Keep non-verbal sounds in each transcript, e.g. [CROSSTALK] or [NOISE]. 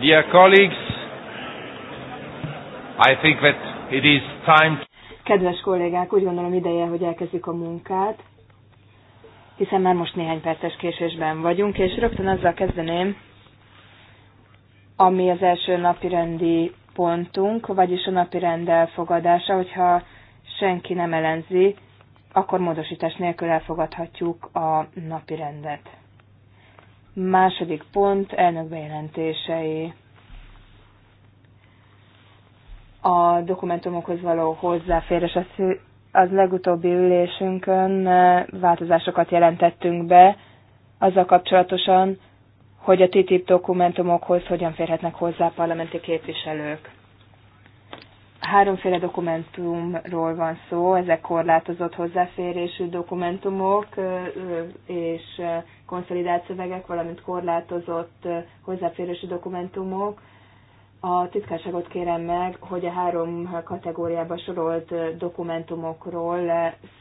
Dear colleagues, I think that it is time to... Kedves kollégák, úgy gondolom ideje, hogy elkezdjük a munkát, hiszen már most néhány perces késésben vagyunk, és rögtön azzal kezdeném, ami az első napi rendi pontunk, vagyis a napi rend elfogadása, hogyha senki nem ellenzi, akkor módosítás nélkül elfogadhatjuk a napi rendet. Második pont, elnök bejelentései. A dokumentumokhoz való hozzáférés az legutóbbi ülésünkön változásokat jelentettünk be azzal kapcsolatosan, hogy a TTIP dokumentumokhoz hogyan férhetnek hozzá parlamenti képviselők háromféle dokumentumról van szó, ezek korlátozott hozzáférésű dokumentumok és konszolidált szövegek, valamint korlátozott hozzáférésű dokumentumok. A titkárságot kérem meg, hogy a három kategóriába sorolt dokumentumokról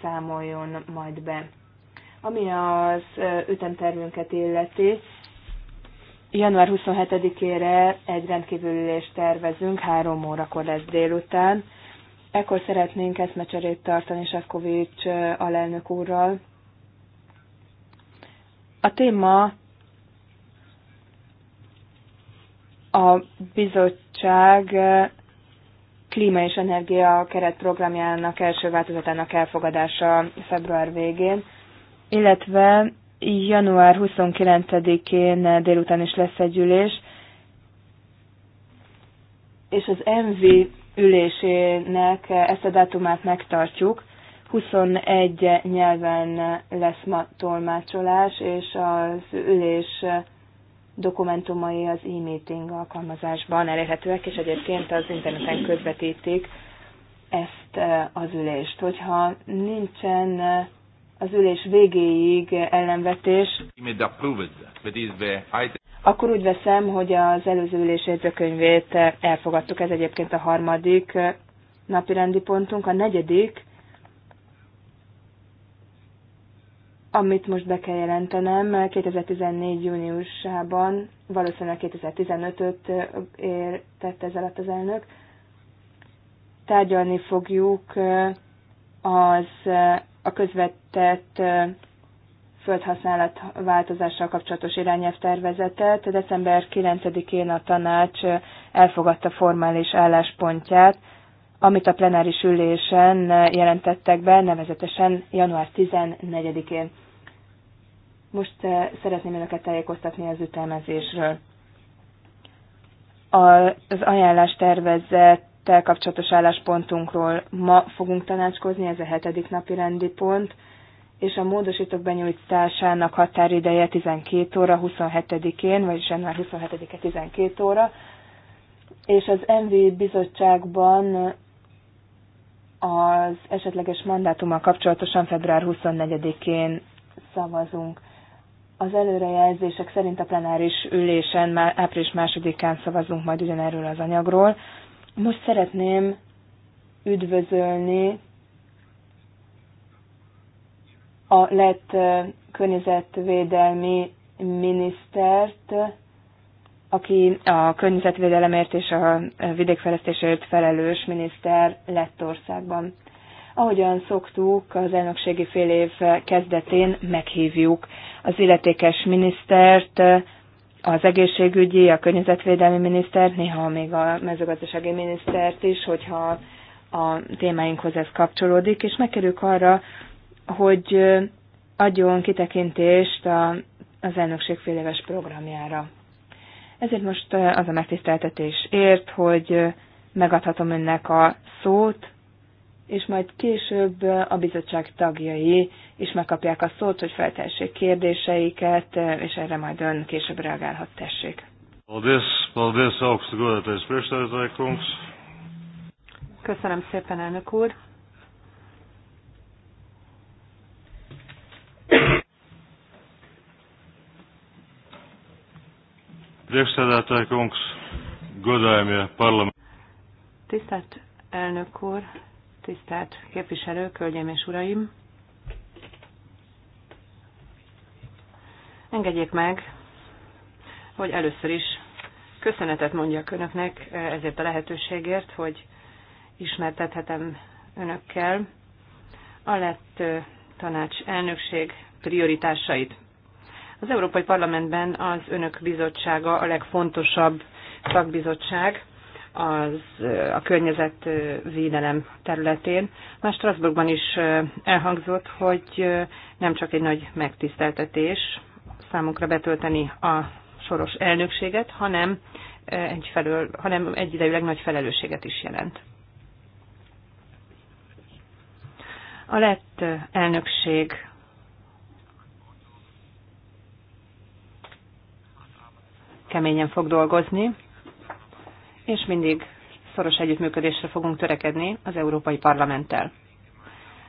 számoljon majd be. Ami az ütemtervünket illeti, Január 27-ére egy rendkívül ülést tervezünk, három órakor lesz délután. Ekkor szeretnénk eszmecserét tartani Sefkovics alelnök úrral. A téma a bizottság klíma és energia keretprogramjának első változatának elfogadása február végén, illetve január 29-én délután is lesz egy ülés, és az MV ülésének ezt a dátumát megtartjuk. 21 nyelven lesz ma tolmácsolás, és az ülés dokumentumai az e-meeting alkalmazásban elérhetőek, és egyébként az interneten közvetítik ezt az ülést. Hogyha nincsen az ülés végéig ellenvetés, akkor úgy veszem, hogy az előző ülés érzőkönyvét elfogadtuk. Ez egyébként a harmadik napi rendi pontunk. A negyedik, amit most be kell jelentenem, 2014. júniusában, valószínűleg 2015-öt értett ez alatt az elnök, tárgyalni fogjuk az a közvetett földhasználat változással kapcsolatos tervezetet. December 9-én a tanács elfogadta formális álláspontját, amit a plenáris ülésen jelentettek be, nevezetesen január 14-én. Most szeretném önöket tájékoztatni az ütemezésről. Az ajánlás tervezett tel kapcsolatos álláspontunkról ma fogunk tanácskozni, ez a hetedik napi rendi pont, és a módosítók benyújtásának határideje 12 óra 27-én, vagyis január 27-e 12 óra, és az MV bizottságban az esetleges mandátummal kapcsolatosan február 24-én szavazunk. Az előrejelzések szerint a plenáris ülésen már április másodikán szavazunk majd ugyanerről az anyagról, most szeretném üdvözölni a lett környezetvédelmi minisztert, aki a környezetvédelemért és a vidékfejlesztésért felelős miniszter lett országban. Ahogyan szoktuk, az elnökségi fél év kezdetén meghívjuk az illetékes minisztert, az egészségügyi, a környezetvédelmi miniszter, néha még a mezőgazdasági minisztert is, hogyha a témáinkhoz ez kapcsolódik, és megkerüljük arra, hogy adjon kitekintést a, az elnökség féléves programjára. Ezért most az a megtiszteltetés ért, hogy megadhatom önnek a szót, és majd később a bizottság tagjai is megkapják a szót, hogy feltessék kérdéseiket, és erre majd ön később reagálhat, tessék. Köszönöm szépen, elnök úr. parlament. Tisztelt elnök úr, Tisztelt képviselők, hölgyeim és uraim! Engedjék meg, hogy először is köszönetet mondjak Önöknek ezért a lehetőségért, hogy ismertethetem Önökkel a lett tanács elnökség prioritásait. Az Európai Parlamentben az Önök bizottsága a legfontosabb szakbizottság, az, a környezetvédelem területén. Már Strasbourgban is elhangzott, hogy nem csak egy nagy megtiszteltetés számunkra betölteni a soros elnökséget, hanem, egyfelől, hanem egyidejűleg nagy felelősséget is jelent. A lett elnökség keményen fog dolgozni, és mindig szoros együttműködésre fogunk törekedni az Európai Parlamenttel.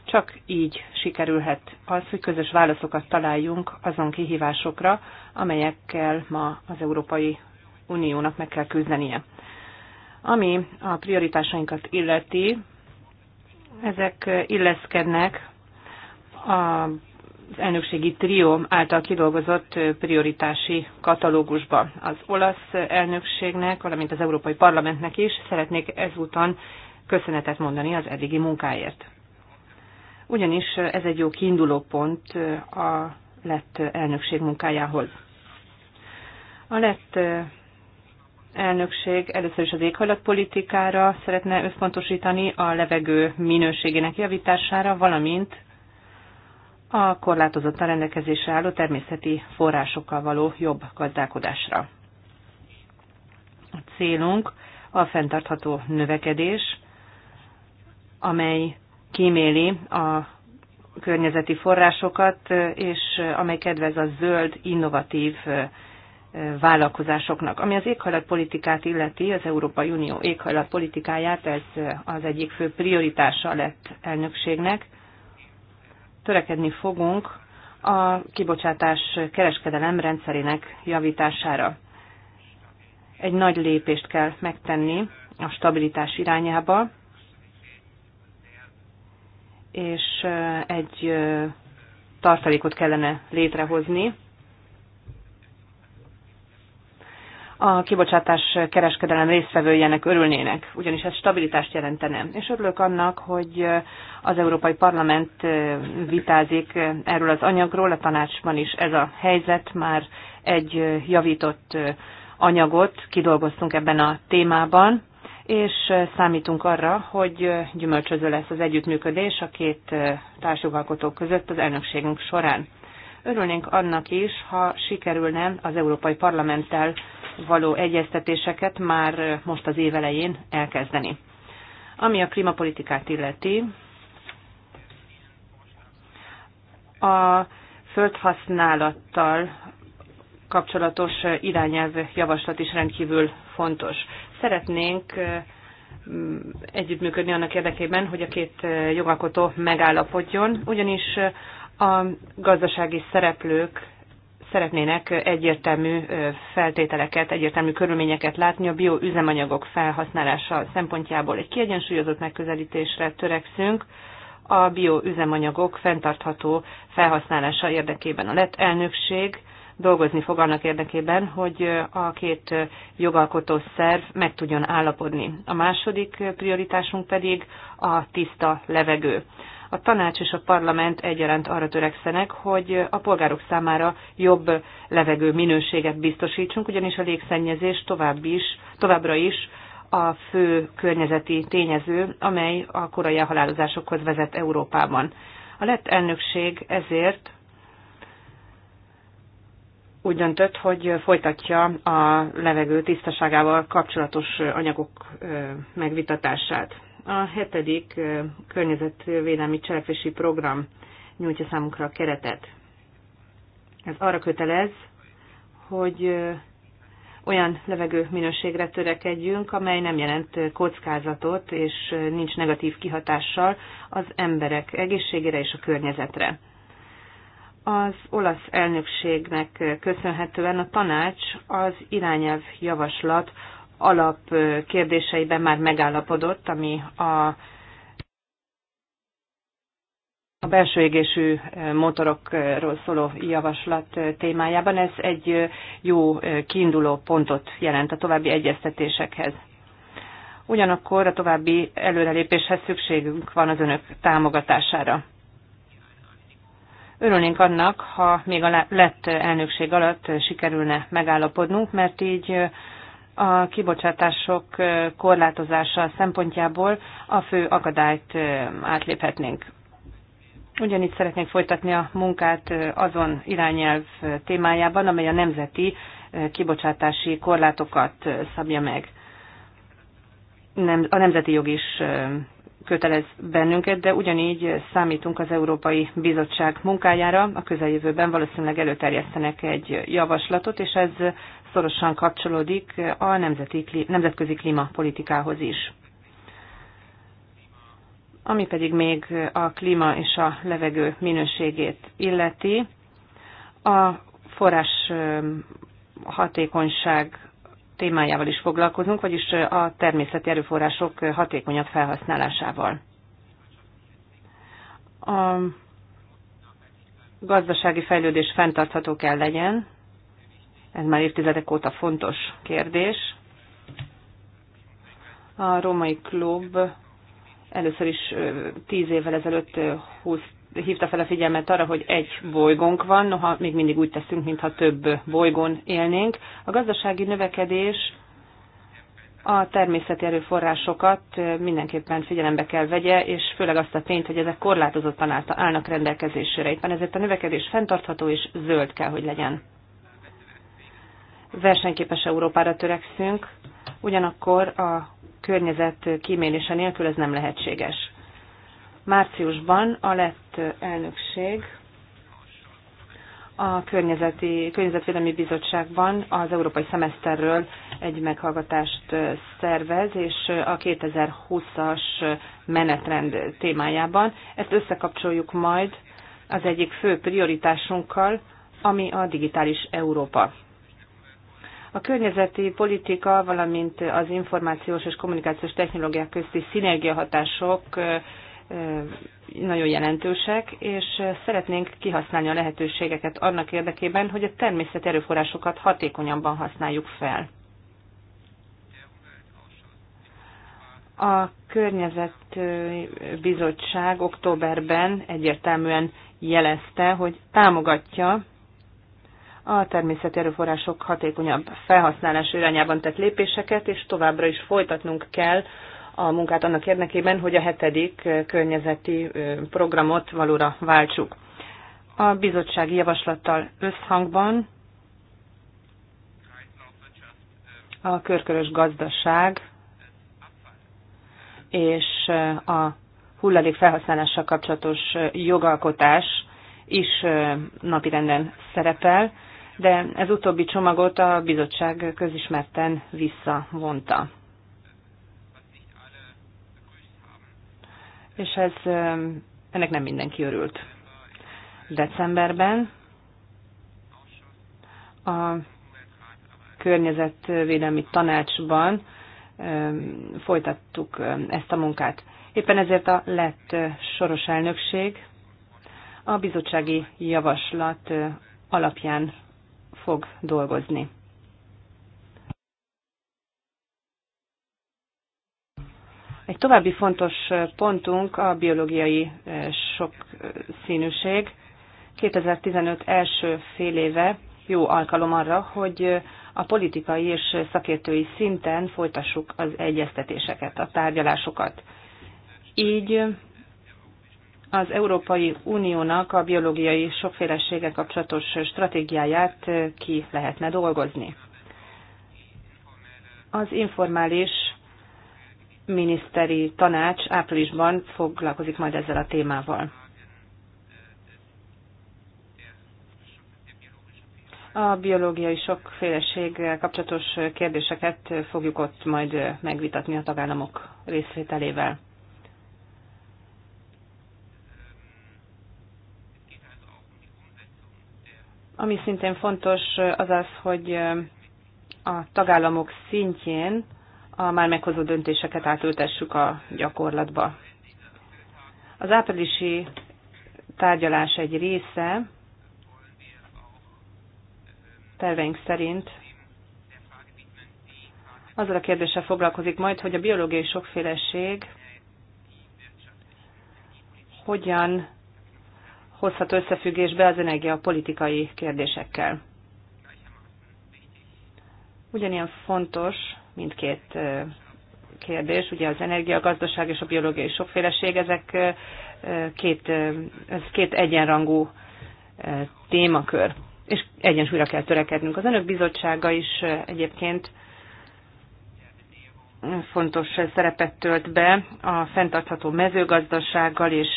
Csak így sikerülhet az, hogy közös válaszokat találjunk azon kihívásokra, amelyekkel ma az Európai Uniónak meg kell küzdenie. Ami a prioritásainkat illeti, ezek illeszkednek a elnökségi trió által kidolgozott prioritási katalógusba. Az olasz elnökségnek, valamint az Európai Parlamentnek is szeretnék ezúton köszönetet mondani az eddigi munkáért. Ugyanis ez egy jó kiinduló pont a lett elnökség munkájához. A lett elnökség először is az éghajlatpolitikára szeretne összpontosítani, a levegő minőségének javítására, valamint a korlátozottan rendelkezésre álló természeti forrásokkal való jobb gazdálkodásra. A célunk a fenntartható növekedés, amely kíméli a környezeti forrásokat, és amely kedvez a zöld, innovatív vállalkozásoknak. Ami az éghajlatpolitikát illeti, az Európai Unió éghajlatpolitikáját, ez az egyik fő prioritása lett elnökségnek törekedni fogunk a kibocsátás kereskedelem rendszerének javítására. Egy nagy lépést kell megtenni a stabilitás irányába, és egy tartalékot kellene létrehozni, a kibocsátás kereskedelem résztvevőjének örülnének, ugyanis ez stabilitást jelentene. És örülök annak, hogy az Európai Parlament vitázik erről az anyagról, a tanácsban is ez a helyzet, már egy javított anyagot kidolgoztunk ebben a témában, és számítunk arra, hogy gyümölcsöző lesz az együttműködés a két társjogalkotó között az elnökségünk során. Örülnénk annak is, ha sikerülne az Európai Parlamenttel való egyeztetéseket már most az év elején elkezdeni. Ami a klímapolitikát illeti, a földhasználattal kapcsolatos irányelv javaslat is rendkívül fontos. Szeretnénk mm, együttműködni annak érdekében, hogy a két eh, jogalkotó megállapodjon, ugyanis a gazdasági szereplők szeretnének egyértelmű feltételeket, egyértelmű körülményeket látni a bioüzemanyagok felhasználása szempontjából. Egy kiegyensúlyozott megközelítésre törekszünk a bioüzemanyagok fenntartható felhasználása érdekében. A lett elnökség dolgozni fog annak érdekében, hogy a két jogalkotó szerv meg tudjon állapodni. A második prioritásunk pedig a tiszta levegő. A tanács és a parlament egyaránt arra törekszenek, hogy a polgárok számára jobb levegő minőséget biztosítsunk, ugyanis a légszennyezés tovább is, továbbra is a fő környezeti tényező, amely a korai halálozásokhoz vezet Európában. A lett elnökség ezért úgy döntött, hogy folytatja a levegő tisztaságával kapcsolatos anyagok megvitatását. A hetedik környezetvédelmi cselekvési program nyújtja számunkra a keretet. Ez arra kötelez, hogy olyan levegő minőségre törekedjünk, amely nem jelent kockázatot és nincs negatív kihatással az emberek egészségére és a környezetre. Az olasz elnökségnek köszönhetően a tanács az irányelv javaslat alap kérdéseiben már megállapodott, ami a a belső égésű motorokról szóló javaslat témájában. Ez egy jó kiinduló pontot jelent a további egyeztetésekhez. Ugyanakkor a további előrelépéshez szükségünk van az önök támogatására. Örülnénk annak, ha még a lett elnökség alatt sikerülne megállapodnunk, mert így a kibocsátások korlátozása szempontjából a fő akadályt átléphetnénk. Ugyanígy szeretnénk folytatni a munkát azon irányelv témájában, amely a nemzeti kibocsátási korlátokat szabja meg. Nem, a nemzeti jog is kötelez bennünket, de ugyanígy számítunk az Európai Bizottság munkájára. A közeljövőben valószínűleg előterjesztenek egy javaslatot, és ez szorosan kapcsolódik a nemzeti, nemzetközi klímapolitikához is. Ami pedig még a klíma és a levegő minőségét illeti, a forrás hatékonyság témájával is foglalkozunk, vagyis a természeti erőforrások hatékonyabb felhasználásával. A gazdasági fejlődés fenntartható kell legyen, ez már évtizedek óta fontos kérdés. A Római Klub először is tíz évvel ezelőtt húsz hívta fel a figyelmet arra, hogy egy bolygónk van, noha még mindig úgy teszünk, mintha több bolygón élnénk. A gazdasági növekedés a természeti erőforrásokat mindenképpen figyelembe kell vegye, és főleg azt a tényt, hogy ezek korlátozottan állnak rendelkezésére. Éppen ezért a növekedés fenntartható és zöld kell, hogy legyen versenyképes Európára törekszünk, ugyanakkor a környezet kímélése nélkül ez nem lehetséges. Márciusban a lett elnökség a Környezeti, Környezetvédelmi Bizottságban az Európai Szemeszterről egy meghallgatást szervez, és a 2020-as menetrend témájában. Ezt összekapcsoljuk majd az egyik fő prioritásunkkal, ami a digitális Európa. A környezeti politika, valamint az információs és kommunikációs technológiák közti szinergiahatások nagyon jelentősek, és szeretnénk kihasználni a lehetőségeket annak érdekében, hogy a természet erőforrásokat hatékonyabban használjuk fel. A Környezetbizottság októberben egyértelműen jelezte, hogy támogatja a természeti erőforrások hatékonyabb felhasználás irányában tett lépéseket, és továbbra is folytatnunk kell a munkát annak érdekében, hogy a hetedik környezeti programot valóra váltsuk. A bizottsági javaslattal összhangban a körkörös gazdaság és a hulladék felhasználással kapcsolatos jogalkotás is napirenden szerepel de ez utóbbi csomagot a bizottság közismerten visszavonta. És ez, ennek nem mindenki örült. Decemberben a környezetvédelmi tanácsban folytattuk ezt a munkát. Éppen ezért a lett soros elnökség a bizottsági javaslat alapján fog dolgozni. Egy további fontos pontunk a biológiai eh, sokszínűség. Eh, 2015 első fél éve jó alkalom arra, hogy eh, a politikai és szakértői szinten folytassuk az egyeztetéseket, a tárgyalásokat. Így az Európai Uniónak a biológiai sokfélessége kapcsolatos stratégiáját ki lehetne dolgozni. Az informális miniszteri tanács áprilisban foglalkozik majd ezzel a témával. A biológiai sokféleség kapcsolatos kérdéseket fogjuk ott majd megvitatni a tagállamok részvételével. Ami szintén fontos az az, hogy a tagállamok szintjén a már meghozott döntéseket átültessük a gyakorlatba. Az áprilisi tárgyalás egy része terveink szerint azzal a kérdéssel foglalkozik majd, hogy a biológiai sokféleség hogyan hozhat összefüggésbe az energiapolitikai kérdésekkel. Ugyanilyen fontos mindkét kérdés, ugye az energiagazdaság és a biológiai sokféleség, ezek két, ez két egyenrangú témakör, és egyensúlyra kell törekednünk. Az önök bizottsága is egyébként fontos szerepet tölt be a fenntartható mezőgazdasággal és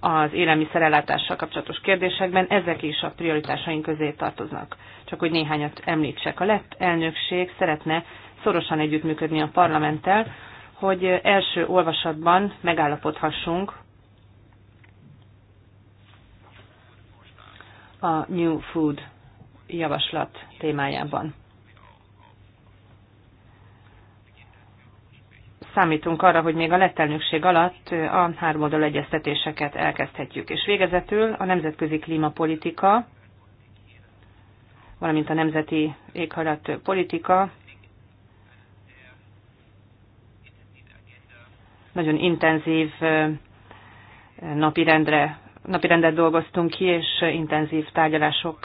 az élelmiszerellátással kapcsolatos kérdésekben. Ezek is a prioritásaink közé tartoznak. Csak hogy néhányat említsek. A lett elnökség szeretne szorosan együttműködni a parlamenttel, hogy első olvasatban megállapodhassunk a New Food javaslat témájában. számítunk arra, hogy még a lett alatt a háromoldal egyeztetéseket elkezdhetjük. És végezetül a nemzetközi klímapolitika, valamint a nemzeti éghajlat politika nagyon intenzív napirendre napirendet dolgoztunk ki, és intenzív tárgyalások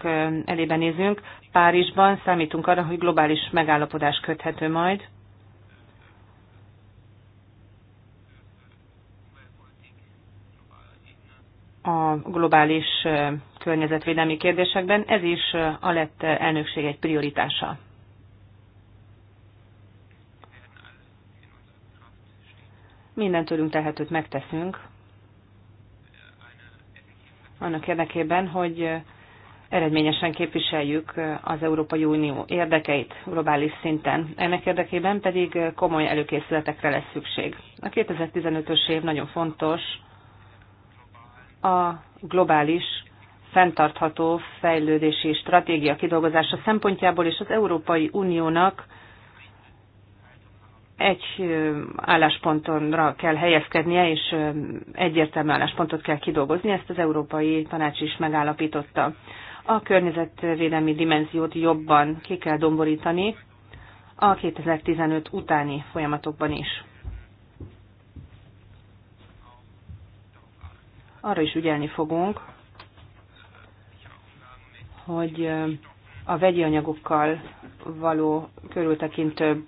elébe nézünk. Párizsban számítunk arra, hogy globális megállapodás köthető majd a globális környezetvédelmi kérdésekben. Ez is a lett elnökség egy prioritása. Minden tőlünk tehetőt megteszünk annak érdekében, hogy eredményesen képviseljük az Európai Unió érdekeit globális szinten. Ennek érdekében pedig komoly előkészületekre lesz szükség. A 2015-ös év nagyon fontos a globális fenntartható fejlődési stratégia kidolgozása szempontjából és az Európai Uniónak egy álláspontonra kell helyezkednie, és egyértelmű álláspontot kell kidolgozni, ezt az Európai Tanács is megállapította. A környezetvédelmi dimenziót jobban ki kell domborítani a 2015 utáni folyamatokban is. arra is ügyelni fogunk, hogy a vegyi anyagokkal való körültekintőbb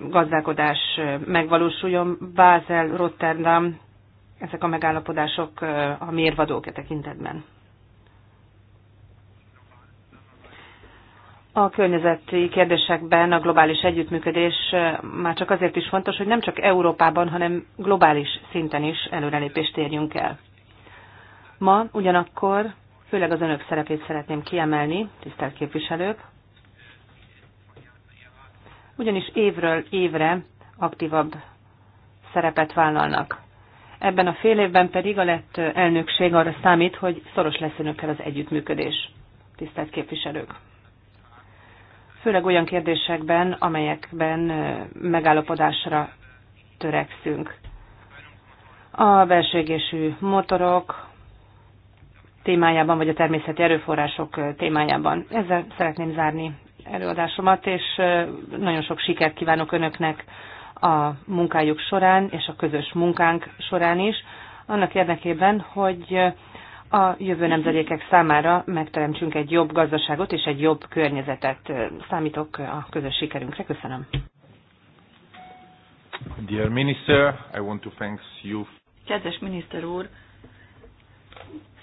gazdálkodás megvalósuljon. Bázel, Rotterdam, ezek a megállapodások a mérvadók e tekintetben. A környezeti kérdésekben a globális együttműködés már csak azért is fontos, hogy nem csak Európában, hanem globális szinten is előrelépést érjünk el. Ma ugyanakkor főleg az önök szerepét szeretném kiemelni, tisztelt képviselők, ugyanis évről évre aktívabb szerepet vállalnak. Ebben a fél évben pedig a lett elnökség arra számít, hogy szoros lesz önökkel az együttműködés. Tisztelt képviselők! főleg olyan kérdésekben, amelyekben megállapodásra törekszünk. A belségésű motorok témájában, vagy a természeti erőforrások témájában. Ezzel szeretném zárni előadásomat, és nagyon sok sikert kívánok Önöknek a munkájuk során, és a közös munkánk során is, annak érdekében, hogy a jövő nemzedékek számára megteremtsünk egy jobb gazdaságot és egy jobb környezetet. Számítok a közös sikerünkre. Köszönöm. Dear Minister, I want to thank you. Kedves miniszter úr,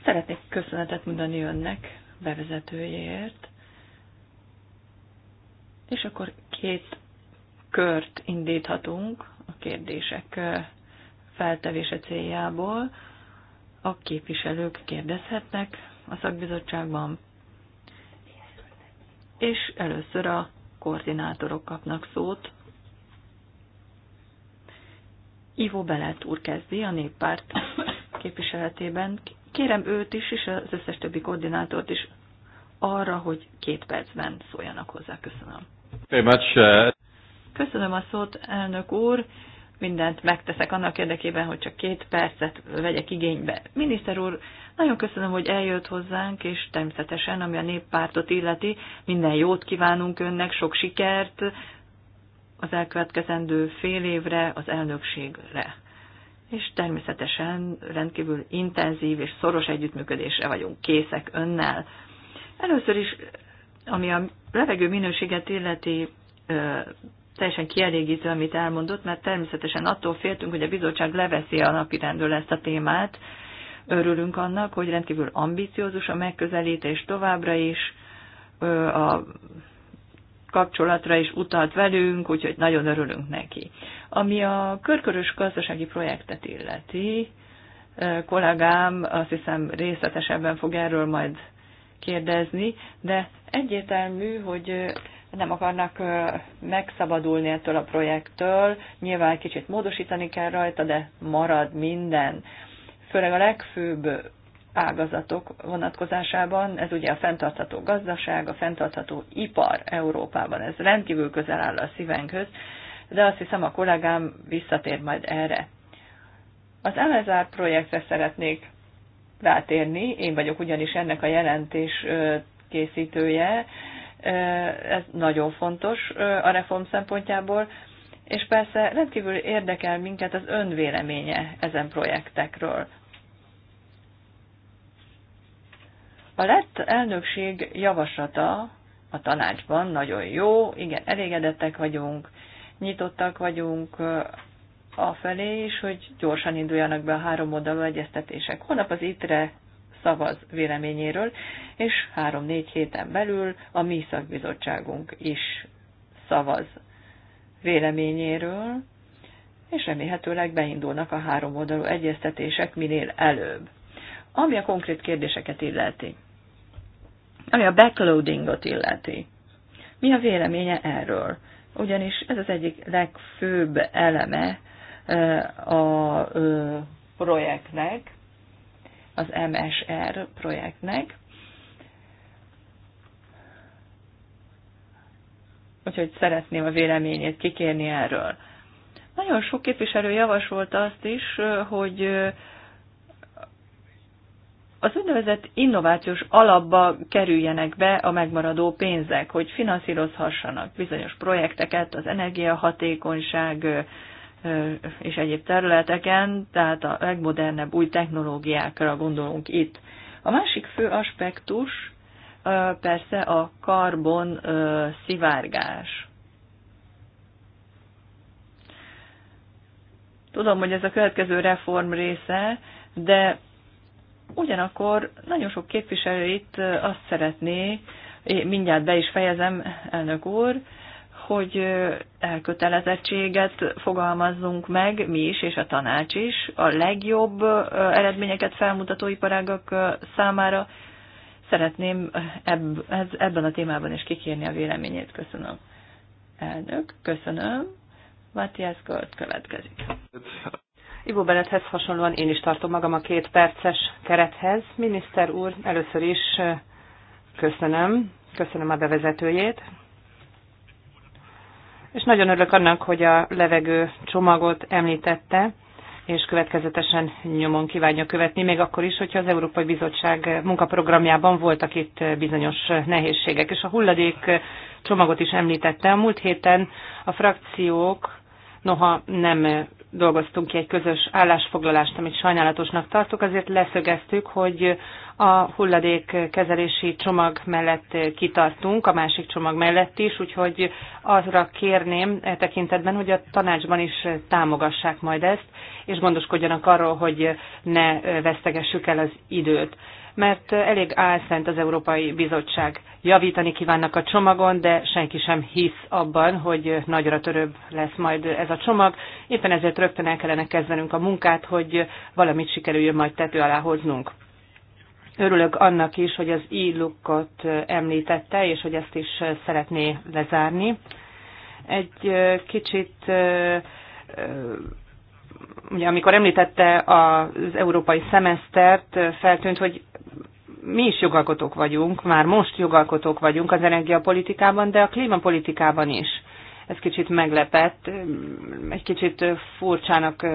szeretnék köszönetet mondani önnek bevezetőjéért. És akkor két kört indíthatunk a kérdések feltevése céljából a képviselők kérdezhetnek a szakbizottságban, és először a koordinátorok kapnak szót. Ivo Belet úr kezdi a néppárt képviseletében. Kérem őt is, és az összes többi koordinátort is arra, hogy két percben szóljanak hozzá. Köszönöm. Uh, Köszönöm a szót, elnök úr mindent megteszek annak érdekében, hogy csak két percet vegyek igénybe. Miniszter úr, nagyon köszönöm, hogy eljött hozzánk, és természetesen, ami a néppártot illeti, minden jót kívánunk önnek, sok sikert az elkövetkezendő fél évre, az elnökségre. És természetesen rendkívül intenzív és szoros együttműködésre vagyunk készek önnel. Először is, ami a levegő minőséget illeti, teljesen kielégítő, amit elmondott, mert természetesen attól féltünk, hogy a bizottság leveszi a napirendről ezt a témát. Örülünk annak, hogy rendkívül ambiciózus a megközelítés továbbra is, a kapcsolatra is utalt velünk, úgyhogy nagyon örülünk neki. Ami a körkörös gazdasági projektet illeti, kollégám azt hiszem részletesebben fog erről majd kérdezni, de egyértelmű, hogy nem akarnak megszabadulni ettől a projektől, nyilván kicsit módosítani kell rajta, de marad minden. Főleg a legfőbb ágazatok vonatkozásában, ez ugye a fenntartható gazdaság, a fenntartható ipar Európában, ez rendkívül közel áll a szívenkhöz, de azt hiszem a kollégám visszatér majd erre. Az MSR projektre szeretnék rátérni, én vagyok ugyanis ennek a jelentés készítője, ez nagyon fontos a reform szempontjából, és persze rendkívül érdekel minket az önvéleménye ezen projektekről. A lett elnökség javaslata a tanácsban nagyon jó, igen, elégedettek vagyunk, nyitottak vagyunk a felé is, hogy gyorsan induljanak be a három oldalú egyeztetések. Holnap az ITRE szavaz véleményéről, és három-négy héten belül a mi szakbizottságunk is szavaz véleményéről, és remélhetőleg beindulnak a három oldalú egyeztetések minél előbb. Ami a konkrét kérdéseket illeti, ami a backloadingot illeti, mi a véleménye erről? Ugyanis ez az egyik legfőbb eleme a projektnek, az MSR projektnek. Úgyhogy szeretném a véleményét kikérni erről. Nagyon sok képviselő javasolt azt is, hogy az úgynevezett innovációs alapba kerüljenek be a megmaradó pénzek, hogy finanszírozhassanak bizonyos projekteket, az energiahatékonyság és egyéb területeken, tehát a legmodernebb új technológiákra gondolunk itt. A másik fő aspektus persze a karbon szivárgás. Tudom, hogy ez a következő reform része, de ugyanakkor nagyon sok képviselő itt azt szeretné, mindjárt be is fejezem, elnök úr, hogy elkötelezettséget fogalmazzunk meg mi is, és a tanács is, a legjobb eredményeket felmutató iparágak számára. Szeretném ebb, ez, ebben a témában is kikérni a véleményét. Köszönöm. Elnök, köszönöm. Matthias Gold következik. Ivo Benethez hasonlóan én is tartom magam a két perces kerethez. Miniszter úr, először is köszönöm, köszönöm a bevezetőjét, és nagyon örülök annak, hogy a levegő csomagot említette, és következetesen nyomon kívánja követni, még akkor is, hogyha az Európai Bizottság munkaprogramjában voltak itt bizonyos nehézségek. És a hulladék csomagot is említette. A múlt héten a frakciók, noha nem dolgoztunk ki egy közös állásfoglalást, amit sajnálatosnak tartok, azért leszögeztük, hogy a hulladékkezelési csomag mellett kitartunk, a másik csomag mellett is, úgyhogy azra kérném e tekintetben, hogy a tanácsban is támogassák majd ezt, és gondoskodjanak arról, hogy ne vesztegessük el az időt mert elég álszent az Európai Bizottság. Javítani kívánnak a csomagon, de senki sem hisz abban, hogy nagyra törőbb lesz majd ez a csomag. Éppen ezért rögtön el kellene kezdenünk a munkát, hogy valamit sikerüljön majd tető alá hoznunk. Örülök annak is, hogy az e említette, és hogy ezt is szeretné lezárni. Egy kicsit ugye amikor említette az európai szemesztert, feltűnt, hogy mi is jogalkotók vagyunk, már most jogalkotók vagyunk az energiapolitikában, de a klímapolitikában is. Ez kicsit meglepett, egy kicsit furcsának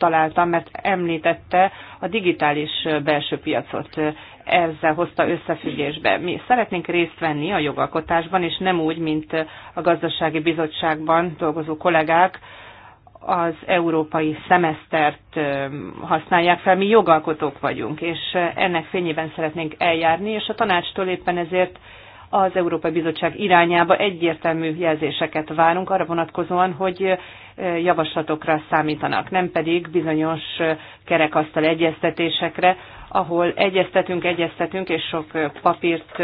találtam, mert említette a digitális belső piacot. Ezzel hozta összefüggésbe. Mi szeretnénk részt venni a jogalkotásban, és nem úgy, mint a gazdasági bizottságban dolgozó kollégák, az európai szemesztert használják fel, mi jogalkotók vagyunk, és ennek fényében szeretnénk eljárni, és a tanácstól éppen ezért az Európai Bizottság irányába egyértelmű jelzéseket várunk arra vonatkozóan, hogy javaslatokra számítanak, nem pedig bizonyos kerekasztal egyeztetésekre, ahol egyeztetünk, egyeztetünk, és sok papírt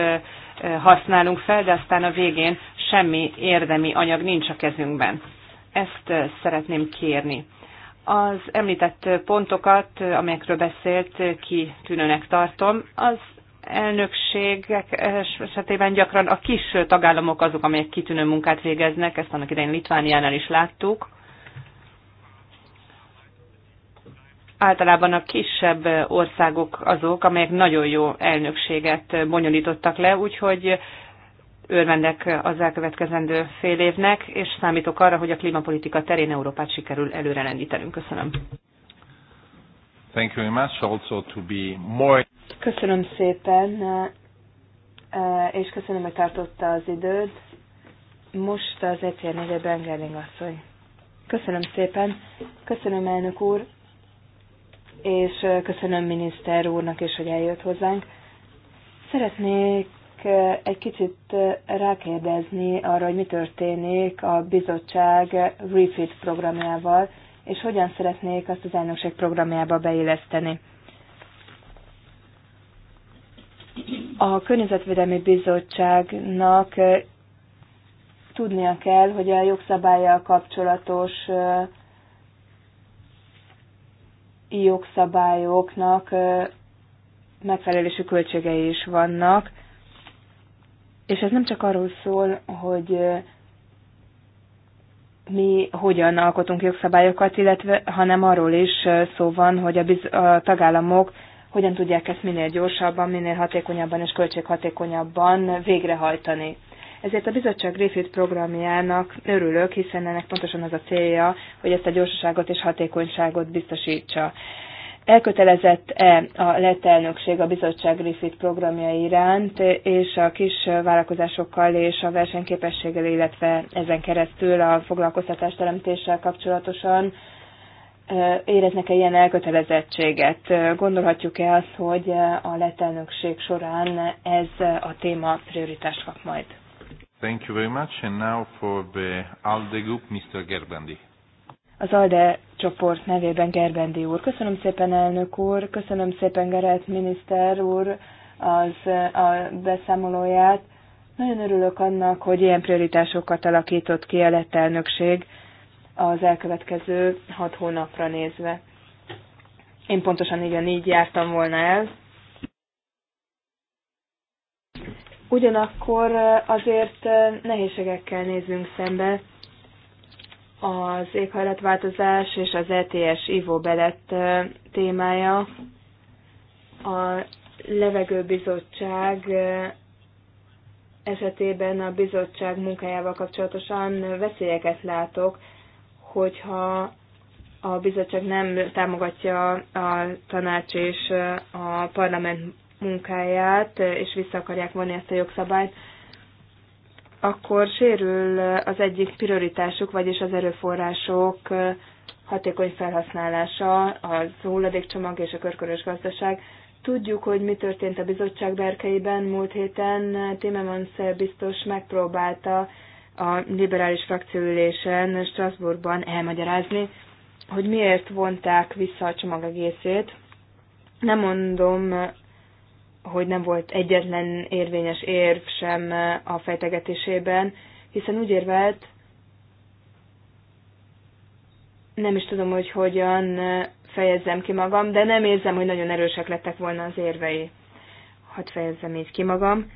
használunk fel, de aztán a végén semmi érdemi anyag nincs a kezünkben. Ezt szeretném kérni. Az említett pontokat, amelyekről beszélt, ki tűnőnek tartom. Az elnökségek esetében gyakran a kis tagállamok azok, amelyek kitűnő munkát végeznek, ezt annak idején Litvániánál is láttuk. Általában a kisebb országok azok, amelyek nagyon jó elnökséget bonyolítottak le, úgyhogy örvendek az elkövetkezendő fél évnek, és számítok arra, hogy a klímapolitika terén Európát sikerül előre lendítenünk. Köszönöm. Thank you very much also to be more... Köszönöm szépen, eh, és köszönöm, hogy tartotta az időt. Most az egyszer negyed Bengeling asszony. Köszönöm szépen, köszönöm elnök úr, és eh, köszönöm miniszter úrnak is, hogy eljött hozzánk. Szeretnék eh, egy kicsit rákérdezni arra, hogy mi történik a bizottság Refit programjával, és hogyan szeretnék azt az elnökség programjába beilleszteni. A Környezetvédelmi Bizottságnak tudnia kell, hogy a jogszabályjal kapcsolatos jogszabályoknak megfelelési költségei is vannak, és ez nem csak arról szól, hogy mi hogyan alkotunk jogszabályokat, illetve hanem arról is szó van, hogy a, biz- a tagállamok hogyan tudják ezt minél gyorsabban, minél hatékonyabban és költséghatékonyabban végrehajtani. Ezért a bizottság Griffith programjának örülök, hiszen ennek pontosan az a célja, hogy ezt a gyorsaságot és hatékonyságot biztosítsa elkötelezett-e a lett elnökség a bizottság Refit programja iránt, és a kis vállalkozásokkal és a versenyképességgel, illetve ezen keresztül a foglalkoztatás teremtéssel kapcsolatosan éreznek-e ilyen elkötelezettséget? Gondolhatjuk-e azt, hogy a lett elnökség során ez a téma prioritást kap majd? Thank you very much. And now for the ALDE group, Mr. Gerbendi az ALDE csoport nevében Gerbendi úr. Köszönöm szépen, elnök úr, köszönöm szépen Gerett miniszter úr az, a beszámolóját. Nagyon örülök annak, hogy ilyen prioritásokat alakított ki a lett elnökség az elkövetkező hat hónapra nézve. Én pontosan igen így jártam volna el. Ugyanakkor azért nehézségekkel nézünk szembe, az éghajlatváltozás és az ETS ivóbelet témája. A levegőbizottság esetében a bizottság munkájával kapcsolatosan veszélyeket látok, hogyha a bizottság nem támogatja a tanács és a parlament munkáját, és vissza akarják vonni ezt a jogszabályt, akkor sérül az egyik prioritásuk, vagyis az erőforrások hatékony felhasználása, az hulladékcsomag és a körkörös gazdaság. Tudjuk, hogy mi történt a bizottság berkeiben múlt héten. Timmermans biztos megpróbálta a liberális frakcióülésen Strasbourgban elmagyarázni, hogy miért vonták vissza a csomag egészét. Nem mondom hogy nem volt egyetlen érvényes érv sem a fejtegetésében, hiszen úgy érvelt, nem is tudom, hogy hogyan fejezzem ki magam, de nem érzem, hogy nagyon erősek lettek volna az érvei. Hadd fejezzem így ki magam.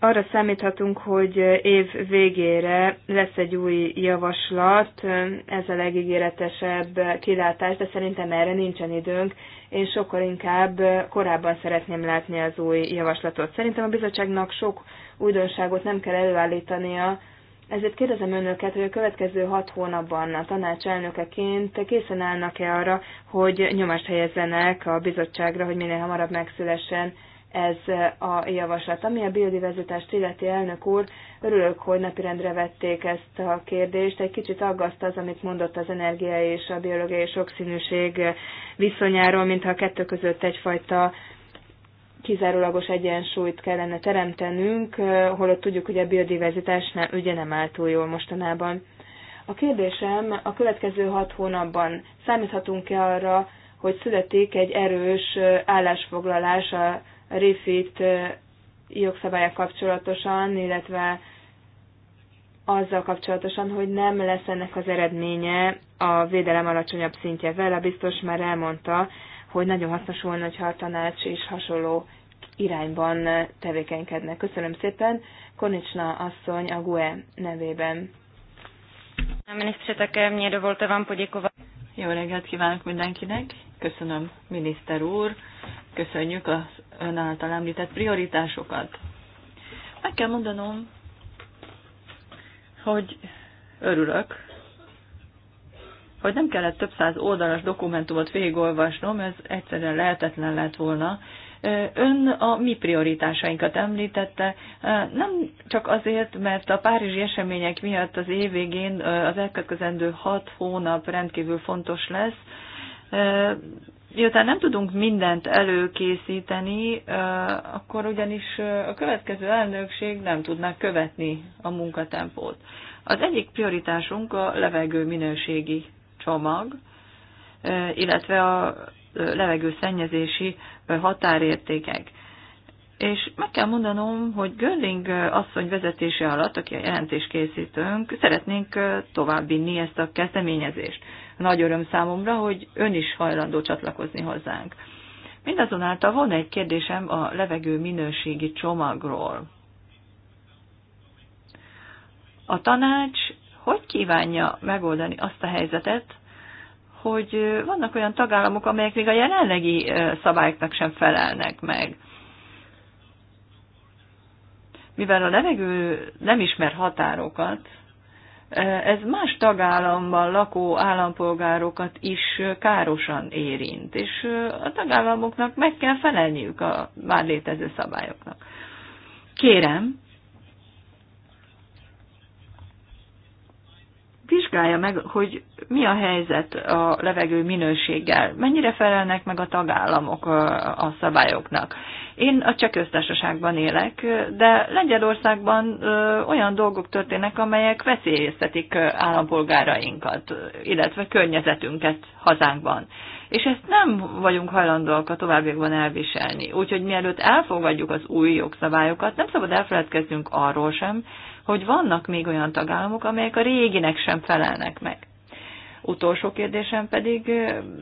Arra számíthatunk, hogy év végére lesz egy új javaslat, ez a legígéretesebb kilátás, de szerintem erre nincsen időnk, és sokkal inkább korábban szeretném látni az új javaslatot. Szerintem a bizottságnak sok újdonságot nem kell előállítania, ezért kérdezem önöket, hogy a következő hat hónapban a tanács elnökeként készen állnak-e arra, hogy nyomást helyezzenek a bizottságra, hogy minél hamarabb megszülessen ez a javaslat. Ami a biodiverzitást illeti elnök úr, örülök, hogy napirendre vették ezt a kérdést. Egy kicsit aggaszt az, amit mondott az energia és a biológiai sokszínűség viszonyáról, mintha a kettő között egyfajta kizárólagos egyensúlyt kellene teremtenünk, holott tudjuk, hogy a biodiverzitás nem, ugye nem áll túl jól mostanában. A kérdésem a következő hat hónapban számíthatunk-e arra, hogy születik egy erős állásfoglalás a refit jogszabálya kapcsolatosan, illetve azzal kapcsolatosan, hogy nem lesz ennek az eredménye a védelem alacsonyabb szintje. Vele biztos már elmondta, hogy nagyon hasznos volna, hogyha a tanács is hasonló irányban tevékenykedne. Köszönöm szépen. Konicsna asszony a GUE nevében. A ministře, také volt dovolte vám poděkovat. Jó reggelt kívánok mindenkinek! Köszönöm, miniszter úr! Köszönjük az ön által említett prioritásokat. Meg kell mondanom, hogy örülök, hogy nem kellett több száz oldalas dokumentumot végigolvasnom, ez egyszerűen lehetetlen lett volna, Ön a mi prioritásainkat említette, nem csak azért, mert a párizsi események miatt az év végén az elkövetkezendő hat hónap rendkívül fontos lesz, miután nem tudunk mindent előkészíteni, akkor ugyanis a következő elnökség nem tudná követni a munkatempót. Az egyik prioritásunk a levegő minőségi csomag, illetve a szennyezési határértékek. És meg kell mondanom, hogy Görling asszony vezetése alatt, aki a jelentéskészítőnk, szeretnénk továbbvinni ezt a kezdeményezést. Nagy öröm számomra, hogy ön is hajlandó csatlakozni hozzánk. Mindazonáltal van egy kérdésem a levegő minőségi csomagról. A tanács hogy kívánja megoldani azt a helyzetet, hogy vannak olyan tagállamok, amelyek még a jelenlegi szabályoknak sem felelnek meg. Mivel a levegő nem ismer határokat, ez más tagállamban lakó állampolgárokat is károsan érint, és a tagállamoknak meg kell felelniük a már létező szabályoknak. Kérem, vizsgálja meg, hogy mi a helyzet a levegő minőséggel, mennyire felelnek meg a tagállamok a szabályoknak. Én a cseh köztársaságban élek, de Lengyelországban olyan dolgok történnek, amelyek veszélyeztetik állampolgárainkat, illetve környezetünket hazánkban. És ezt nem vagyunk hajlandóak a továbbiakban elviselni. Úgyhogy mielőtt elfogadjuk az új jogszabályokat, nem szabad elfeledkeznünk arról sem, hogy vannak még olyan tagállamok, amelyek a réginek sem felelnek meg. Utolsó kérdésem pedig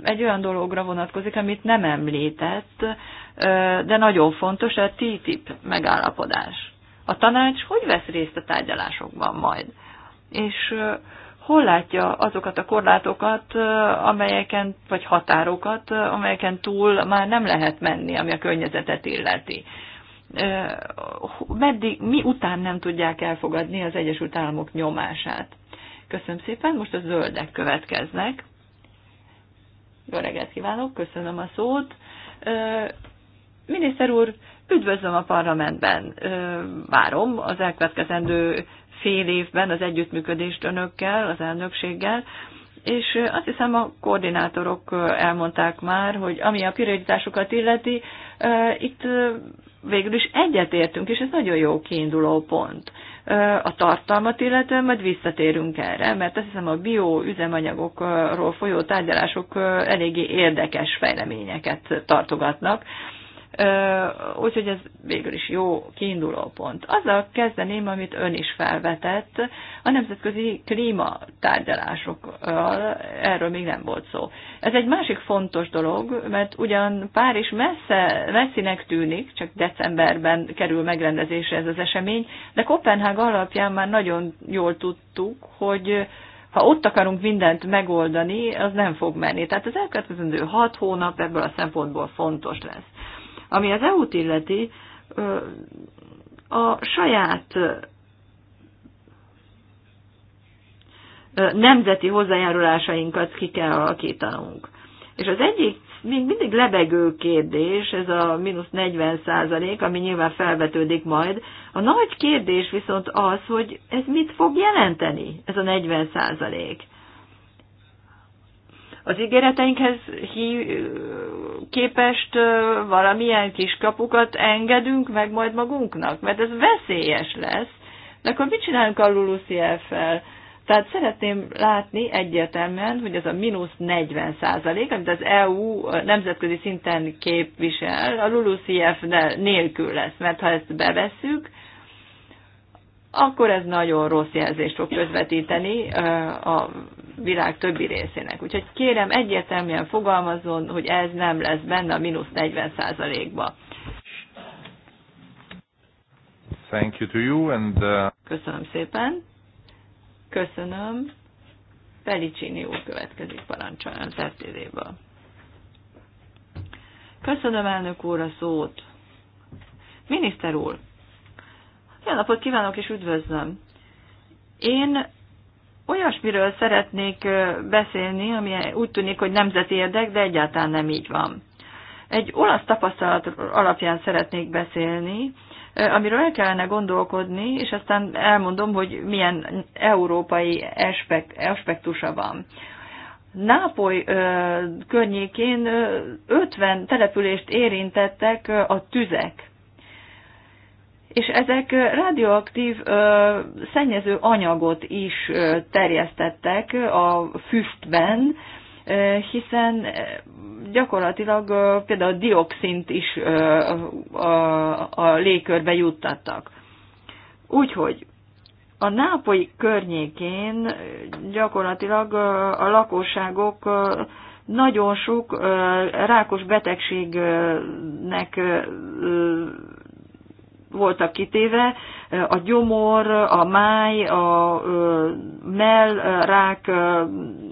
egy olyan dologra vonatkozik, amit nem említett, de nagyon fontos, a TTIP megállapodás. A tanács hogy vesz részt a tárgyalásokban majd? És hol látja azokat a korlátokat, amelyeken, vagy határokat, amelyeken túl már nem lehet menni, ami a környezetet illeti? meddig, mi után nem tudják elfogadni az Egyesült Államok nyomását. Köszönöm szépen, most a zöldek következnek. Jó reggelt kívánok, köszönöm a szót. Miniszter úr, üdvözlöm a parlamentben. Várom az elkövetkezendő fél évben az együttműködést önökkel, az elnökséggel és azt hiszem a koordinátorok elmondták már, hogy ami a prioritásokat illeti, itt végül is egyetértünk, és ez nagyon jó kiinduló pont. A tartalmat illetően majd visszatérünk erre, mert azt hiszem a bio üzemanyagokról folyó tárgyalások eléggé érdekes fejleményeket tartogatnak úgyhogy ez végül is jó kiinduló pont. Azzal kezdeném, amit ön is felvetett, a nemzetközi klímatárgyalásokkal, erről még nem volt szó. Ez egy másik fontos dolog, mert ugyan Párizs messze, messzinek tűnik, csak decemberben kerül megrendezésre ez az esemény, de Kopenhág alapján már nagyon jól tudtuk, hogy ha ott akarunk mindent megoldani, az nem fog menni. Tehát az elkövetkezendő hat hónap ebből a szempontból fontos lesz. Ami az EU-t illeti, a saját nemzeti hozzájárulásainkat ki kell alakítanunk. És az egyik még mindig lebegő kérdés, ez a mínusz 40 százalék, ami nyilván felvetődik majd. A nagy kérdés viszont az, hogy ez mit fog jelenteni, ez a 40 százalék az ígéreteinkhez képest valamilyen kis kapukat engedünk meg majd magunknak, mert ez veszélyes lesz. De akkor mit csinálunk a LULUCF-fel? Tehát szeretném látni egyértelműen, hogy ez a mínusz 40 százalék, amit az EU nemzetközi szinten képvisel, a LULUCF nélkül lesz, mert ha ezt bevesszük, akkor ez nagyon rossz jelzést fog közvetíteni a világ többi részének. Úgyhogy kérem, egyértelműen fogalmazzon, hogy ez nem lesz benne a mínusz 40 százalékba. Thank you to you and, uh... Köszönöm szépen. Köszönöm. Pelicini úr következik parancsoljon az Köszönöm elnök úr a szót. Miniszter úr, jó napot kívánok és üdvözlöm. Én olyasmiről szeretnék beszélni, ami úgy tűnik, hogy nemzeti érdek, de egyáltalán nem így van. Egy olasz tapasztalat alapján szeretnék beszélni, amiről el kellene gondolkodni, és aztán elmondom, hogy milyen európai aspektusa van. Nápoly környékén 50 települést érintettek a tüzek és ezek radioaktív ö, szennyező anyagot is ö, terjesztettek a füstben, ö, hiszen gyakorlatilag ö, például a dioxint is ö, a, a légkörbe juttattak. Úgyhogy a nápoly környékén gyakorlatilag a lakosságok nagyon sok rákos betegségnek voltak kitéve, a gyomor, a máj, a mellrák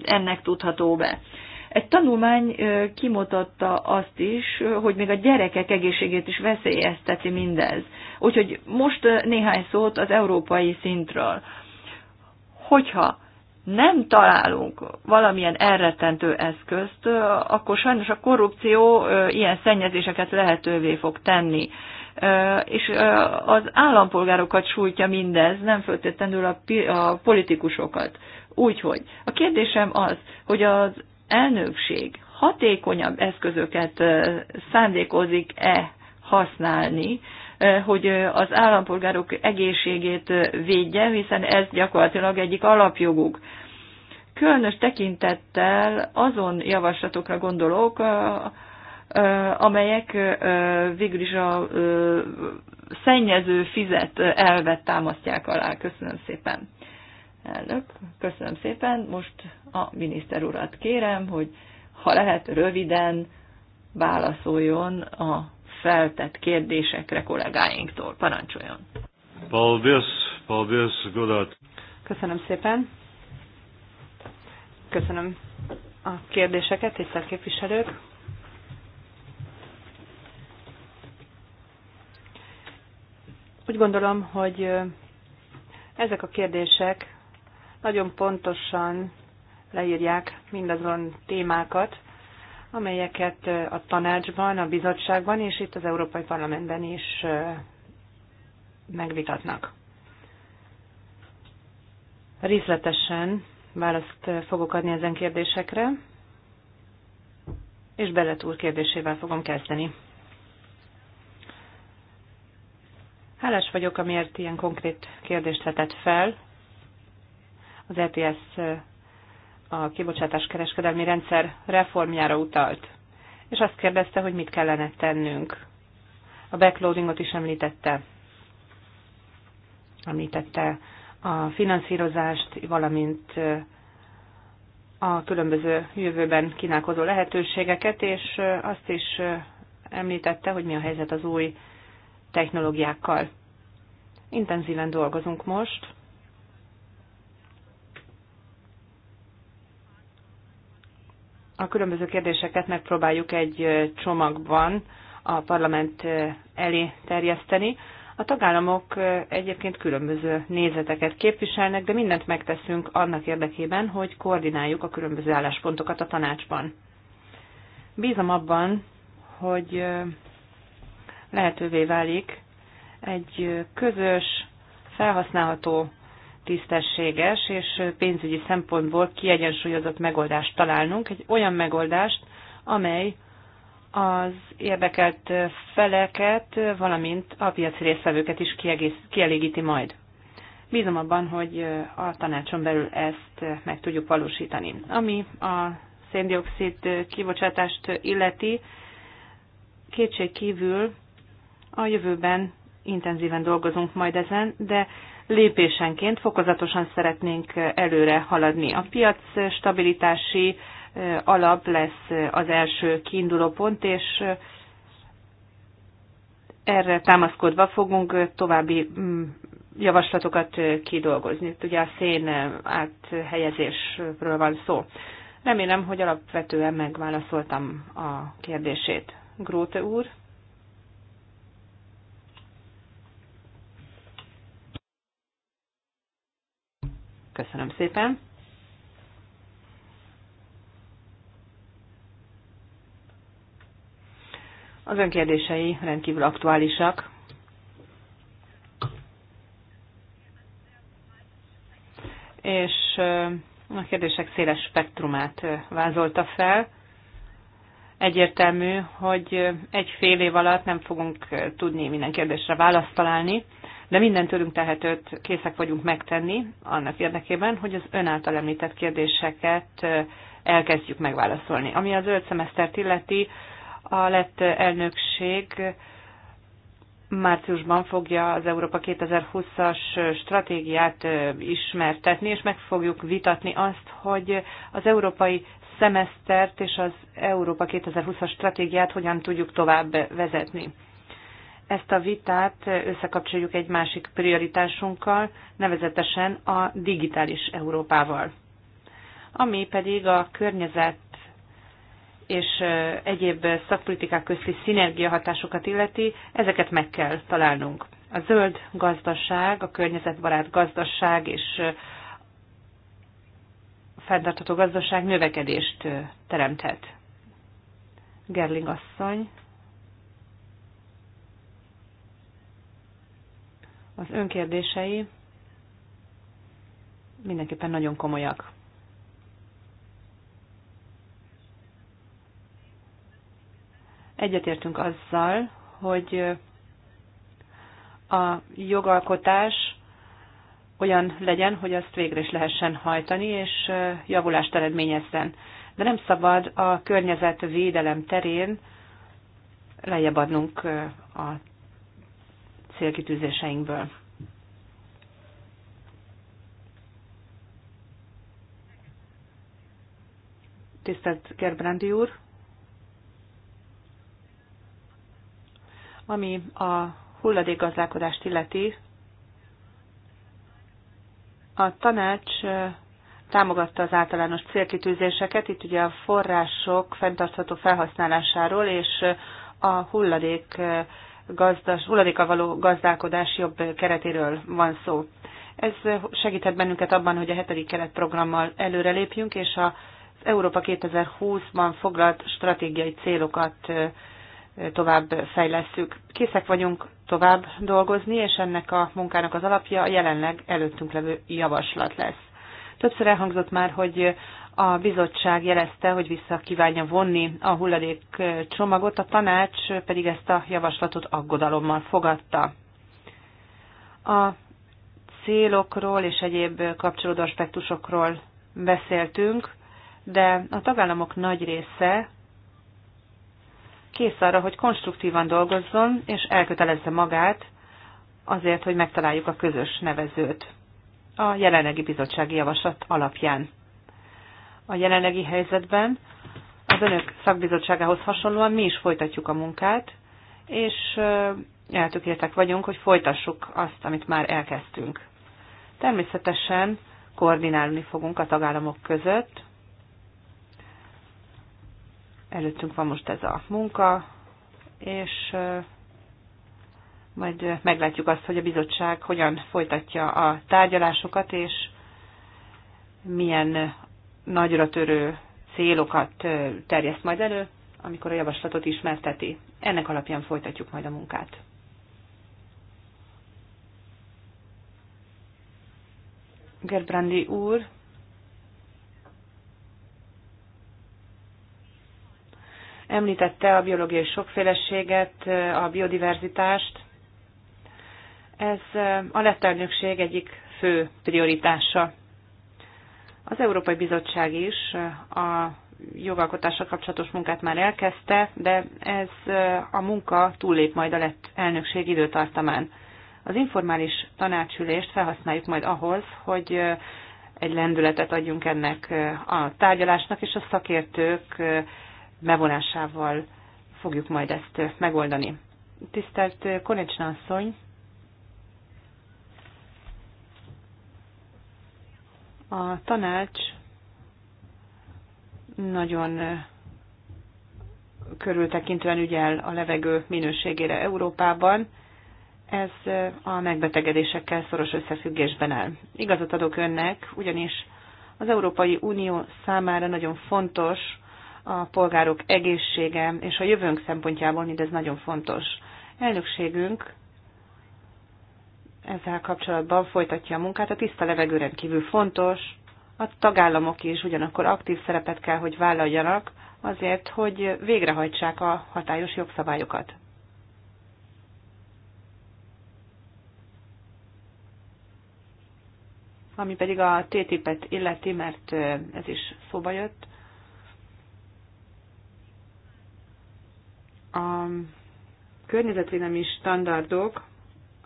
ennek tudható be. Egy tanulmány kimutatta azt is, hogy még a gyerekek egészségét is veszélyezteti mindez. Úgyhogy most néhány szót az európai szintről. Hogyha nem találunk valamilyen elrettentő eszközt, akkor sajnos a korrupció ilyen szennyezéseket lehetővé fog tenni és az állampolgárokat sújtja mindez, nem föltétlenül a, a politikusokat. Úgyhogy a kérdésem az, hogy az elnökség hatékonyabb eszközöket szándékozik-e használni, hogy az állampolgárok egészségét védje, hiszen ez gyakorlatilag egyik alapjoguk. Különös tekintettel azon javaslatokra gondolok, amelyek végül is a szennyező fizet elvet támasztják alá. Köszönöm szépen. Elnök, köszönöm szépen. Most a miniszter urat kérem, hogy ha lehet röviden válaszoljon a feltett kérdésekre kollégáinktól. Parancsoljon. Paldies, paldies, Godard. Köszönöm szépen. Köszönöm a kérdéseket, tisztelt képviselők. Úgy gondolom, hogy ezek a kérdések nagyon pontosan leírják mindazon témákat, amelyeket a tanácsban, a bizottságban és itt az Európai Parlamentben is megvitatnak. Részletesen választ fogok adni ezen kérdésekre, és Beletúr kérdésével fogom kezdeni. Hálás vagyok, amiért ilyen konkrét kérdést vetett fel. Az ETS a kibocsátás kereskedelmi rendszer reformjára utalt, és azt kérdezte, hogy mit kellene tennünk. A backloadingot is említette. Említette a finanszírozást, valamint a különböző jövőben kínálkozó lehetőségeket, és azt is említette, hogy mi a helyzet az új technológiákkal. Intenzíven dolgozunk most. A különböző kérdéseket megpróbáljuk egy csomagban a parlament elé terjeszteni. A tagállamok egyébként különböző nézeteket képviselnek, de mindent megteszünk annak érdekében, hogy koordináljuk a különböző álláspontokat a tanácsban. Bízom abban, hogy lehetővé válik egy közös, felhasználható, tisztességes és pénzügyi szempontból kiegyensúlyozott megoldást találnunk, egy olyan megoldást, amely az érdekelt feleket, valamint a piaci részvevőket is kiegész, kielégíti majd. Bízom abban, hogy a tanácson belül ezt meg tudjuk valósítani. Ami a széndiokszid kibocsátást illeti, kétség kívül a jövőben intenzíven dolgozunk majd ezen, de lépésenként fokozatosan szeretnénk előre haladni. A piac stabilitási alap lesz az első kiinduló pont, és erre támaszkodva fogunk további mm, javaslatokat kidolgozni. Itt ugye a szén áthelyezésről van szó. Remélem, hogy alapvetően megválaszoltam a kérdését. Gróte úr. Köszönöm szépen. Az ön kérdései rendkívül aktuálisak. És a kérdések széles spektrumát vázolta fel. Egyértelmű, hogy egy fél év alatt nem fogunk tudni minden kérdésre választ találni, de minden tőlünk tehetőt készek vagyunk megtenni annak érdekében, hogy az ön által említett kérdéseket elkezdjük megválaszolni. Ami az öt szemesztert illeti, a lett elnökség márciusban fogja az Európa 2020-as stratégiát ismertetni, és meg fogjuk vitatni azt, hogy az európai szemesztert és az Európa 2020-as stratégiát hogyan tudjuk tovább vezetni ezt a vitát összekapcsoljuk egy másik prioritásunkkal, nevezetesen a digitális Európával, ami pedig a környezet és egyéb szakpolitikák közti szinergiahatásokat illeti, ezeket meg kell találnunk. A zöld gazdaság, a környezetbarát gazdaság és fenntartható gazdaság növekedést teremthet. Gerling asszony. Az önkérdései mindenképpen nagyon komolyak. Egyetértünk azzal, hogy a jogalkotás olyan legyen, hogy azt végre is lehessen hajtani, és javulást eredményezzen. De nem szabad a környezetvédelem terén lejjebb adnunk a célkitűzéseinkből. Tisztelt Gerbrandi úr! Ami a hulladékgazdálkodást illeti, a tanács támogatta az általános célkitűzéseket, itt ugye a források fenntartható felhasználásáról és a hulladék gazdas, hulladéka való gazdálkodás jobb keretéről van szó. Ez segíthet bennünket abban, hogy a hetedik programmal előrelépjünk, és az Európa 2020-ban foglalt stratégiai célokat tovább fejlesszük. Készek vagyunk tovább dolgozni, és ennek a munkának az alapja a jelenleg előttünk levő javaslat lesz. Többször elhangzott már, hogy a bizottság jelezte, hogy vissza kívánja vonni a hulladék csomagot, a tanács pedig ezt a javaslatot aggodalommal fogadta. A célokról és egyéb kapcsolódó aspektusokról beszéltünk, de a tagállamok nagy része kész arra, hogy konstruktívan dolgozzon és elkötelezze magát azért, hogy megtaláljuk a közös nevezőt a jelenlegi bizottsági javaslat alapján. A jelenlegi helyzetben az önök szakbizottságához hasonlóan mi is folytatjuk a munkát, és eltökéltek vagyunk, hogy folytassuk azt, amit már elkezdtünk. Természetesen koordinálni fogunk a tagállamok között. Előttünk van most ez a munka, és majd meglátjuk azt, hogy a bizottság hogyan folytatja a tárgyalásokat, és milyen nagyra törő célokat terjeszt majd elő, amikor a javaslatot ismerteti. Ennek alapján folytatjuk majd a munkát. Gerbrandi úr, említette a biológiai sokféleséget, a biodiverzitást, ez a lett elnökség egyik fő prioritása. Az Európai Bizottság is a jogalkotással kapcsolatos munkát már elkezdte, de ez a munka túllép majd a lett elnökség időtartamán. Az informális tanácsülést felhasználjuk majd ahhoz, hogy egy lendületet adjunk ennek a tárgyalásnak, és a szakértők bevonásával fogjuk majd ezt megoldani. Tisztelt Konecsna asszony, A tanács nagyon körültekintően ügyel a levegő minőségére Európában. Ez a megbetegedésekkel szoros összefüggésben áll. Igazat adok önnek, ugyanis az Európai Unió számára nagyon fontos a polgárok egészsége, és a jövőnk szempontjából mindez nagyon fontos. Elnökségünk ezzel kapcsolatban folytatja a munkát. A tiszta levegő rendkívül fontos, a tagállamok is ugyanakkor aktív szerepet kell, hogy vállaljanak azért, hogy végrehajtsák a hatályos jogszabályokat. Ami pedig a TTIP-et illeti, mert ez is szóba jött. A környezetvédelmi standardok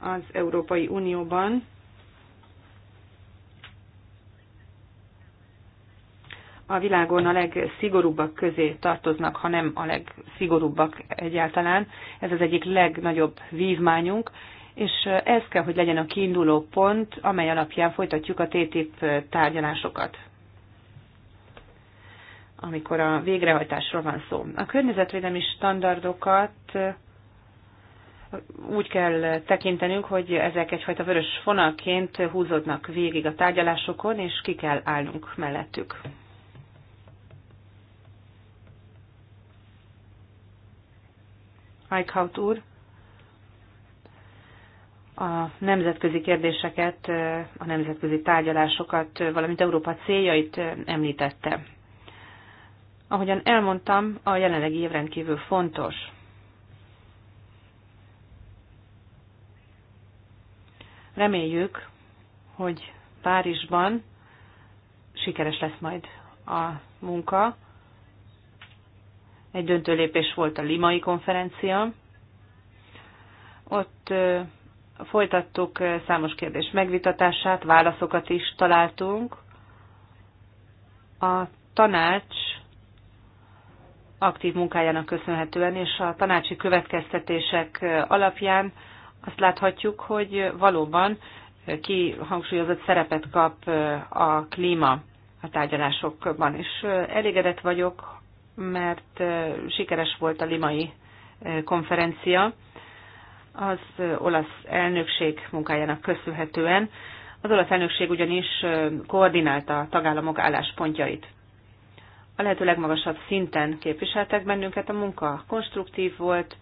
az Európai Unióban. A világon a legszigorúbbak közé tartoznak, ha nem a legszigorúbbak egyáltalán. Ez az egyik legnagyobb vívmányunk, és ez kell, hogy legyen a kiinduló pont, amely alapján folytatjuk a TTIP tárgyalásokat amikor a végrehajtásról van szó. A környezetvédelmi standardokat úgy kell tekintenünk, hogy ezek egyfajta vörös fonalként húzódnak végig a tárgyalásokon, és ki kell állnunk mellettük. Eichhout úr a nemzetközi kérdéseket, a nemzetközi tárgyalásokat, valamint Európa céljait említette. Ahogyan elmondtam, a jelenlegi év rendkívül fontos. Reméljük, hogy Párizsban sikeres lesz majd a munka. Egy döntő lépés volt a limai konferencia. Ott folytattuk számos kérdés megvitatását, válaszokat is találtunk. A tanács aktív munkájának köszönhetően és a tanácsi következtetések alapján azt láthatjuk, hogy valóban kihangsúlyozott szerepet kap a klíma a tárgyalásokban. És elégedett vagyok, mert sikeres volt a limai konferencia az olasz elnökség munkájának köszönhetően. Az olasz elnökség ugyanis koordinálta a tagállamok álláspontjait. A lehető legmagasabb szinten képviseltek bennünket, a munka konstruktív volt,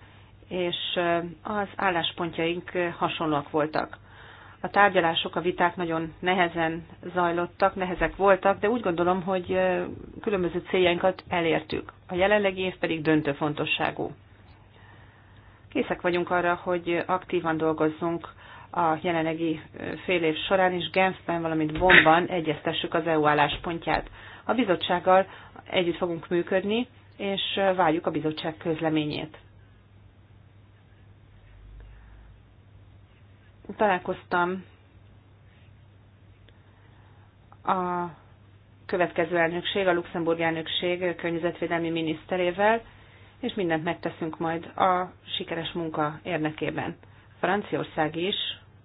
és az álláspontjaink hasonlóak voltak. A tárgyalások, a viták nagyon nehezen zajlottak, nehezek voltak, de úgy gondolom, hogy különböző céljainkat elértük. A jelenlegi év pedig döntő fontosságú. Készek vagyunk arra, hogy aktívan dolgozzunk a jelenlegi fél év során is Genfben, valamint Bonban egyeztessük az EU álláspontját. A bizottsággal együtt fogunk működni, és várjuk a bizottság közleményét. Találkoztam a következő elnökség, a Luxemburg elnökség környezetvédelmi miniszterével, és mindent megteszünk majd a sikeres munka érdekében. Franciaország is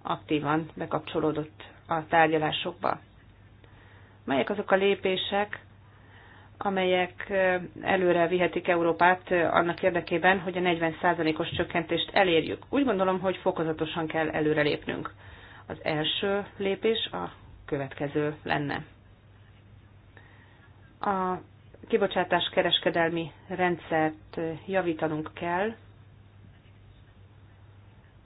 aktívan bekapcsolódott a tárgyalásokba. Melyek azok a lépések, amelyek eh, előre vihetik Európát eh, annak érdekében, hogy a 40%-os csökkentést elérjük. Úgy gondolom, hogy fokozatosan kell előrelépnünk. Az első lépés a következő lenne. A kibocsátás kereskedelmi rendszert eh, javítanunk kell,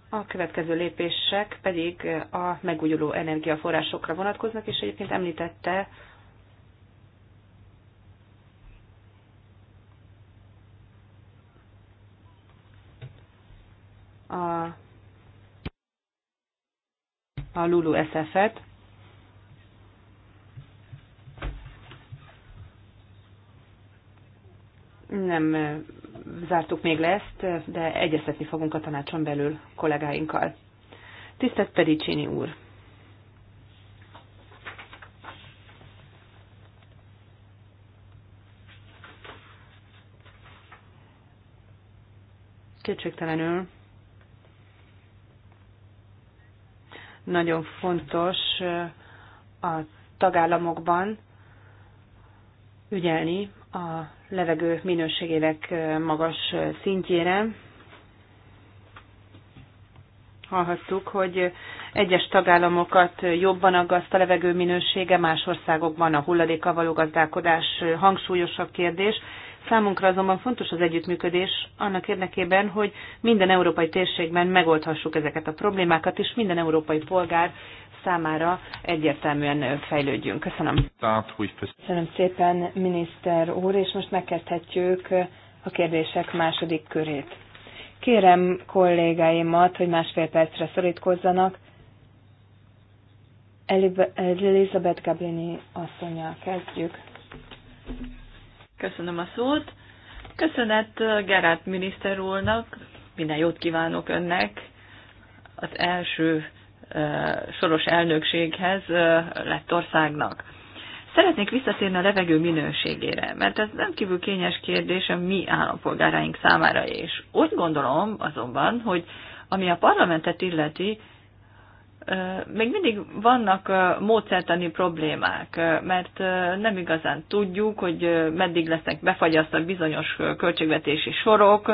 a következő lépések pedig a megújuló energiaforrásokra vonatkoznak, és egyébként említette a, a Lulu SF-et. Nem zártuk még le ezt, de egyeztetni fogunk a tanácson belül kollégáinkkal. Tisztelt Pedicsini úr! Kétségtelenül nagyon fontos a tagállamokban ügyelni a levegő minőségének magas szintjére. Hallhattuk, hogy egyes tagállamokat jobban aggaszt a levegő minősége, más országokban a hulladékkal való gazdálkodás hangsúlyosabb kérdés. Számunkra azonban fontos az együttműködés annak érdekében, hogy minden európai térségben megoldhassuk ezeket a problémákat, és minden európai polgár számára egyértelműen fejlődjünk. Köszönöm. Köszönöm szépen, miniszter úr, és most megkezdhetjük a kérdések második körét. Kérem kollégáimat, hogy másfél percre szorítkozzanak. Elizabeth Gablini asszonyjal kezdjük. Köszönöm a szót. Köszönet uh, Gerát miniszter úrnak, minden jót kívánok önnek. Az első uh, soros elnökséghez uh, lett országnak. Szeretnék visszatérni a levegő minőségére, mert ez nem kívül kényes kérdés a mi állampolgáraink számára is. Úgy gondolom azonban, hogy ami a parlamentet illeti, még mindig vannak módszertani problémák, mert nem igazán tudjuk, hogy meddig lesznek befagyasztva bizonyos költségvetési sorok,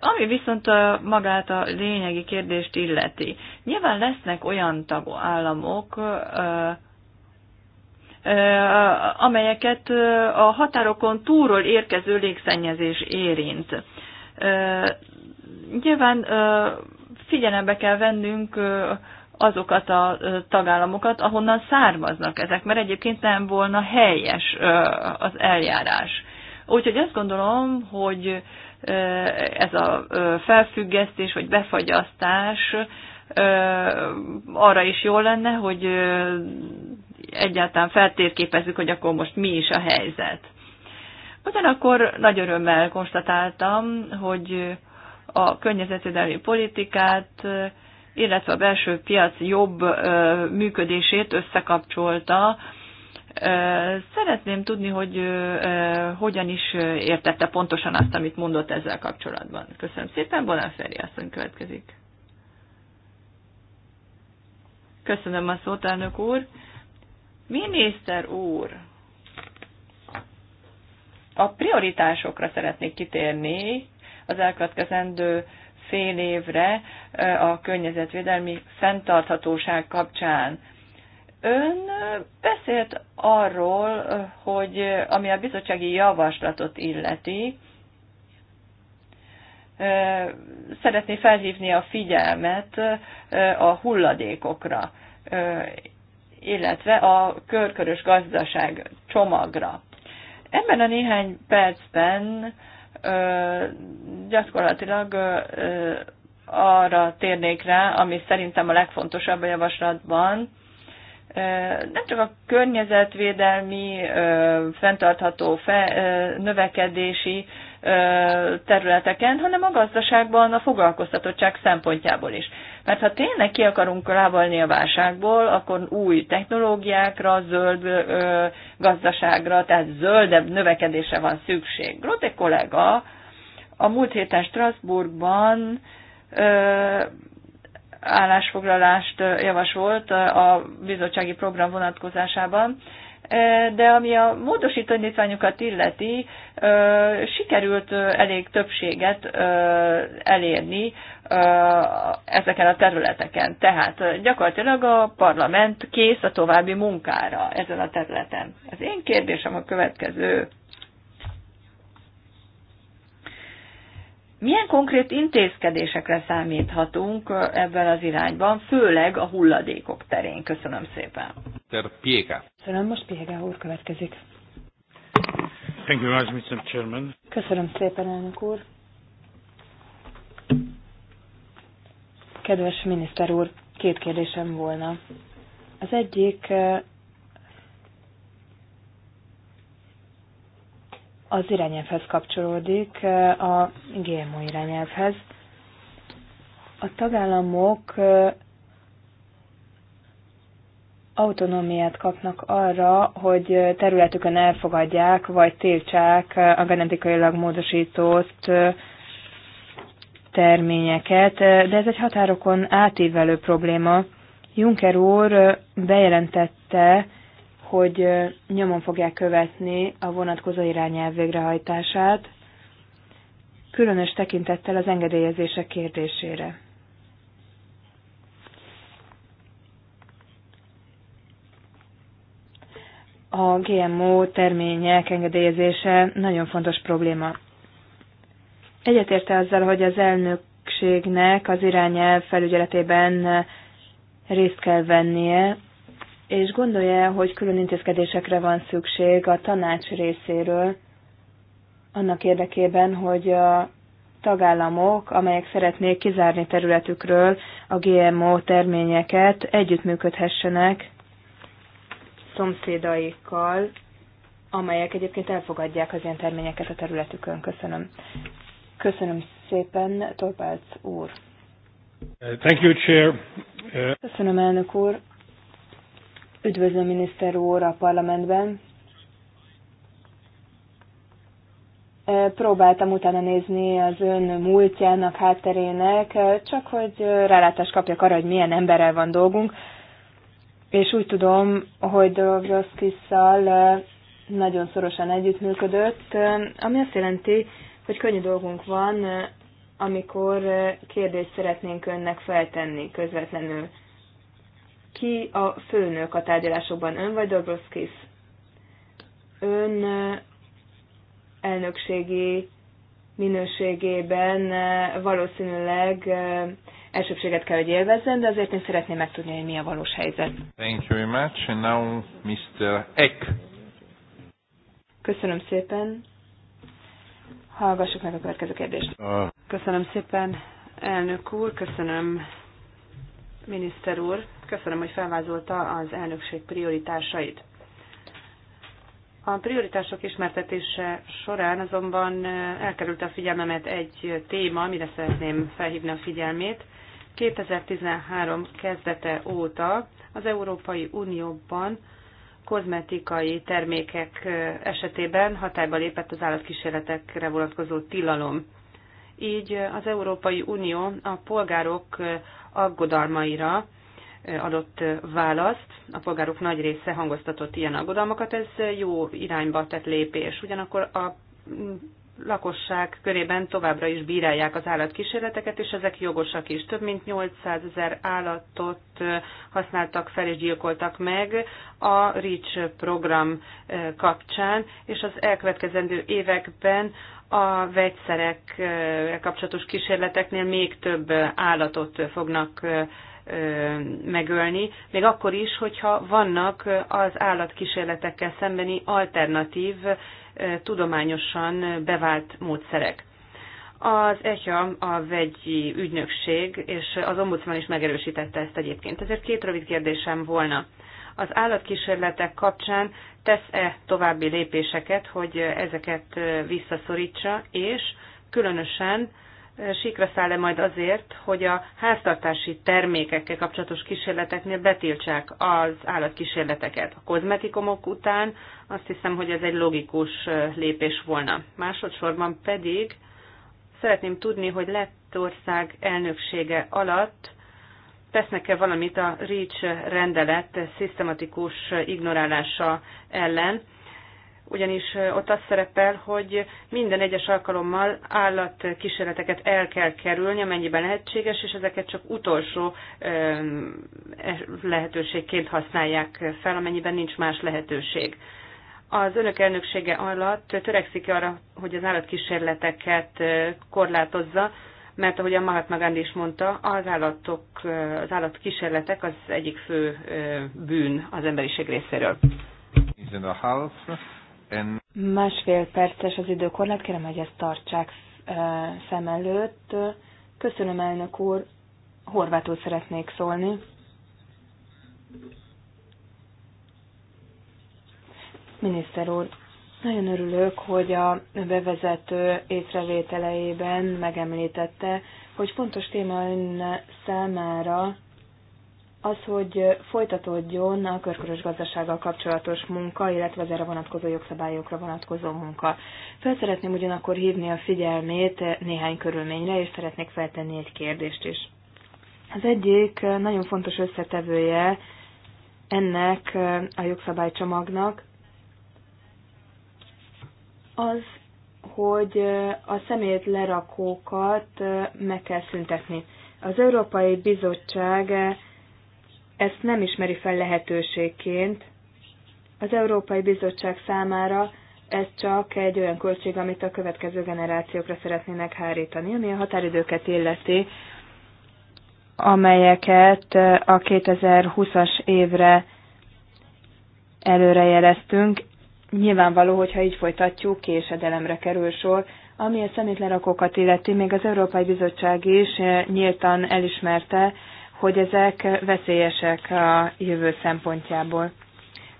ami viszont magát a lényegi kérdést illeti. Nyilván lesznek olyan tagállamok, amelyeket a határokon túlról érkező légszennyezés érint. Nyilván figyelembe kell vennünk azokat a tagállamokat, ahonnan származnak ezek, mert egyébként nem volna helyes az eljárás. Úgyhogy azt gondolom, hogy ez a felfüggesztés vagy befagyasztás arra is jó lenne, hogy egyáltalán feltérképezzük, hogy akkor most mi is a helyzet. Ugyanakkor nagy örömmel konstatáltam, hogy a környezetvédelmi politikát, illetve a belső piac jobb működését összekapcsolta. Szeretném tudni, hogy hogyan is értette pontosan azt, amit mondott ezzel kapcsolatban. Köszönöm szépen, Bonaferi asszony következik. Köszönöm a szót, elnök úr. Miniszter úr, a prioritásokra szeretnék kitérni, az elkövetkezendő fél évre a környezetvédelmi fenntarthatóság kapcsán. Ön beszélt arról, hogy ami a bizottsági javaslatot illeti, szeretné felhívni a figyelmet a hulladékokra, illetve a körkörös gazdaság csomagra. Ebben a néhány percben gyakorlatilag arra térnék rá, ami szerintem a legfontosabb a javaslatban, nem csak a környezetvédelmi, fenntartható növekedési területeken, hanem a gazdaságban a foglalkoztatottság szempontjából is. Mert ha tényleg ki akarunk lábalni a válságból, akkor új technológiákra, zöld ö, gazdaságra, tehát zöldebb növekedése van szükség. Grote kollega a múlt héten Strasbourgban ö, állásfoglalást javasolt a bizottsági program vonatkozásában, de ami a módosító indítványokat illeti, sikerült elég többséget elérni ezeken a területeken. Tehát gyakorlatilag a parlament kész a további munkára ezen a területen. Az én kérdésem a következő. Milyen konkrét intézkedésekre számíthatunk ebben az irányban, főleg a hulladékok terén? Köszönöm szépen. Ter Piega. Köszönöm, most Piega úr következik. Thank you much, Mr. Chairman. Köszönöm szépen, elnök úr. Kedves miniszter úr, két kérdésem volna. Az egyik az irányelvhez kapcsolódik, eh, a GMO irányelvhez. A tagállamok eh, autonómiát kapnak arra, hogy területükön elfogadják vagy tiltsák eh, a genetikailag módosított terményeket, de ez egy határokon átívelő probléma. Juncker úr bejelentette, hogy nyomon fogják követni a vonatkozó irányelv végrehajtását, különös tekintettel az engedélyezések kérdésére. A GMO termények engedélyezése nagyon fontos probléma. Egyetérte azzal, hogy az elnökségnek az irányelv felügyeletében részt kell vennie, és gondolja, hogy külön intézkedésekre van szükség a tanács részéről, annak érdekében, hogy a tagállamok, amelyek szeretnék kizárni területükről a GMO terményeket, együttműködhessenek szomszédaikkal, amelyek egyébként elfogadják az ilyen terményeket a területükön. Köszönöm. Köszönöm szépen, Torpálc úr. Thank you, Chair. Köszönöm, elnök úr. Üdvözlöm miniszter úr a parlamentben. Próbáltam utána nézni az ön múltjának, hátterének, csak hogy rálátást kapjak arra, hogy milyen emberrel van dolgunk. És úgy tudom, hogy Dobroszkisszal nagyon szorosan együttműködött, ami azt jelenti, hogy könnyű dolgunk van, amikor kérdést szeretnénk önnek feltenni közvetlenül ki a főnök a tárgyalásokban, ön vagy Dobroszkis? Ön eh, elnökségi minőségében eh, valószínűleg eh, elsőbséget kell, hogy élvezzen, de azért én szeretném megtudni, hogy mi a valós helyzet. Thank you very much. And now Mr. Eck. Köszönöm szépen. Hallgassuk meg a következő kérdést. Köszönöm szépen, elnök úr, köszönöm, miniszter úr. Köszönöm, hogy felvázolta az elnökség prioritásait. A prioritások ismertetése során azonban elkerült a figyelmemet egy téma, amire szeretném felhívni a figyelmét. 2013 kezdete óta az Európai Unióban kozmetikai termékek esetében hatályba lépett az állatkísérletekre vonatkozó tilalom. Így az Európai Unió a polgárok aggodalmaira adott választ. A polgárok nagy része hangoztatott ilyen aggodalmakat, ez jó irányba tett lépés. Ugyanakkor a lakosság körében továbbra is bírálják az állatkísérleteket, és ezek jogosak is. Több mint 800 ezer állatot használtak fel és gyilkoltak meg a REACH program kapcsán, és az elkövetkezendő években a vegyszerek kapcsolatos kísérleteknél még több állatot fognak megölni, még akkor is, hogyha vannak az állatkísérletekkel szembeni alternatív, tudományosan bevált módszerek. Az EHA, a vegyi ügynökség, és az ombudsman is megerősítette ezt egyébként. Ezért két rövid kérdésem volna. Az állatkísérletek kapcsán tesz-e további lépéseket, hogy ezeket visszaszorítsa, és különösen síkra száll -e majd azért, hogy a háztartási termékekkel kapcsolatos kísérleteknél betiltsák az állatkísérleteket. A kozmetikumok után azt hiszem, hogy ez egy logikus lépés volna. Másodszorban pedig szeretném tudni, hogy Lettország elnöksége alatt tesznek-e valamit a REACH rendelet szisztematikus ignorálása ellen, ugyanis ott az szerepel, hogy minden egyes alkalommal állatkísérleteket el kell kerülni, amennyiben lehetséges, és ezeket csak utolsó e, lehetőségként használják fel, amennyiben nincs más lehetőség. Az önök elnöksége alatt törekszik arra, hogy az állatkísérleteket korlátozza, mert ahogy a Mahatma Gandhi is mondta, az állatok, az állatkísérletek az egyik fő bűn az emberiség részéről and... Másfél perces az időkorlát, kérem, hogy ezt tartsák szem előtt. Köszönöm, elnök úr. Horvátul szeretnék szólni. Miniszter úr, nagyon örülök, hogy a bevezető észrevételeiben megemlítette, hogy fontos téma ön számára az, hogy folytatódjon a körkörös gazdasággal kapcsolatos munka, illetve az erre vonatkozó jogszabályokra vonatkozó munka. Fel szeretném ugyanakkor hívni a figyelmét néhány körülményre, és szeretnék feltenni egy kérdést is. Az egyik nagyon fontos összetevője ennek a jogszabálycsomagnak az, hogy a szemét lerakókat meg kell szüntetni. Az Európai Bizottság ezt nem ismeri fel lehetőségként. Az Európai Bizottság számára ez csak egy olyan költség, amit a következő generációkra szeretnének hárítani, ami a határidőket illeti, amelyeket a 2020-as évre előrejeleztünk. Nyilvánvaló, hogyha így folytatjuk, késedelemre kerül sor. Ami a szemétlerakókat illeti, még az Európai Bizottság is nyíltan elismerte, hogy ezek veszélyesek a jövő szempontjából.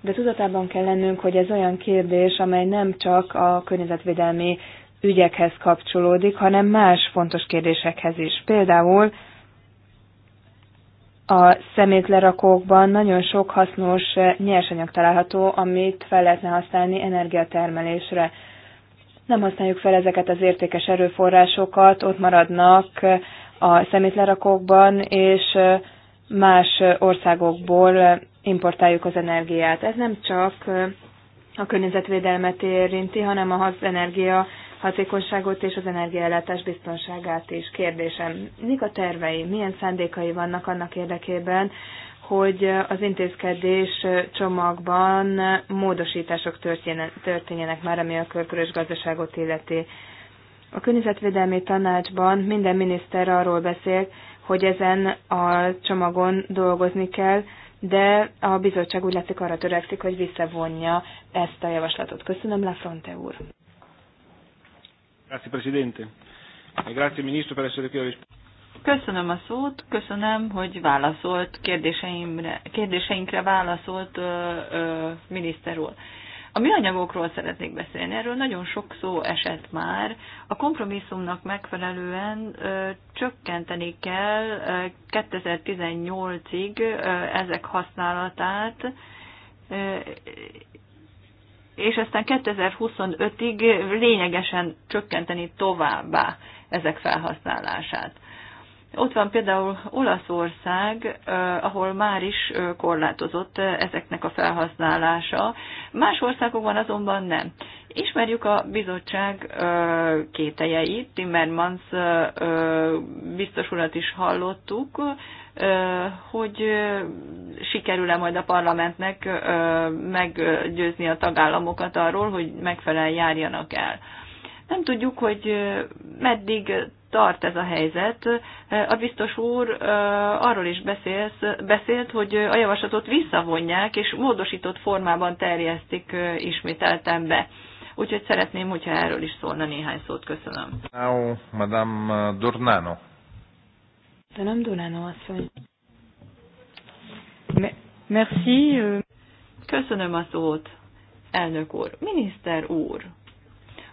De tudatában kell lennünk, hogy ez olyan kérdés, amely nem csak a környezetvédelmi ügyekhez kapcsolódik, hanem más fontos kérdésekhez is. Például a szemétlerakókban nagyon sok hasznos nyersanyag található, amit fel lehetne használni energiatermelésre. Nem használjuk fel ezeket az értékes erőforrásokat, ott maradnak a szemétlerakókban, és más országokból importáljuk az energiát. Ez nem csak a környezetvédelmet érinti, hanem az energia hatékonyságot és az energiaellátás biztonságát is. Kérdésem, mik a tervei, milyen szándékai vannak annak érdekében, hogy az intézkedés csomagban módosítások történjenek már, ami a körkörös gazdaságot illeti. A környezetvédelmi tanácsban minden miniszter arról beszélt, hogy ezen a csomagon dolgozni kell, de a bizottság úgy látszik arra törekszik, hogy visszavonja ezt a javaslatot. Köszönöm, Lafronte úr. Grazie, Presidente. E grazie, Ministro, per essere qui Köszönöm a szót, köszönöm, hogy válaszolt kérdéseimre, kérdéseinkre válaszolt ö, ö, miniszter úr. A műanyagokról szeretnék beszélni, erről nagyon sok szó esett már. A kompromisszumnak megfelelően ö, csökkenteni kell ö, 2018-ig ö, ezek használatát, ö, és aztán 2025-ig lényegesen csökkenteni továbbá ezek felhasználását. Ott van például Olaszország, ahol már is korlátozott ezeknek a felhasználása, más országokban azonban nem. Ismerjük a bizottság kételjeit, Timmermans biztos biztosulat is hallottuk, hogy sikerül-e majd a parlamentnek meggyőzni a tagállamokat arról, hogy megfelel járjanak el. Nem tudjuk, hogy meddig tart ez a helyzet. A biztos úr arról is beszélsz, beszélt, hogy a javaslatot visszavonják, és módosított formában terjesztik ismételten be. Úgyhogy szeretném, hogyha erről is szólna néhány szót. Köszönöm. Now, Madame Dornano. Madame Dornano asszony. Merci. Köszönöm a szót, elnök úr. Miniszter úr,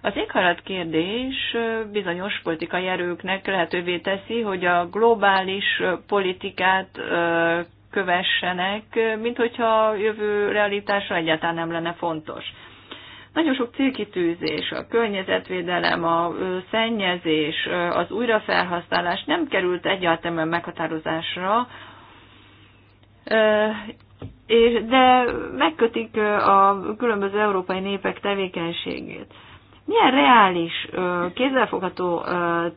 az éghajlat kérdés bizonyos politikai erőknek lehetővé teszi, hogy a globális politikát kövessenek, mint hogyha a jövő realitása egyáltalán nem lenne fontos. Nagyon sok célkitűzés, a környezetvédelem, a szennyezés, az újrafelhasználás nem került egyáltalán meghatározásra, de megkötik a különböző európai népek tevékenységét. Milyen reális, kézzelfogható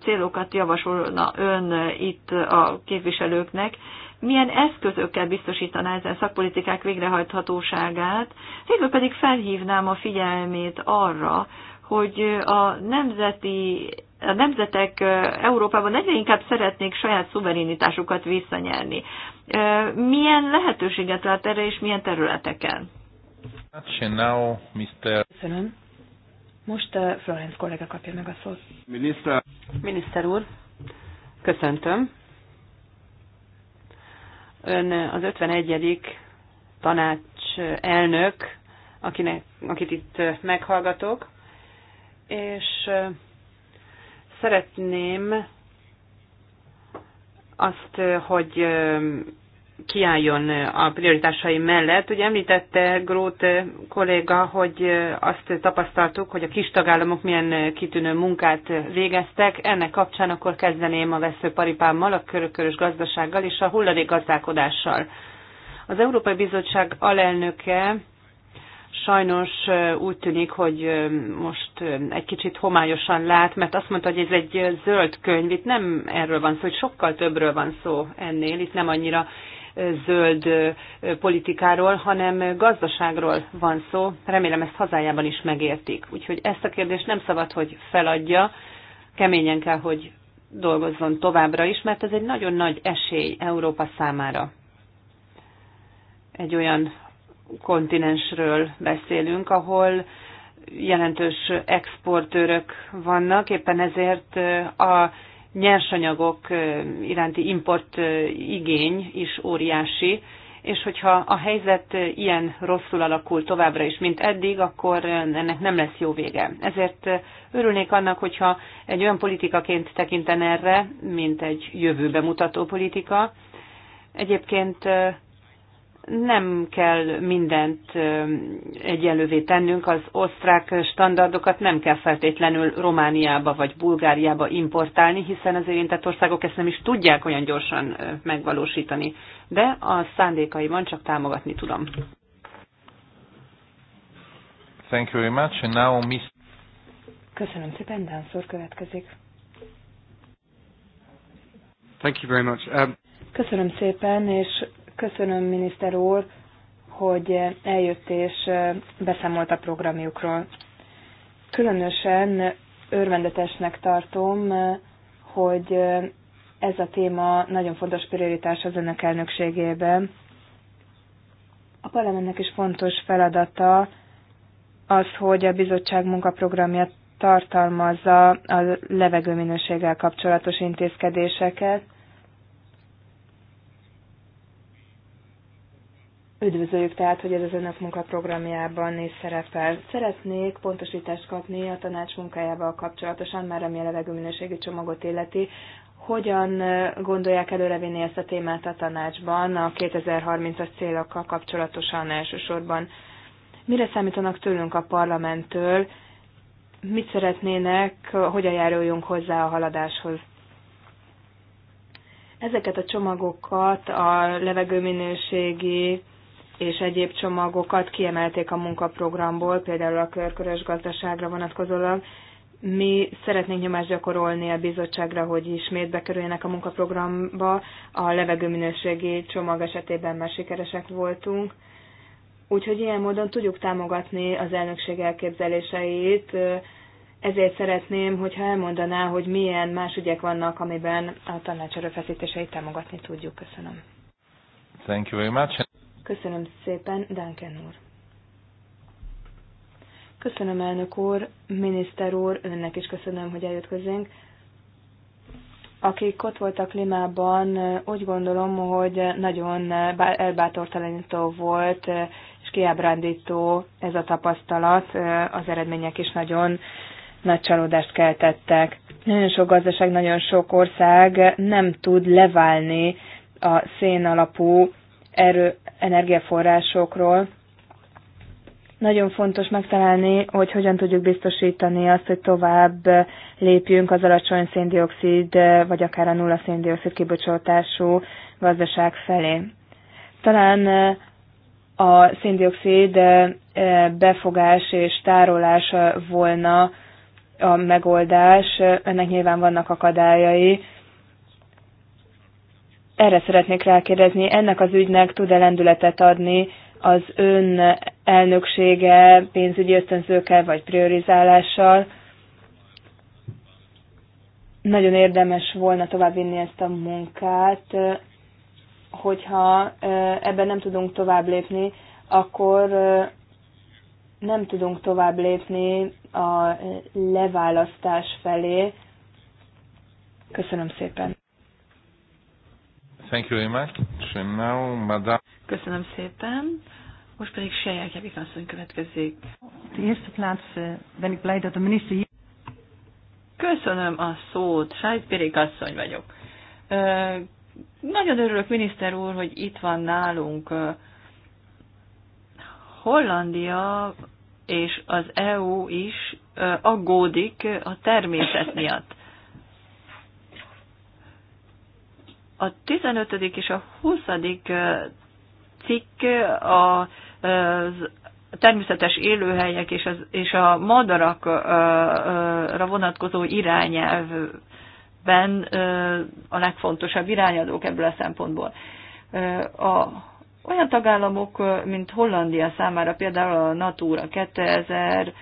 célokat javasolna ön itt a képviselőknek, milyen eszközökkel biztosítaná ezen szakpolitikák végrehajthatóságát, végül pedig felhívnám a figyelmét arra, hogy a nemzeti a nemzetek Európában egyre inkább szeretnék saját szuverenitásukat visszanyerni. Milyen lehetőséget lát erre, és milyen területeken? Köszönöm. Most uh, Florence kollega kapja meg a szót. Miniszter. Miniszter úr, köszöntöm. Ön az 51. tanács elnök, akinek, akit itt meghallgatok, és uh, szeretném azt, uh, hogy um, kiálljon a prioritásai mellett. Ugye említette Grót kolléga, hogy azt tapasztaltuk, hogy a kis tagállamok milyen kitűnő munkát végeztek. Ennek kapcsán akkor kezdeném a veszőparipámmal, a körökörös gazdasággal és a hulladék gazdálkodással. Az Európai Bizottság alelnöke sajnos úgy tűnik, hogy most egy kicsit homályosan lát, mert azt mondta, hogy ez egy zöld könyv, itt nem erről van szó, hogy sokkal többről van szó ennél, itt nem annyira zöld politikáról, hanem gazdaságról van szó. Remélem ezt hazájában is megértik. Úgyhogy ezt a kérdést nem szabad, hogy feladja. Keményen kell, hogy dolgozzon továbbra is, mert ez egy nagyon nagy esély Európa számára. Egy olyan kontinensről beszélünk, ahol jelentős exportőrök vannak, éppen ezért a nyersanyagok iránti import igény is óriási, és hogyha a helyzet ilyen rosszul alakul továbbra is, mint eddig, akkor ennek nem lesz jó vége. Ezért örülnék annak, hogyha egy olyan politikaként tekinten erre, mint egy jövőbe mutató politika. Egyébként nem kell mindent egyenlővé tennünk, az osztrák standardokat nem kell feltétlenül Romániába vagy Bulgáriába importálni, hiszen az érintett országok ezt nem is tudják olyan gyorsan megvalósítani. De a szándékaiban csak támogatni tudom. Thank you very much, and now Miss... Köszönöm szépen, Dánszor következik. Thank you very much. Um... Köszönöm szépen, és Köszönöm, miniszter úr, hogy eljött és beszámolt a programjukról. Különösen örvendetesnek tartom, hogy ez a téma nagyon fontos prioritás az önök elnökségében. A parlamentnek is fontos feladata az, hogy a bizottság munkaprogramja tartalmazza a levegőminőséggel kapcsolatos intézkedéseket, Üdvözöljük tehát, hogy ez az önök munkaprogramjában is szerepel. Szeretnék pontosítást kapni a tanács munkájával kapcsolatosan, már ami a minőségi csomagot illeti. Hogyan gondolják előrevinni ezt a témát a tanácsban a 2030-as célokkal kapcsolatosan elsősorban? Mire számítanak tőlünk a parlamenttől? Mit szeretnének, hogyan járuljunk hozzá a haladáshoz? Ezeket a csomagokat a levegőminőségi és egyéb csomagokat kiemelték a munkaprogramból, például a körkörös gazdaságra vonatkozólag. Mi szeretnénk nyomást gyakorolni a bizottságra, hogy ismét bekerüljenek a munkaprogramba. A levegőminőségi csomag esetében már sikeresek voltunk. Úgyhogy ilyen módon tudjuk támogatni az elnökség elképzeléseit, ezért szeretném, hogyha elmondaná, hogy milyen más ügyek vannak, amiben a tanács erőfeszítéseit támogatni tudjuk. Köszönöm. Thank you very much. Köszönöm szépen, Duncan úr. Köszönöm, elnök úr, miniszter úr, önnek is köszönöm, hogy eljött közénk. Akik ott voltak Limában, úgy gondolom, hogy nagyon elbátortalanító volt, és kiábrándító ez a tapasztalat. Az eredmények is nagyon nagy csalódást keltettek. Nagyon sok gazdaság, nagyon sok ország nem tud leválni a szén alapú erő, energiaforrásokról. Nagyon fontos megtalálni, hogy hogyan tudjuk biztosítani azt, hogy tovább lépjünk az alacsony széndiokszid, vagy akár a nulla széndiokszid kibocsátású gazdaság felé. Talán eh, a széndiokszid eh, befogás és tárolása eh, volna a megoldás, ennek nyilván vannak akadályai, erre szeretnék rákérdezni, ennek az ügynek tud-e lendületet adni az ön elnöksége pénzügyi ösztönzőkkel vagy priorizálással? Nagyon érdemes volna továbbvinni ezt a munkát, hogyha ebben nem tudunk tovább lépni, akkor nem tudunk tovább lépni a leválasztás felé. Köszönöm szépen. Thank you very much. And now, Madame... Köszönöm szépen. Most pedig Sejjel Kevik asszony következik. De eerste plaats eh, ben ik blij dat de minister hier... Köszönöm a szót. Sajtpirik asszony vagyok. Eh, nagyon örülök, miniszter úr, hogy itt van nálunk. Eh, Hollandia és az EU is aggódik a természet miatt. A 15. és a 20. cikk a természetes élőhelyek és, az, és a madarakra vonatkozó irányelvben a legfontosabb irányadók ebből a szempontból. A, olyan tagállamok, mint Hollandia számára például a Natura 2000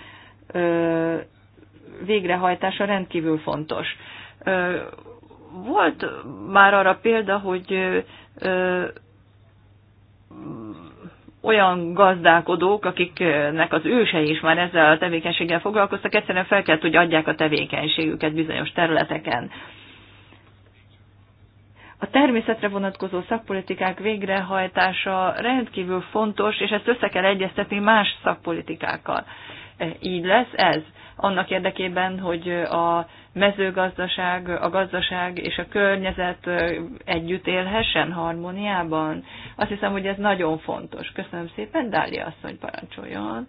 végrehajtása rendkívül fontos. Volt már arra példa, hogy olyan gazdálkodók, akiknek az ősei is már ezzel a tevékenységgel foglalkoztak, egyszerűen fel kell, hogy adják a tevékenységüket bizonyos területeken. A természetre vonatkozó szakpolitikák végrehajtása rendkívül fontos, és ezt össze kell egyeztetni más szakpolitikákkal. Így lesz ez annak érdekében, hogy a mezőgazdaság, a gazdaság és a környezet együtt élhessen harmóniában. Azt hiszem, hogy ez nagyon fontos. Köszönöm szépen, Dália asszony parancsoljon.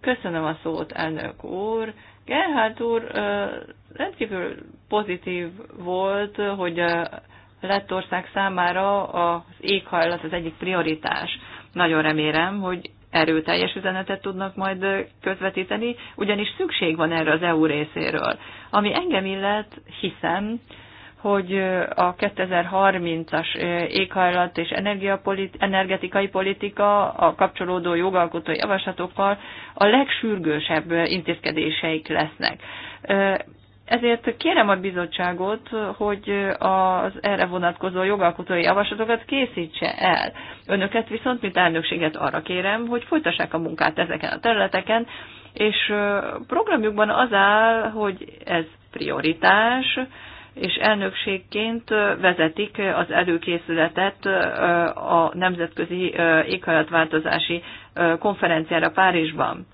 Köszönöm a szót, elnök úr. Gerhard úr rendkívül pozitív volt, hogy Lettország számára az éghajlat az egyik prioritás. Nagyon remélem, hogy erőteljes üzenetet tudnak majd közvetíteni, ugyanis szükség van erre az EU részéről. Ami engem illet, hiszem, hogy a 2030-as éghajlat és energetikai politika a kapcsolódó jogalkotó javaslatokkal a legsürgősebb intézkedéseik lesznek. Ezért kérem a bizottságot, hogy az erre vonatkozó jogalkotói javaslatokat készítse el. Önöket viszont, mint elnökséget arra kérem, hogy folytassák a munkát ezeken a területeken, és programjukban az áll, hogy ez prioritás, és elnökségként vezetik az előkészületet a nemzetközi éghajlatváltozási konferenciára Párizsban.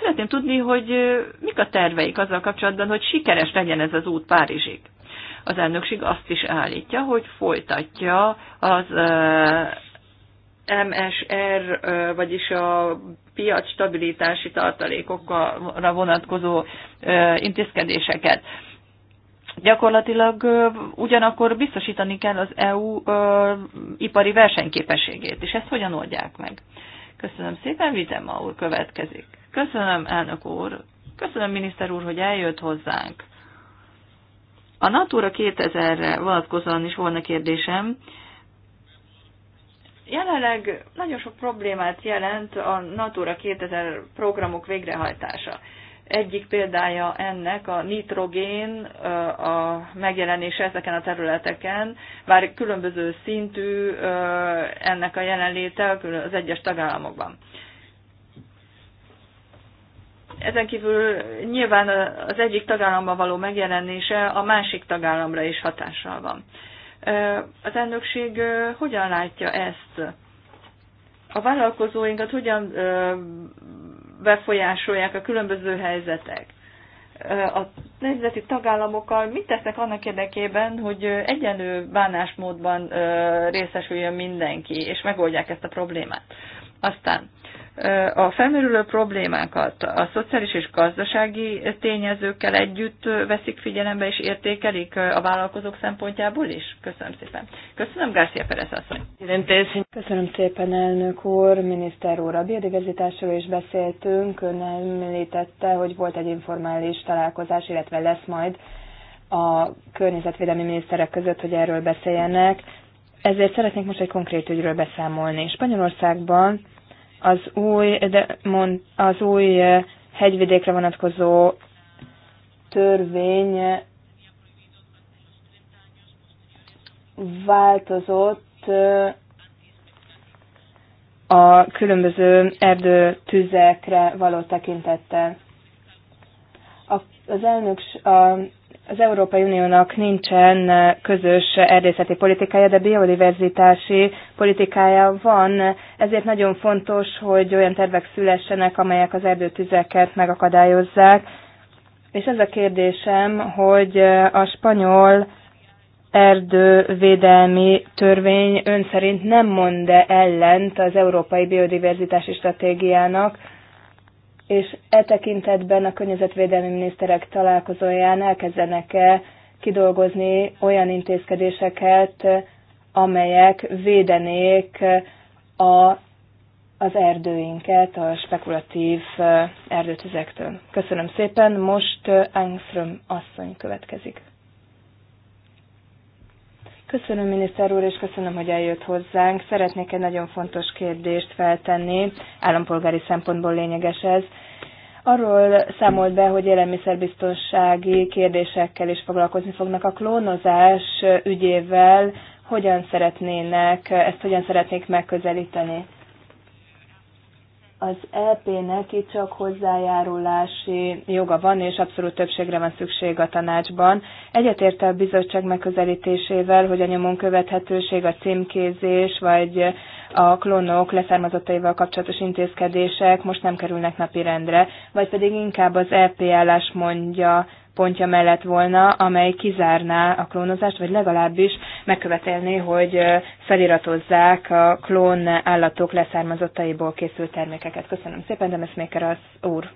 Szeretném tudni, hogy mik a terveik azzal kapcsolatban, hogy sikeres legyen ez az út Párizsig. Az elnökség azt is állítja, hogy folytatja az MSR, vagyis a piac stabilitási tartalékokra vonatkozó intézkedéseket. Gyakorlatilag ugyanakkor biztosítani kell az EU ipari versenyképességét, és ezt hogyan oldják meg? Köszönöm szépen, Vizema következik. Köszönöm, elnök úr. Köszönöm, miniszter úr, hogy eljött hozzánk. A Natura 2000-re vonatkozóan is volna kérdésem. Jelenleg nagyon sok problémát jelent a Natura 2000 programok végrehajtása. Egyik példája ennek a nitrogén a megjelenése ezeken a területeken, bár különböző szintű ennek a jelenléte az egyes tagállamokban. Ezen kívül nyilván az egyik tagállamban való megjelenése a másik tagállamra is hatással van. Az elnökség hogyan látja ezt? A vállalkozóinkat hogyan befolyásolják a különböző helyzetek? a nemzeti tagállamokkal mit tesznek annak érdekében, hogy egyenlő bánásmódban részesüljön mindenki, és megoldják ezt a problémát. Aztán a felmerülő problémákat a szociális és gazdasági tényezőkkel együtt veszik figyelembe és értékelik a vállalkozók szempontjából is? Köszönöm szépen. Köszönöm, Garcia Perez asszony. Köszönöm szépen, elnök úr, miniszter úr. A biodiverzitásról is beszéltünk. Ön említette, hogy volt egy informális találkozás, illetve lesz majd a környezetvédelmi miniszterek között, hogy erről beszéljenek. Ezért szeretnék most egy konkrét ügyről beszámolni. Spanyolországban az új, de mond, az új hegyvidékre vonatkozó törvény változott a különböző erdőtüzekre való tekintettel. Az elnök, a az Európai Uniónak nincsen közös erdészeti politikája, de biodiverzitási politikája van, ezért nagyon fontos, hogy olyan tervek szülessenek, amelyek az erdőtüzeket megakadályozzák. És ez a kérdésem, hogy a spanyol erdővédelmi törvény ön szerint nem mond -e ellent az európai biodiverzitási stratégiának, és e tekintetben a környezetvédelmi miniszterek találkozóján elkezdenek-e kidolgozni olyan intézkedéseket, amelyek védenék a, az erdőinket a spekulatív e, erdőtüzektől. Köszönöm szépen, most Angström eh, asszony következik. Köszönöm, miniszter úr, és köszönöm, hogy eljött hozzánk. Szeretnék egy nagyon fontos kérdést feltenni, állampolgári szempontból lényeges ez. Arról számolt be, hogy élelmiszerbiztonsági kérdésekkel is foglalkozni fognak a klónozás ügyével, hogyan szeretnének, ezt hogyan szeretnék megközelíteni az EP-nek itt csak hozzájárulási joga van, és abszolút többségre van szükség a tanácsban. Egyetérte a bizottság megközelítésével, hogy a nyomon követhetőség, a címkézés, vagy a klónok leszármazottaival kapcsolatos intézkedések most nem kerülnek napirendre, vagy pedig inkább az EP állás mondja pontja mellett volna, amely kizárná a klónozást, vagy legalábbis megkövetelné, hogy feliratozzák a klón állatok leszármazottaiból készült termékeket. Köszönöm szépen, Demesmaker az úr.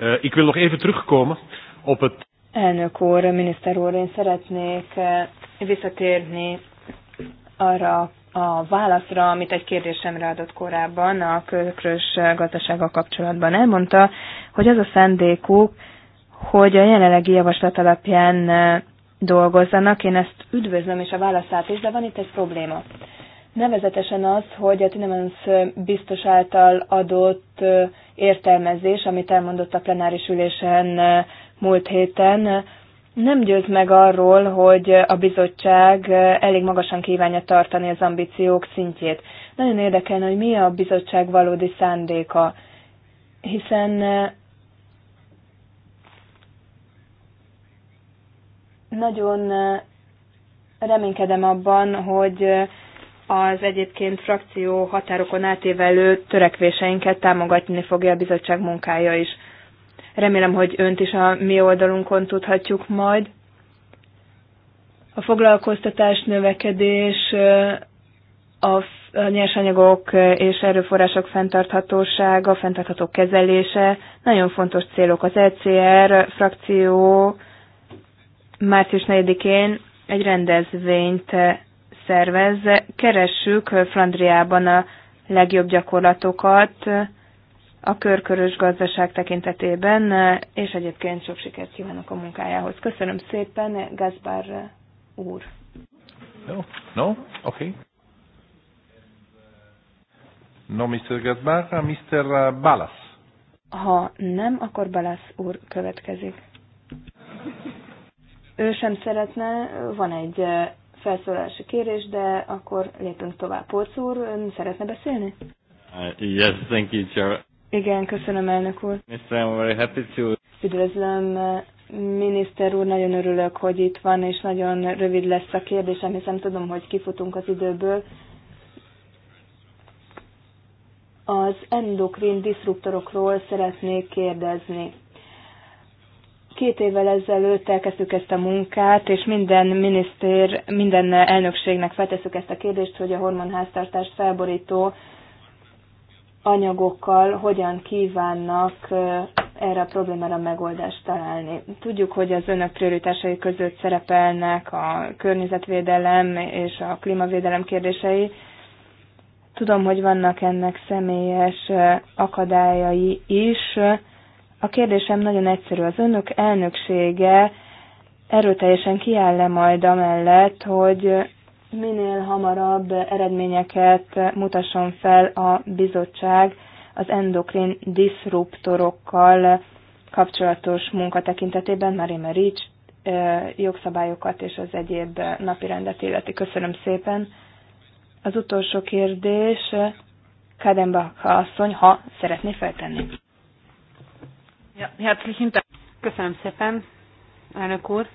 Eh, ik wil nog even terugkomen op het... Elnök úr, miniszter úr, én szeretnék eh, visszatérni arra a válaszra, amit egy kérdésemre adott korábban a körös gazdasággal kapcsolatban elmondta, hogy az a szendékuk, hogy a jelenlegi javaslat alapján dolgozzanak. Én ezt üdvözlöm, és a válaszát is, de van itt egy probléma. Nevezetesen az, hogy a Tinemans biztos által adott értelmezés, amit elmondott a plenáris ülésen múlt héten, nem győz meg arról, hogy a bizottság elég magasan kívánja tartani az ambíciók szintjét. Nagyon érdekelne, hogy mi a bizottság valódi szándéka, hiszen Nagyon reménykedem abban, hogy az egyébként frakció határokon átévelő törekvéseinket támogatni fogja a bizottság munkája is. Remélem, hogy önt is a mi oldalunkon tudhatjuk majd. A foglalkoztatás növekedés, a nyersanyagok és erőforrások fenntarthatósága, fenntartható kezelése nagyon fontos célok. Az ECR frakció március 4-én egy rendezvényt eh, szervez. Keressük eh, Flandriában a legjobb gyakorlatokat eh, a körkörös gazdaság tekintetében, és egyébként sok sikert kívánok a munkájához. Köszönöm szépen, Gaspar úr. No, no, oké. Okay. No, Mr. Gaspar, Mr. Balas. Ha nem, akkor Balas úr következik ő sem szeretne, van egy felszólalási kérés, de akkor lépünk tovább. Polc úr, ön szeretne beszélni? Uh, yes, thank you, Chair. Igen, köszönöm, elnök úr. Mr. I'm very happy to... Üdvözlöm, miniszter úr, nagyon örülök, hogy itt van, és nagyon rövid lesz a kérdésem, hiszen tudom, hogy kifutunk az időből. Az endokrin diszruptorokról szeretnék kérdezni Két évvel ezelőtt elkezdtük ezt a munkát, és minden miniszter, minden elnökségnek feltesszük ezt a kérdést, hogy a hormonháztartás felborító anyagokkal hogyan kívánnak erre a problémára megoldást találni. Tudjuk, hogy az önök prioritásai között szerepelnek a környezetvédelem és a klímavédelem kérdései. Tudom, hogy vannak ennek személyes akadályai is, a kérdésem nagyon egyszerű. Az önök elnöksége erőteljesen kiáll le majd amellett, hogy minél hamarabb eredményeket mutasson fel a bizottság az endokrin diszruptorokkal kapcsolatos munka tekintetében, már én Rich jogszabályokat és az egyéb rendet illeti. Köszönöm szépen. Az utolsó kérdés Kadenbach asszony, ha szeretné feltenni. Ja, herzlichen Dank. Köszönöm szépen, elnök úr,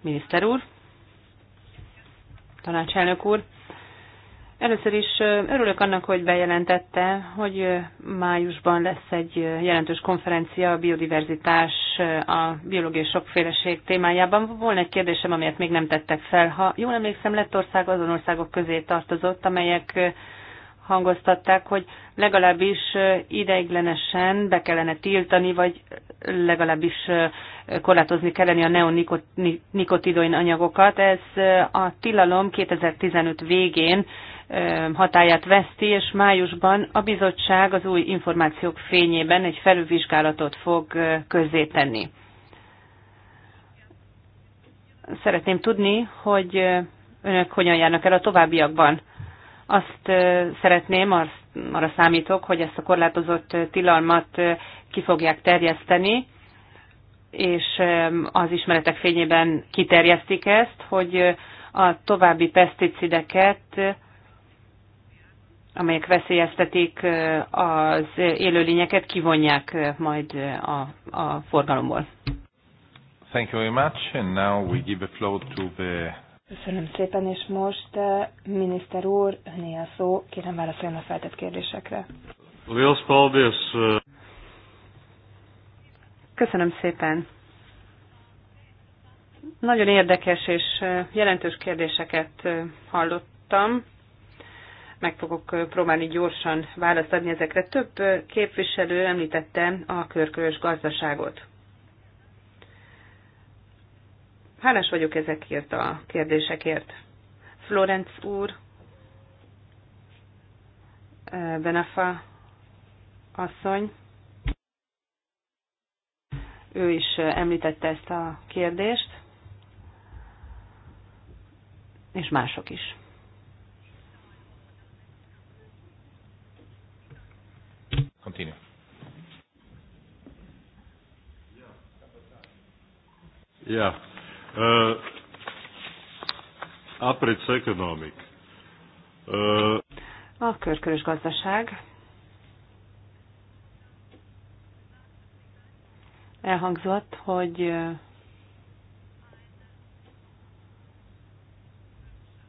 miniszter úr, tanácselnök úr. Először is örülök annak, hogy bejelentette, hogy májusban lesz egy jelentős konferencia a biodiverzitás, a biológiai sokféleség témájában. Volna egy kérdésem, amelyet még nem tettek fel. Ha jól emlékszem, Lettország azon országok közé tartozott, amelyek hangoztatták, hogy legalábbis ideiglenesen be kellene tiltani, vagy legalábbis korlátozni kellene a neonikotidoin anyagokat. Ez a tilalom 2015 végén hatáját veszti, és májusban a bizottság az új információk fényében egy felülvizsgálatot fog közzétenni. Szeretném tudni, hogy önök hogyan járnak el a továbbiakban azt szeretném, azt, arra számítok, hogy ezt a korlátozott tilalmat ki fogják terjeszteni, és az ismeretek fényében kiterjesztik ezt, hogy a további peszticideket, amelyek veszélyeztetik az élőlényeket, kivonják majd a, a forgalomból. Thank you very much, and now we give the floor to the Köszönöm szépen, és most eh, miniszter úr, öné a szó, kérem válaszoljon a feltett kérdésekre. Liels paldies! Eh. Köszönöm szépen! Nagyon érdekes és eh, jelentős kérdéseket hallottam. Meg fogok próbálni gyorsan választ adni ezekre. Több képviselő említette a körkörös gazdaságot. Hálás vagyok ezekért a kérdésekért. Florence úr, Benafa asszony, ő is említette ezt a kérdést, és mások is. Continue. Yeah. Uh, Aprits Economic. Uh, a körkörös gazdaság. Elhangzott, hogy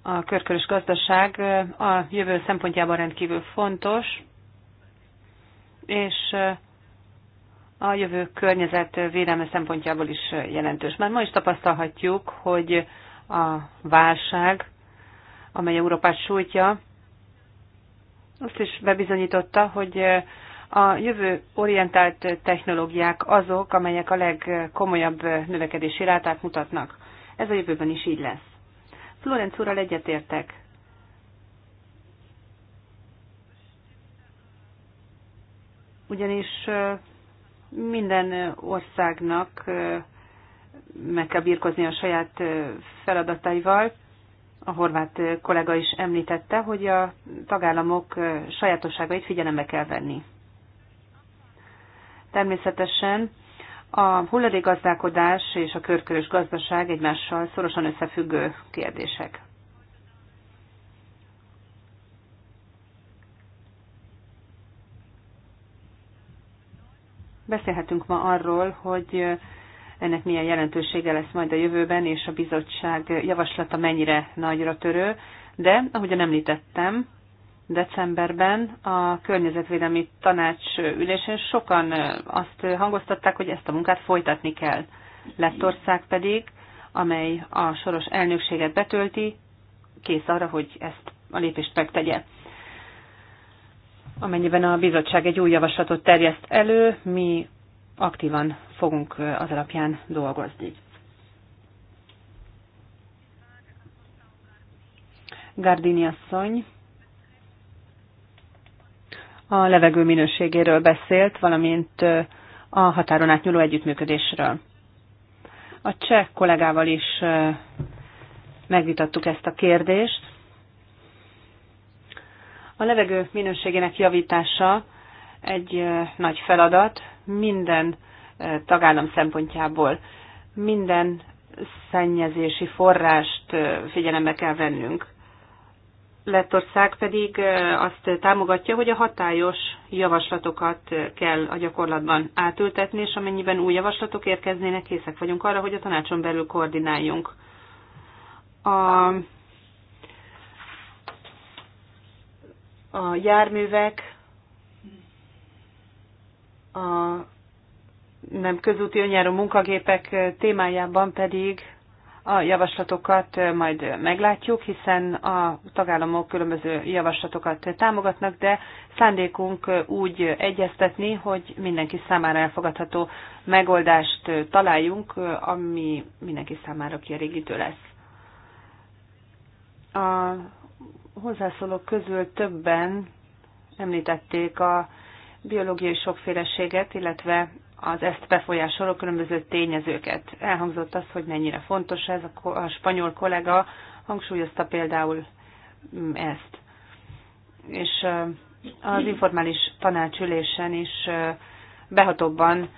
a körkörös gazdaság a jövő szempontjában rendkívül fontos, és a jövő környezet védelme szempontjából is jelentős. Már ma is tapasztalhatjuk, hogy a válság, amely Európát sújtja, azt is bebizonyította, hogy a jövő orientált technológiák azok, amelyek a legkomolyabb növekedési rátát mutatnak. Ez a jövőben is így lesz. Florenc úrral egyetértek. Ugyanis minden országnak meg kell birkozni a saját feladataival. A horvát kollega is említette, hogy a tagállamok sajátosságait figyelembe kell venni. Természetesen a hulladékgazdálkodás és a körkörös gazdaság egymással szorosan összefüggő kérdések. Beszélhetünk ma arról, hogy ennek milyen jelentősége lesz majd a jövőben, és a bizottság javaslata mennyire nagyra törő, de ahogyan említettem, decemberben a Környezetvédelmi Tanács ülésén sokan azt hangoztatták, hogy ezt a munkát folytatni kell. Lettország pedig, amely a soros elnökséget betölti, kész arra, hogy ezt a lépést megtegye amennyiben a bizottság egy új javaslatot terjeszt elő, mi aktívan fogunk az alapján dolgozni. Gardini asszony a levegő minőségéről beszélt, valamint a határon átnyúló együttműködésről. A cseh kollégával is megvitattuk ezt a kérdést. A levegő minőségének javítása egy nagy feladat minden tagállam szempontjából. Minden szennyezési forrást figyelembe kell vennünk. Lettország pedig azt támogatja, hogy a hatályos javaslatokat kell a gyakorlatban átültetni, és amennyiben új javaslatok érkeznének, készek vagyunk arra, hogy a tanácson belül koordináljunk. A a járművek, a nem közúti önjáró munkagépek témájában pedig a javaslatokat majd meglátjuk, hiszen a tagállamok különböző javaslatokat támogatnak, de szándékunk úgy egyeztetni, hogy mindenki számára elfogadható megoldást találjunk, ami mindenki számára kielégítő lesz. A hozzászólók közül többen említették a biológiai sokféleséget, illetve az ezt befolyásoló különböző tényezőket. Elhangzott az, hogy mennyire fontos ez, a spanyol kollega hangsúlyozta például mm, ezt. És az informális tanácsülésen is behatóbban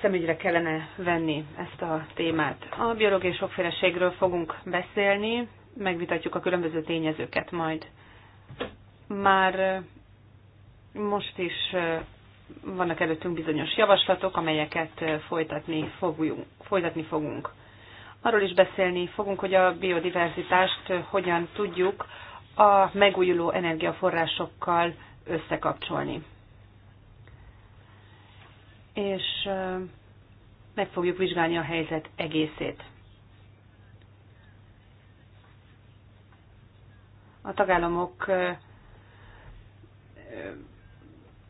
szemügyre kellene venni ezt a témát. A biológiai sokféleségről fogunk beszélni, megvitatjuk a különböző tényezőket majd. Már most is vannak előttünk bizonyos javaslatok, amelyeket folytatni fogunk. Folytatni fogunk. Arról is beszélni fogunk, hogy a biodiverzitást hogyan tudjuk a megújuló energiaforrásokkal összekapcsolni. És meg fogjuk vizsgálni a helyzet egészét. a tagállamok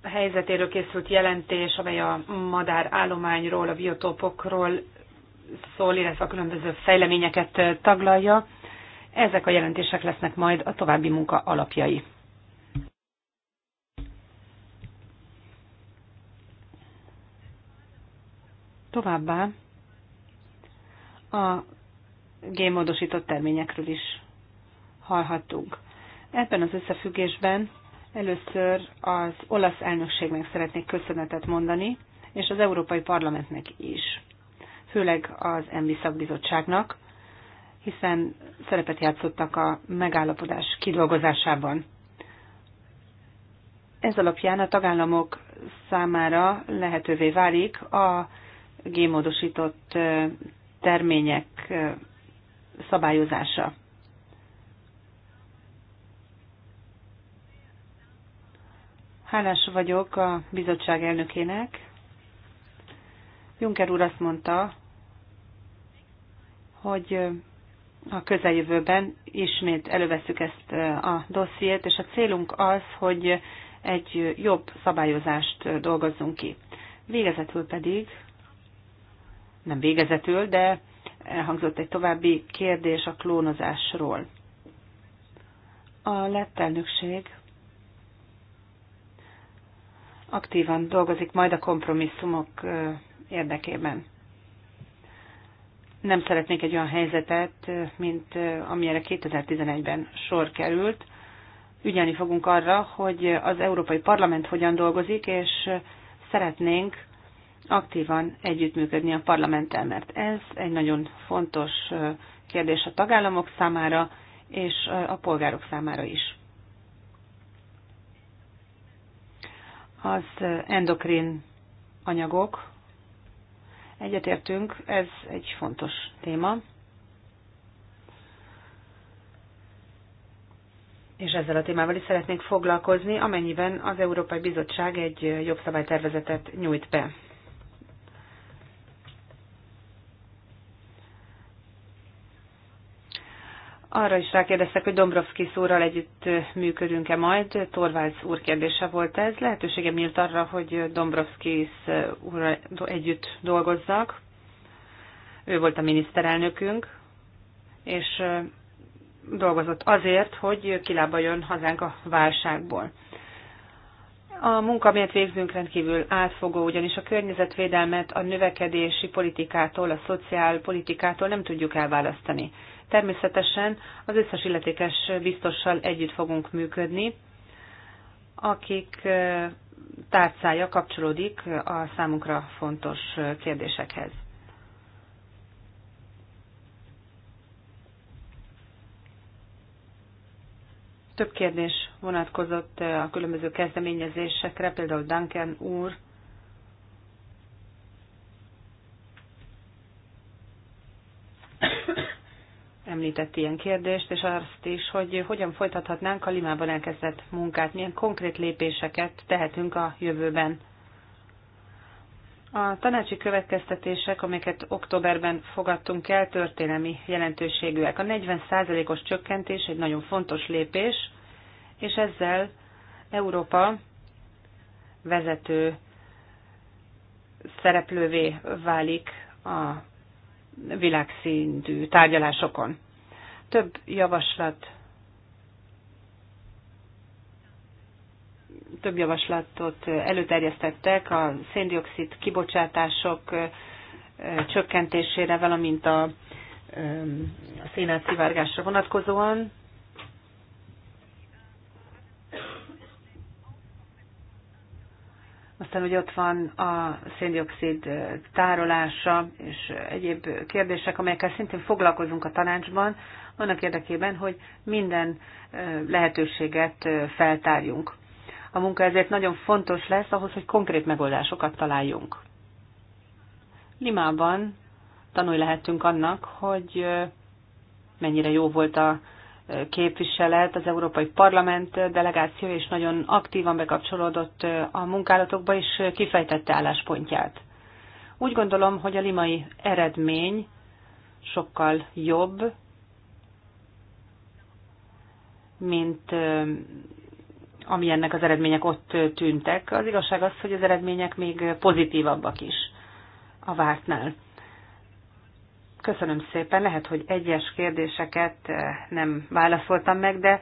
helyzetéről készült jelentés, amely a madár állományról, a biotópokról szól, illetve a különböző fejleményeket taglalja. Ezek a jelentések lesznek majd a további munka alapjai. Továbbá a gémódosított terményekről is hallhattunk. Ebben az összefüggésben először az olasz elnökségnek szeretnék köszönetet mondani, és az Európai Parlamentnek is, főleg az embi szakbizottságnak, hiszen szerepet játszottak a megállapodás kidolgozásában. Ez alapján a tagállamok számára lehetővé válik a gémódosított eh, termények eh, szabályozása. Hálás vagyok a bizottság elnökének. Juncker úr azt mondta, hogy a közeljövőben ismét előveszük ezt a dossziét, és a célunk az, hogy egy jobb szabályozást dolgozzunk ki. Végezetül pedig, nem végezetül, de elhangzott egy további kérdés a klónozásról. A lett elnökség aktívan dolgozik majd a kompromisszumok érdekében. Nem szeretnék egy olyan helyzetet, mint amire 2011-ben sor került. Ügyelni fogunk arra, hogy az Európai Parlament hogyan dolgozik, és szeretnénk aktívan együttműködni a parlamenttel, mert ez egy nagyon fontos kérdés a tagállamok számára és a polgárok számára is. Az endokrin anyagok. Egyetértünk, ez egy fontos téma. és ezzel a témával is szeretnénk foglalkozni, amennyiben az Európai Bizottság egy jobb szabálytervezetet nyújt be. Arra is rákérdeztek, hogy Dombrovski szóral együtt működünk-e majd. Torvalds úr kérdése volt ez. Lehetősége nyílt arra, hogy Dombrovski úrral együtt dolgozzak. Ő volt a miniszterelnökünk, és dolgozott azért, hogy kilábaljon hazánk a válságból. A munka, amelyet végzünk, rendkívül átfogó, ugyanis a környezetvédelmet a növekedési politikától, a szociálpolitikától nem tudjuk elválasztani. Természetesen az összes illetékes biztossal együtt fogunk működni, akik tárcája kapcsolódik a számunkra fontos kérdésekhez. Több kérdés vonatkozott a különböző kezdeményezésekre, például Duncan úr említett ilyen kérdést, és azt is, hogy hogyan folytathatnánk a Limában elkezdett munkát, milyen konkrét lépéseket tehetünk a jövőben. A tanácsi következtetések, amiket októberben fogadtunk el, történelmi jelentőségűek. A 40%-os csökkentés egy nagyon fontos lépés, és ezzel Európa vezető szereplővé válik a világszintű tárgyalásokon. Több javaslat több javaslatot előterjesztettek a széndiokszid kibocsátások csökkentésére, valamint a, a szivárgásra vonatkozóan. Aztán ugye ott van a széndiokszid tárolása és egyéb kérdések, amelyekkel szintén foglalkozunk a tanácsban, annak érdekében, hogy minden lehetőséget feltárjunk. A munka ezért nagyon fontos lesz ahhoz, hogy konkrét megoldásokat találjunk. Limában tanulj lehetünk annak, hogy mennyire jó volt a képviselet, az Európai Parlament delegáció is nagyon aktívan bekapcsolódott a munkálatokba, és kifejtette álláspontját. Úgy gondolom, hogy a limai eredmény sokkal jobb, mint ami ennek az eredmények ott tűntek. Az igazság az, hogy az eredmények még pozitívabbak is a vártnál. Köszönöm szépen. Lehet, hogy egyes kérdéseket eh, nem válaszoltam meg, de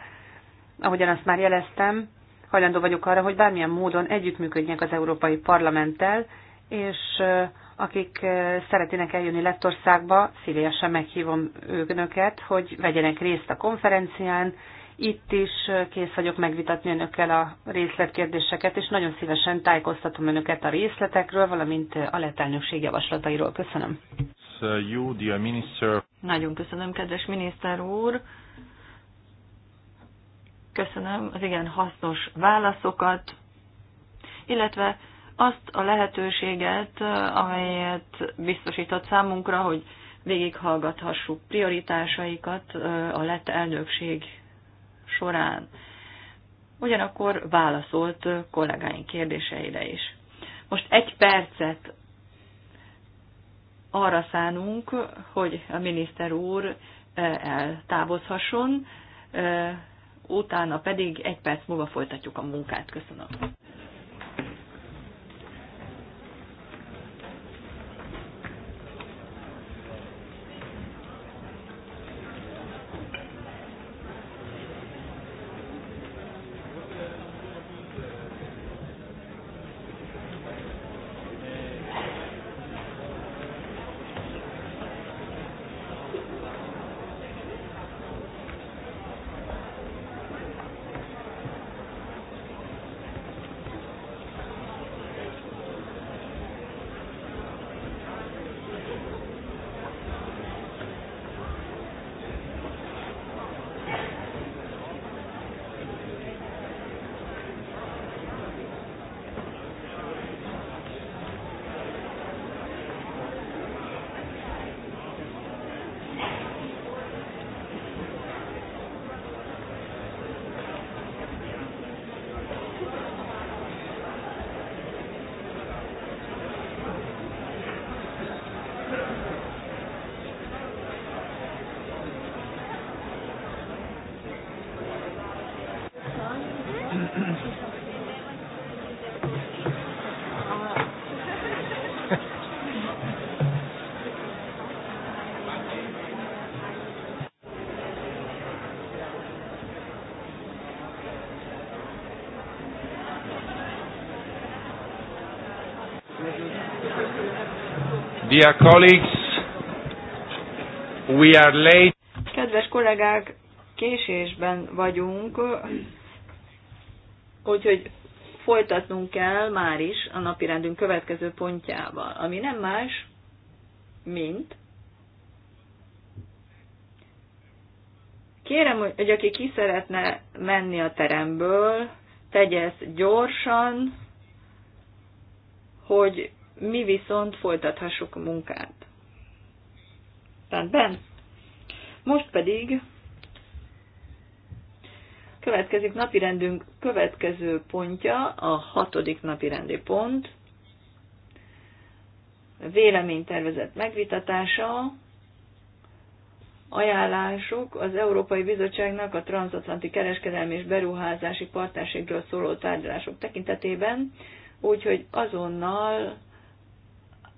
ahogyan azt már jeleztem, hajlandó vagyok arra, hogy bármilyen módon együttműködjek az Európai Parlamenttel, és eh, akik eh, szeretnének eljönni Lettországba, szívesen meghívom őknöket, hogy vegyenek részt a konferencián. Itt is kész vagyok megvitatni önökkel a részletkérdéseket, és nagyon szívesen tájékoztatom önöket a részletekről, valamint a letelnökség javaslatairól. Köszönöm you, dear minister. Nagyon köszönöm, kedves miniszter úr. Köszönöm az igen hasznos válaszokat, illetve azt a lehetőséget, amelyet biztosított számunkra, hogy végighallgathassuk prioritásaikat a lett elnökség során. Ugyanakkor válaszolt kollégáink kérdéseire is. Most egy percet arra szánunk, hogy a miniszter úr eh, eltávozhasson, eh, utána pedig egy perc múlva folytatjuk a munkát. Köszönöm. Dear colleagues, we are late. Kedves kollégák, késésben vagyunk, úgyhogy folytatnunk kell már is a napi rendünk következő pontjával, ami nem más, mint Kérem, hogy aki ki szeretne menni a teremből, tegye ezt gyorsan, hogy mi viszont folytathassuk a munkát. Rendben? Most pedig következik napirendünk következő pontja, a hatodik napirendi pont, véleménytervezet megvitatása, ajánlásuk az Európai Bizottságnak a transatlanti kereskedelmi és beruházási partnerségről szóló tárgyalások tekintetében, úgyhogy azonnal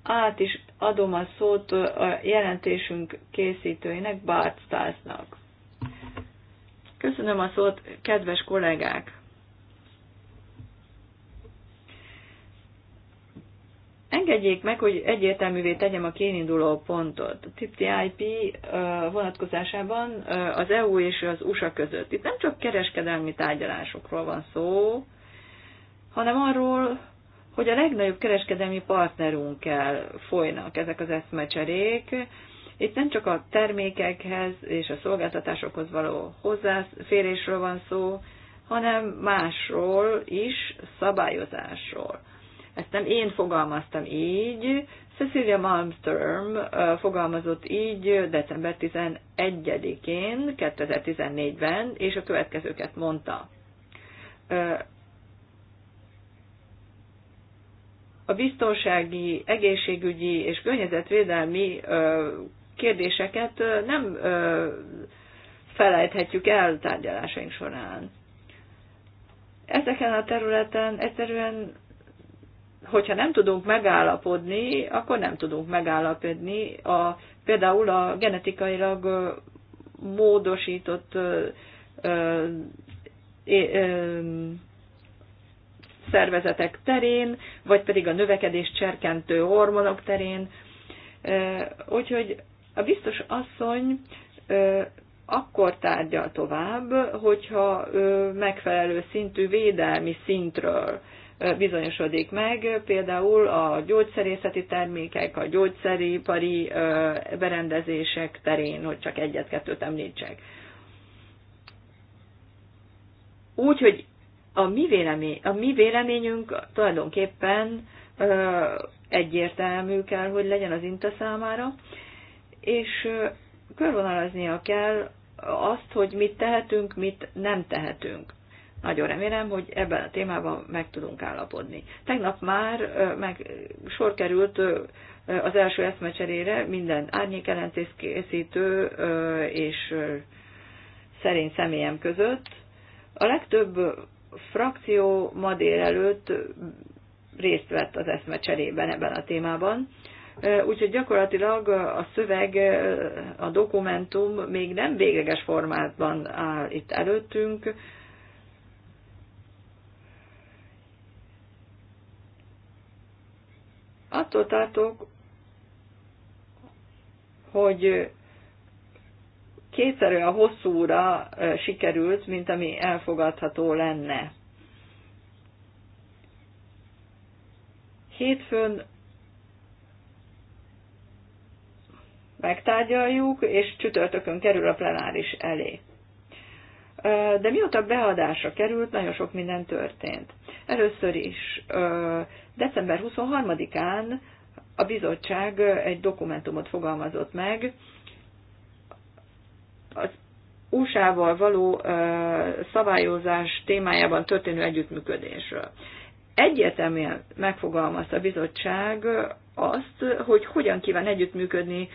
át is adom a szót a jelentésünk készítőinek, Bart Stásznak. Köszönöm a szót, kedves kollégák! Engedjék meg, hogy egyértelművé tegyem a kiinduló pontot. A TTIP vonatkozásában az EU és az USA között. Itt nem csak kereskedelmi tárgyalásokról van szó, hanem arról, hogy a legnagyobb kereskedelmi partnerünkkel folynak ezek az eszmecserék. Itt nem csak a termékekhez és a szolgáltatásokhoz való hozzáférésről van szó, hanem másról is, szabályozásról. Ezt nem én fogalmaztam így, Cecilia Malmström fogalmazott így december 11-én, 2014-ben, és a következőket mondta a biztonsági, egészségügyi és környezetvédelmi kérdéseket nem felejthetjük el tárgyalásaink során. Ezeken a területen egyszerűen, hogyha nem tudunk megállapodni, akkor nem tudunk megállapodni a, például a genetikailag módosított szervezetek terén, vagy pedig a növekedés cserkentő hormonok terén. Úgyhogy a biztos asszony akkor tárgyal tovább, hogyha megfelelő szintű védelmi szintről bizonyosodik meg, például a gyógyszerészeti termékek, a gyógyszeripari berendezések terén, hogy csak egyet-kettőt említsek. Úgy, hogy a mi, vélemény, a mi véleményünk tulajdonképpen ö, egyértelmű kell, hogy legyen az INTA számára, és körvonalaznia kell azt, hogy mit tehetünk, mit nem tehetünk. Nagyon remélem, hogy ebben a témában meg tudunk állapodni. Tegnap már meg sor került az első eszmecserére minden árnyékelentés készítő és szerény személyem között. A legtöbb frakció ma délelőtt részt vett az eszmecserében ebben a témában. Úgyhogy gyakorlatilag a szöveg, a dokumentum még nem végleges formátban áll itt előttünk. Attól tartok, hogy kétszer a hosszúra sikerült, mint ami elfogadható lenne. Hétfőn megtárgyaljuk, és csütörtökön kerül a plenáris elé. De mióta beadásra került, nagyon sok minden történt. Először is december 23-án a bizottság egy dokumentumot fogalmazott meg, az USA-val való szabályozás témájában történő együttműködésről. Egyértelműen megfogalmazta a bizottság azt, hogy hogyan kíván együttműködni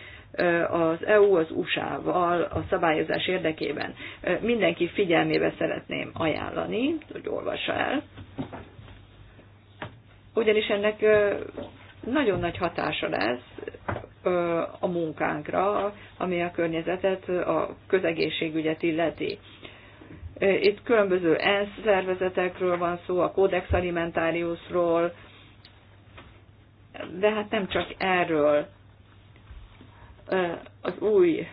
az EU az USA-val a szabályozás érdekében. Mindenki figyelmébe szeretném ajánlani, hogy olvassa el, ugyanis ennek nagyon nagy hatása lesz a munkánkra, ami a környezetet, a közegészségügyet illeti. Itt különböző ENSZ szervezetekről van szó, a Codex Alimentariusról, de hát nem csak erről. Az új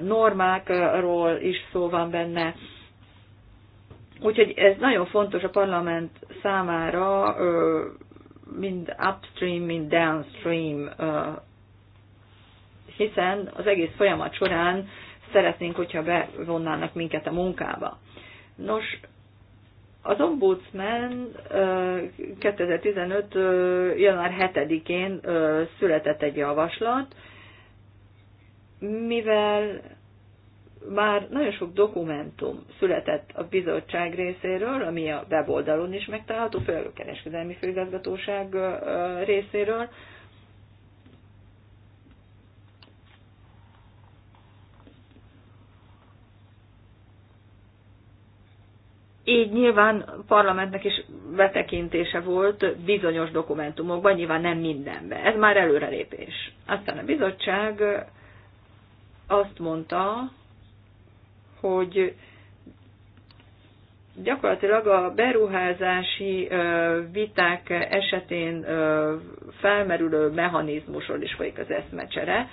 normákról is szó van benne. Úgyhogy ez nagyon fontos a parlament számára, mind upstream, mind downstream hiszen az egész folyamat során szeretnénk, hogyha bevonnának minket a munkába. Nos, az ombudsman 2015. január 7-én született egy javaslat, mivel már nagyon sok dokumentum született a bizottság részéről, ami a weboldalon is megtalálható, főleg a kereskedelmi főigazgatóság részéről, így nyilván parlamentnek is betekintése volt bizonyos dokumentumokban, nyilván nem mindenbe. Ez már előrelépés. Aztán a bizottság azt mondta, hogy gyakorlatilag a beruházási viták esetén felmerülő mechanizmusról is folyik az eszmecsere,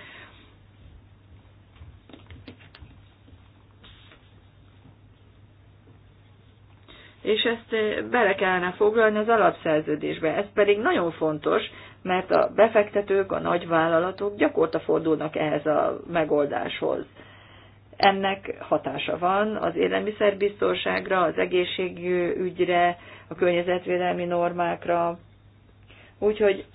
és ezt eh, bele kellene foglalni az alapszerződésbe. Ez pedig nagyon fontos, mert a befektetők, a nagyvállalatok gyakorta fordulnak ehhez a megoldáshoz. Ennek hatása van az élelmiszerbiztonságra, az egészségügyre, a környezetvédelmi normákra. Úgyhogy,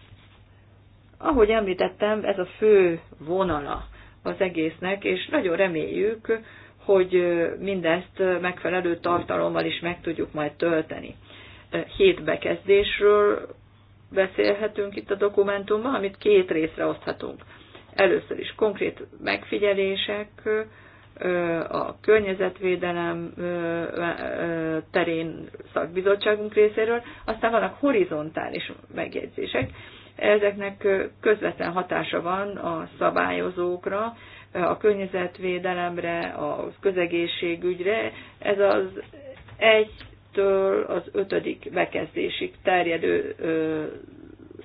ahogy említettem, ez a fő vonala az egésznek, és nagyon reméljük, hogy mindezt megfelelő tartalommal is meg tudjuk majd tölteni. Hét bekezdésről beszélhetünk itt a dokumentumban, amit két részre oszthatunk. Először is konkrét megfigyelések, a környezetvédelem terén szakbizottságunk részéről, aztán vannak horizontális megjegyzések, ezeknek közvetlen hatása van a szabályozókra, a környezetvédelemre, a közegészségügyre. Ez az egytől az ötödik bekezdésig terjedő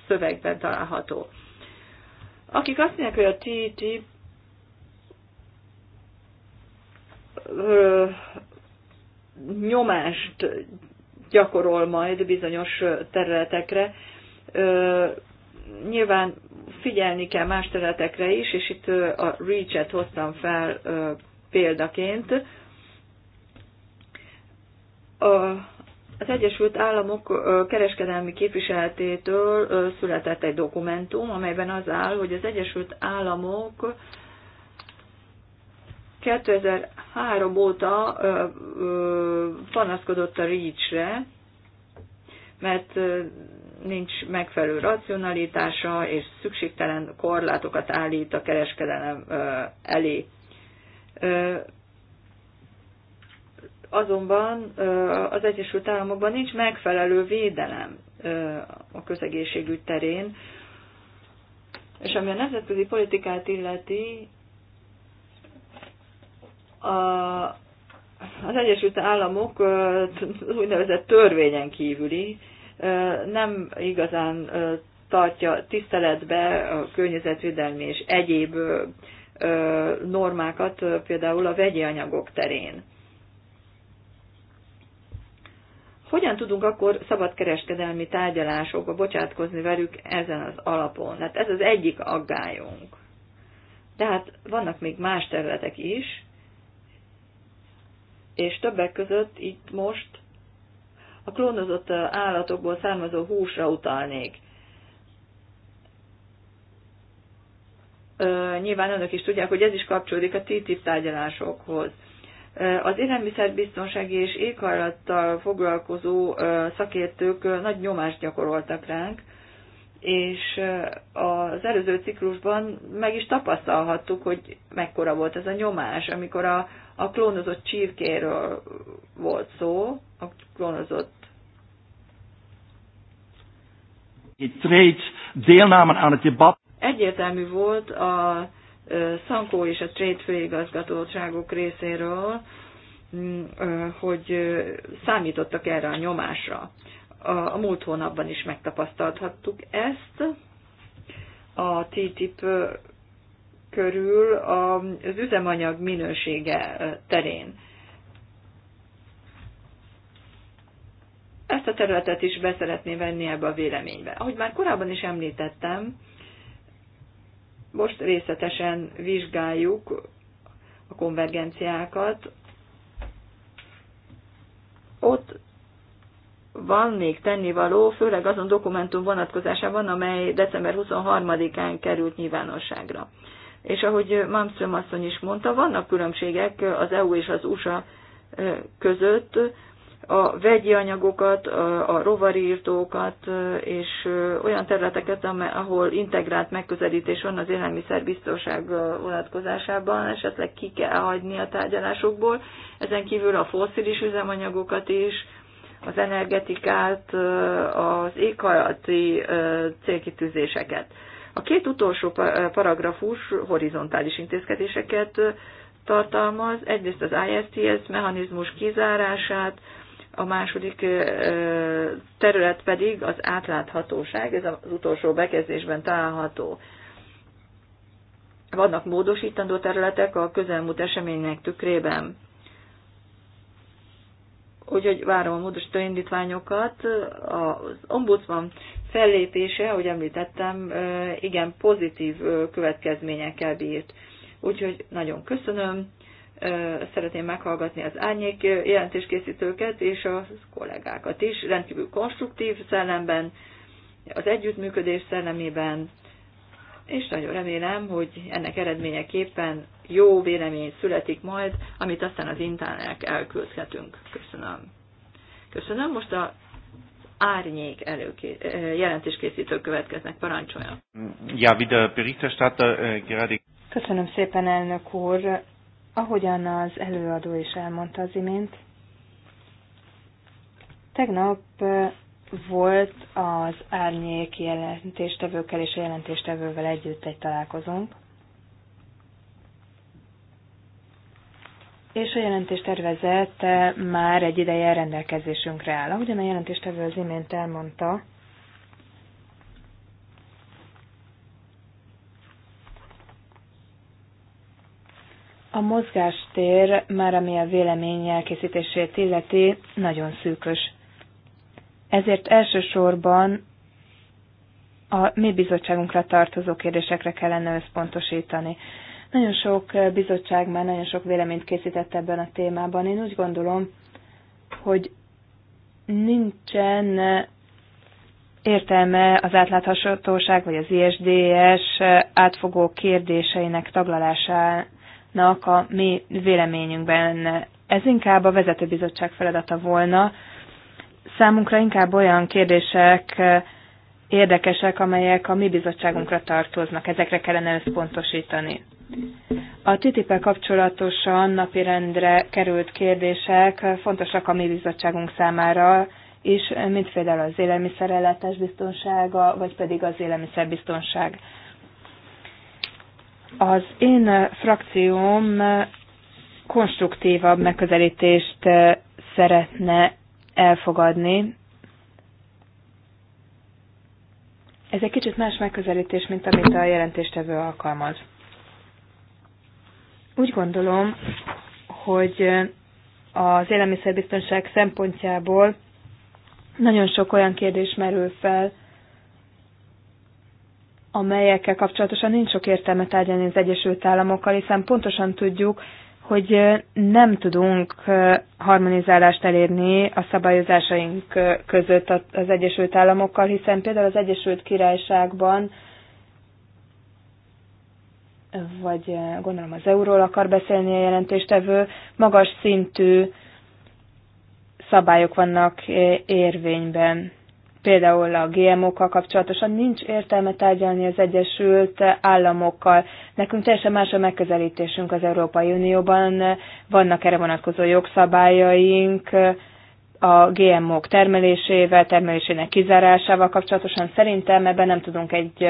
szövegben található. Akik azt mondják, hogy a TTIP nyomást gyakorol majd bizonyos területekre, nyilván figyelni kell más területekre is, és itt a REACH-et hoztam fel példaként. Az Egyesült Államok kereskedelmi képviseletétől született egy dokumentum, amelyben az áll, hogy az Egyesült Államok 2003 óta panaszkodott a REACH-re, mert nincs megfelelő racionalitása, és szükségtelen korlátokat állít a kereskedelem elé. Azonban az Egyesült Államokban nincs megfelelő védelem a közegészségügy terén, és ami a nemzetközi politikát illeti, a, az Egyesült Államok úgynevezett törvényen kívüli, nem igazán tartja tiszteletbe a környezetvédelmi és egyéb normákat, például a vegyi anyagok terén. Hogyan tudunk akkor szabadkereskedelmi tárgyalásokba bocsátkozni velük ezen az alapon? Hát ez az egyik aggályunk. De hát vannak még más területek is, és többek között itt most a klónozott állatokból származó húsra utalnék. Nyilván önök is tudják, hogy ez is kapcsolódik a TTIP tárgyalásokhoz. Az élelmiszerbiztonsági és éghajlattal foglalkozó szakértők nagy nyomást gyakoroltak ránk, és az előző ciklusban meg is tapasztalhattuk, hogy mekkora volt ez a nyomás, amikor a, a klónozott csirkéről volt szó, a klónozott Egyértelmű volt a Szankó és a Trade főigazgatóságok részéről, mm, hogy számítottak erre a nyomásra. A múlt hónapban is megtapasztalhattuk ezt. A TTIP körül az üzemanyag minősége terén. Ezt a területet is szeretné venni ebbe a véleménybe. Ahogy már korábban is említettem, most részletesen vizsgáljuk a konvergenciákat. Ott van még tennivaló, főleg azon dokumentum vonatkozásában, amely december 23-án került nyilvánosságra. És ahogy Malmström asszony is mondta, vannak különbségek az EU és az USA között, a vegyi anyagokat, a rovarírtókat és olyan területeket, ahol integrált megközelítés van az élelmiszerbiztonság vonatkozásában, esetleg ki kell hagyni a tárgyalásokból. Ezen kívül a fosszilis üzemanyagokat is, az energetikát, az éghajlati célkitűzéseket. A két utolsó paragrafus horizontális intézkedéseket tartalmaz, egyrészt az ISTS mechanizmus kizárását, a második terület pedig az átláthatóság, ez az utolsó bekezdésben található. Vannak módosítandó területek a közelmúlt események tükrében. Úgyhogy várom a módosító indítványokat. Az ombudsman fellépése, ahogy említettem, igen pozitív következményekkel bírt. Úgyhogy nagyon köszönöm szeretném meghallgatni az árnyék jelentéskészítőket és a kollégákat is, rendkívül konstruktív szellemben, az együttműködés szellemében, és nagyon remélem, hogy ennek eredményeképpen jó vélemény születik majd, amit aztán az internetnek elküldhetünk. Köszönöm. Köszönöm. Most a árnyék előké- jelentéskészítők következnek. parancsolja. Ja, wieder Berichterstatter, äh, gerade... Köszönöm szépen, elnök úr. Ahogyan az előadó is elmondta az imént, tegnap volt az árnyék jelentéstevőkkel és a jelentéstevővel együtt egy találkozónk. És a jelentéstervezet már egy ideje rendelkezésünkre áll. Ahogyan a jelentéstevő az imént elmondta, A mozgástér, már ami a vélemény elkészítését illeti, nagyon szűkös. Ezért elsősorban a mi bizottságunkra tartozó kérdésekre kellene összpontosítani. Nagyon sok bizottság már nagyon sok véleményt készített ebben a témában. Én úgy gondolom, hogy nincsen értelme az átláthatóság vagy az ISDS átfogó kérdéseinek taglalásán nak a mi véleményünkben. Ez inkább a vezetőbizottság feladata volna. Számunkra inkább olyan kérdések eh, érdekesek, amelyek a mi bizottságunkra tartoznak. Ezekre kellene összpontosítani. A ttip kapcsolatosan napirendre került kérdések eh, fontosak a mi bizottságunk számára, és eh, mint például az élelmiszerellátás biztonsága, vagy pedig az élelmiszerbiztonság. biztonság az én eh, frakcióm eh, konstruktívabb megközelítést eh, szeretne elfogadni. Ez egy kicsit más megközelítés, mint amit a jelentéstevő alkalmaz. Úgy gondolom, hogy az élelmiszerbiztonság szempontjából nagyon sok olyan kérdés merül fel, amelyekkel kapcsolatosan nincs sok értelme tárgyalni az Egyesült Államokkal, hiszen pontosan tudjuk, hogy nem tudunk harmonizálást elérni a szabályozásaink között az Egyesült Államokkal, hiszen például az Egyesült Királyságban, vagy gondolom az euról akar beszélni a jelentéstevő, magas szintű szabályok vannak érvényben például a GMO-kkal kapcsolatosan nincs értelme tárgyalni az Egyesült Államokkal. Nekünk teljesen más a megközelítésünk az Európai Unióban, vannak erre vonatkozó jogszabályaink, a GMO-k termelésével, termelésének kizárásával kapcsolatosan szerintem ebben nem tudunk egy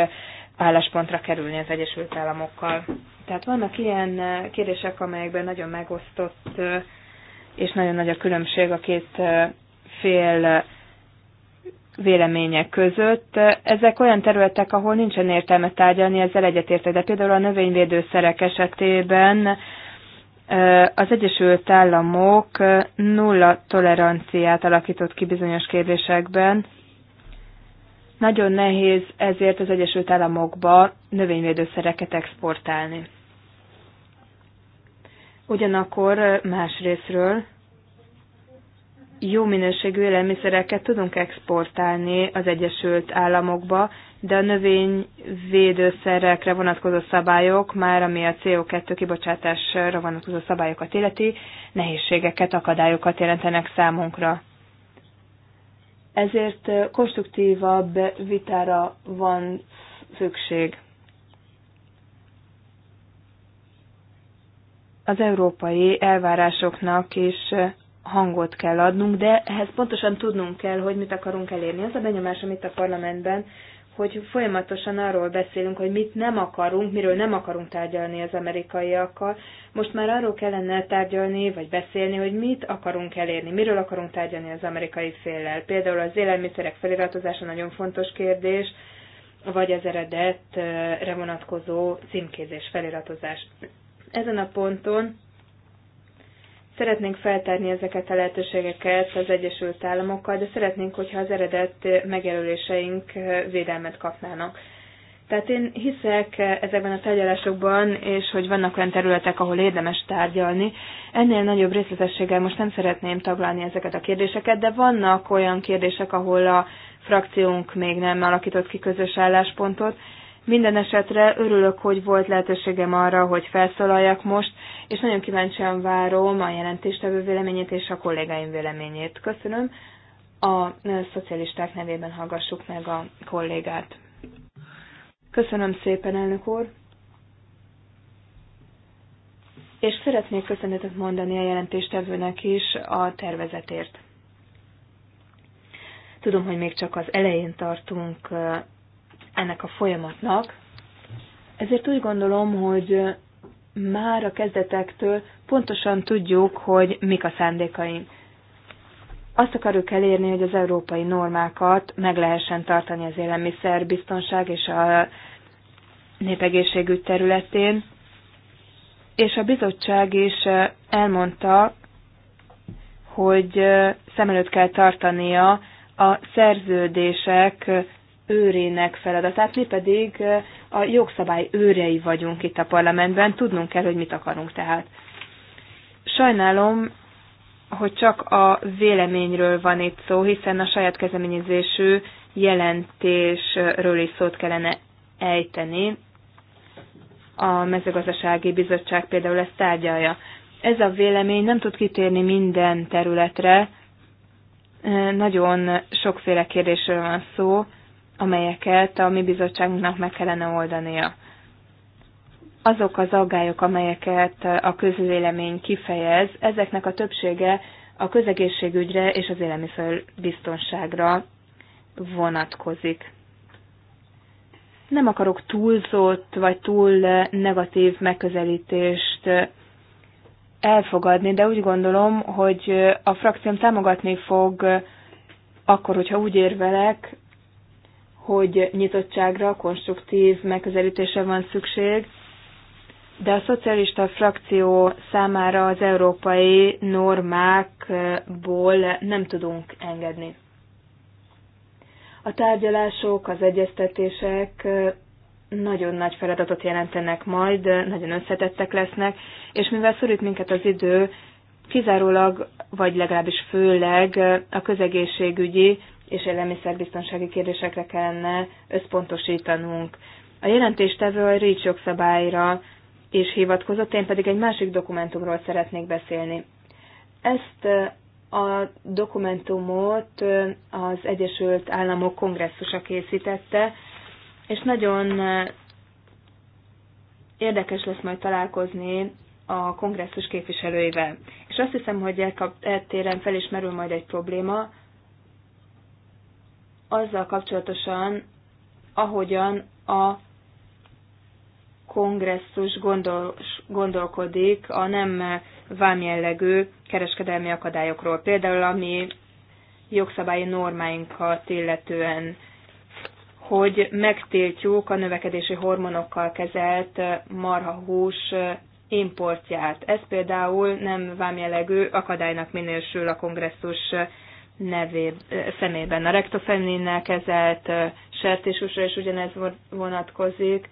álláspontra kerülni az Egyesült Államokkal. Tehát vannak ilyen kérdések, amelyekben nagyon megosztott, és nagyon nagy a különbség a két fél vélemények között. Ezek olyan területek, ahol nincsen értelme tárgyalni, ezzel egyetértek, de például a növényvédőszerek esetében az Egyesült Államok nulla toleranciát alakított ki bizonyos kérdésekben. Nagyon nehéz ezért az Egyesült Államokba növényvédőszereket exportálni. Ugyanakkor más részről jó minőségű élelmiszereket tudunk exportálni az Egyesült Államokba, de a növényvédőszerekre vonatkozó szabályok, már ami a CO2 kibocsátásra vonatkozó szabályokat illeti, nehézségeket, akadályokat jelentenek számunkra. Ezért konstruktívabb vitára van szükség. Az európai elvárásoknak is hangot kell adnunk, de ehhez pontosan tudnunk kell, hogy mit akarunk elérni. Az a benyomás, amit a parlamentben, hogy folyamatosan arról beszélünk, hogy mit nem akarunk, miről nem akarunk tárgyalni az amerikaiakkal. Most már arról kellene tárgyalni, vagy beszélni, hogy mit akarunk elérni, miről akarunk tárgyalni az amerikai féllel. Például az élelmiszerek feliratozása nagyon fontos kérdés, vagy az eredetre vonatkozó címkézés, feliratozás. Ezen a ponton Szeretnénk feltárni ezeket a lehetőségeket az Egyesült Államokkal, de szeretnénk, hogyha az eredet megjelöléseink védelmet kapnának. Tehát én hiszek ezekben a tárgyalásokban, és hogy vannak olyan területek, ahol érdemes tárgyalni. Ennél nagyobb részletességgel most nem szeretném taglalni ezeket a kérdéseket, de vannak olyan kérdések, ahol a frakciónk még nem alakított ki közös álláspontot, minden esetre örülök, hogy volt lehetőségem arra, hogy felszólaljak most, és nagyon kíváncsian várom a jelentéstevő véleményét és a kollégáim véleményét. Köszönöm. A szocialisták nevében hallgassuk meg a kollégát. Köszönöm szépen, elnök úr. És szeretnék köszönetet mondani a jelentéstevőnek is a tervezetért. Tudom, hogy még csak az elején tartunk ennek a folyamatnak. Ezért úgy gondolom, hogy már a kezdetektől pontosan tudjuk, hogy mik a szándékaink. Azt akarjuk elérni, hogy az európai normákat meg lehessen tartani az élelmiszerbiztonság és a népegészségügy területén, és a bizottság is elmondta, hogy szem előtt kell tartania a szerződések őrének feladatát, mi pedig a jogszabály őrei vagyunk itt a parlamentben, tudnunk kell, hogy mit akarunk tehát. Sajnálom, hogy csak a véleményről van itt szó, hiszen a saját kezeményezésű jelentésről is szót kellene ejteni. A mezőgazdasági bizottság például ezt tárgyalja. Ez a vélemény nem tud kitérni minden területre, nagyon sokféle kérdésről van szó, amelyeket a mi bizottságunknak meg kellene oldania. Azok az aggályok, amelyeket a közvélemény kifejez, ezeknek a többsége a közegészségügyre és az biztonságra vonatkozik. Nem akarok túlzott vagy túl negatív megközelítést elfogadni, de úgy gondolom, hogy a frakcióm támogatni fog akkor, hogyha úgy érvelek, hogy nyitottságra, konstruktív megközelítésre van szükség, de a szocialista frakció számára az európai normákból nem tudunk engedni. A tárgyalások, az egyeztetések nagyon nagy feladatot jelentenek majd, nagyon összetettek lesznek, és mivel szorít minket az idő, kizárólag, vagy legalábbis főleg a közegészségügyi és élelmiszerbiztonsági kérdésekre kellene összpontosítanunk. A jelentéstevő a REACH jogszabályra is hivatkozott, én pedig egy másik dokumentumról szeretnék beszélni. Ezt a dokumentumot az Egyesült Államok kongresszusa készítette, és nagyon érdekes lesz majd találkozni a kongresszus képviselőivel. És azt hiszem, hogy eltéren e felismerül majd egy probléma, azzal kapcsolatosan, ahogyan a kongresszus gondol, gondolkodik a nem vámjellegű kereskedelmi akadályokról. Például ami jogszabályi normáinkat illetően, hogy megtiltjuk a növekedési hormonokkal kezelt marhahús importját. Ez például nem vámjellegű akadálynak minősül a kongresszus nevé, szemében. A rektofemninnel kezelt sertésúsra is ugyanez vonatkozik,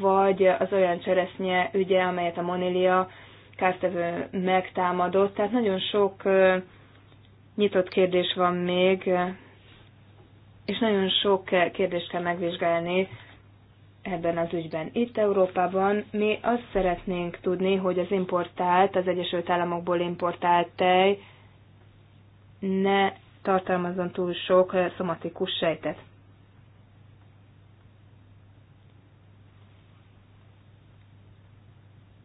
vagy az olyan cseresznye ügye, amelyet a Monilia kártevő megtámadott. Tehát nagyon sok nyitott kérdés van még, és nagyon sok kérdést kell megvizsgálni ebben az ügyben. Itt Európában mi azt szeretnénk tudni, hogy az importált, az Egyesült Államokból importált tej, ne tartalmazzon túl sok eh, szomatikus sejtet.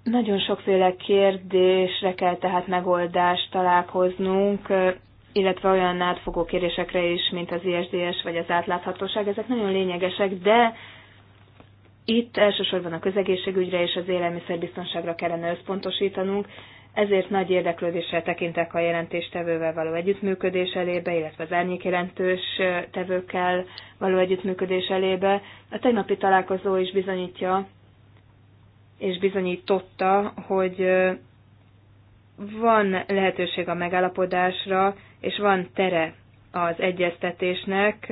Nagyon sokféle kérdésre kell tehát megoldást találkoznunk, eh, illetve olyan átfogó kérésekre is, mint az ISDS vagy az átláthatóság. Ezek nagyon lényegesek, de itt elsősorban a közegészségügyre és az élelmiszerbiztonságra kellene összpontosítanunk, ezért nagy érdeklődéssel tekintek a jelentéstevővel való együttműködés elébe, illetve az árnyék jelentős tevőkkel való együttműködés elébe. A tegnapi találkozó is bizonyítja, és bizonyította, hogy van lehetőség a megállapodásra, és van tere az egyeztetésnek,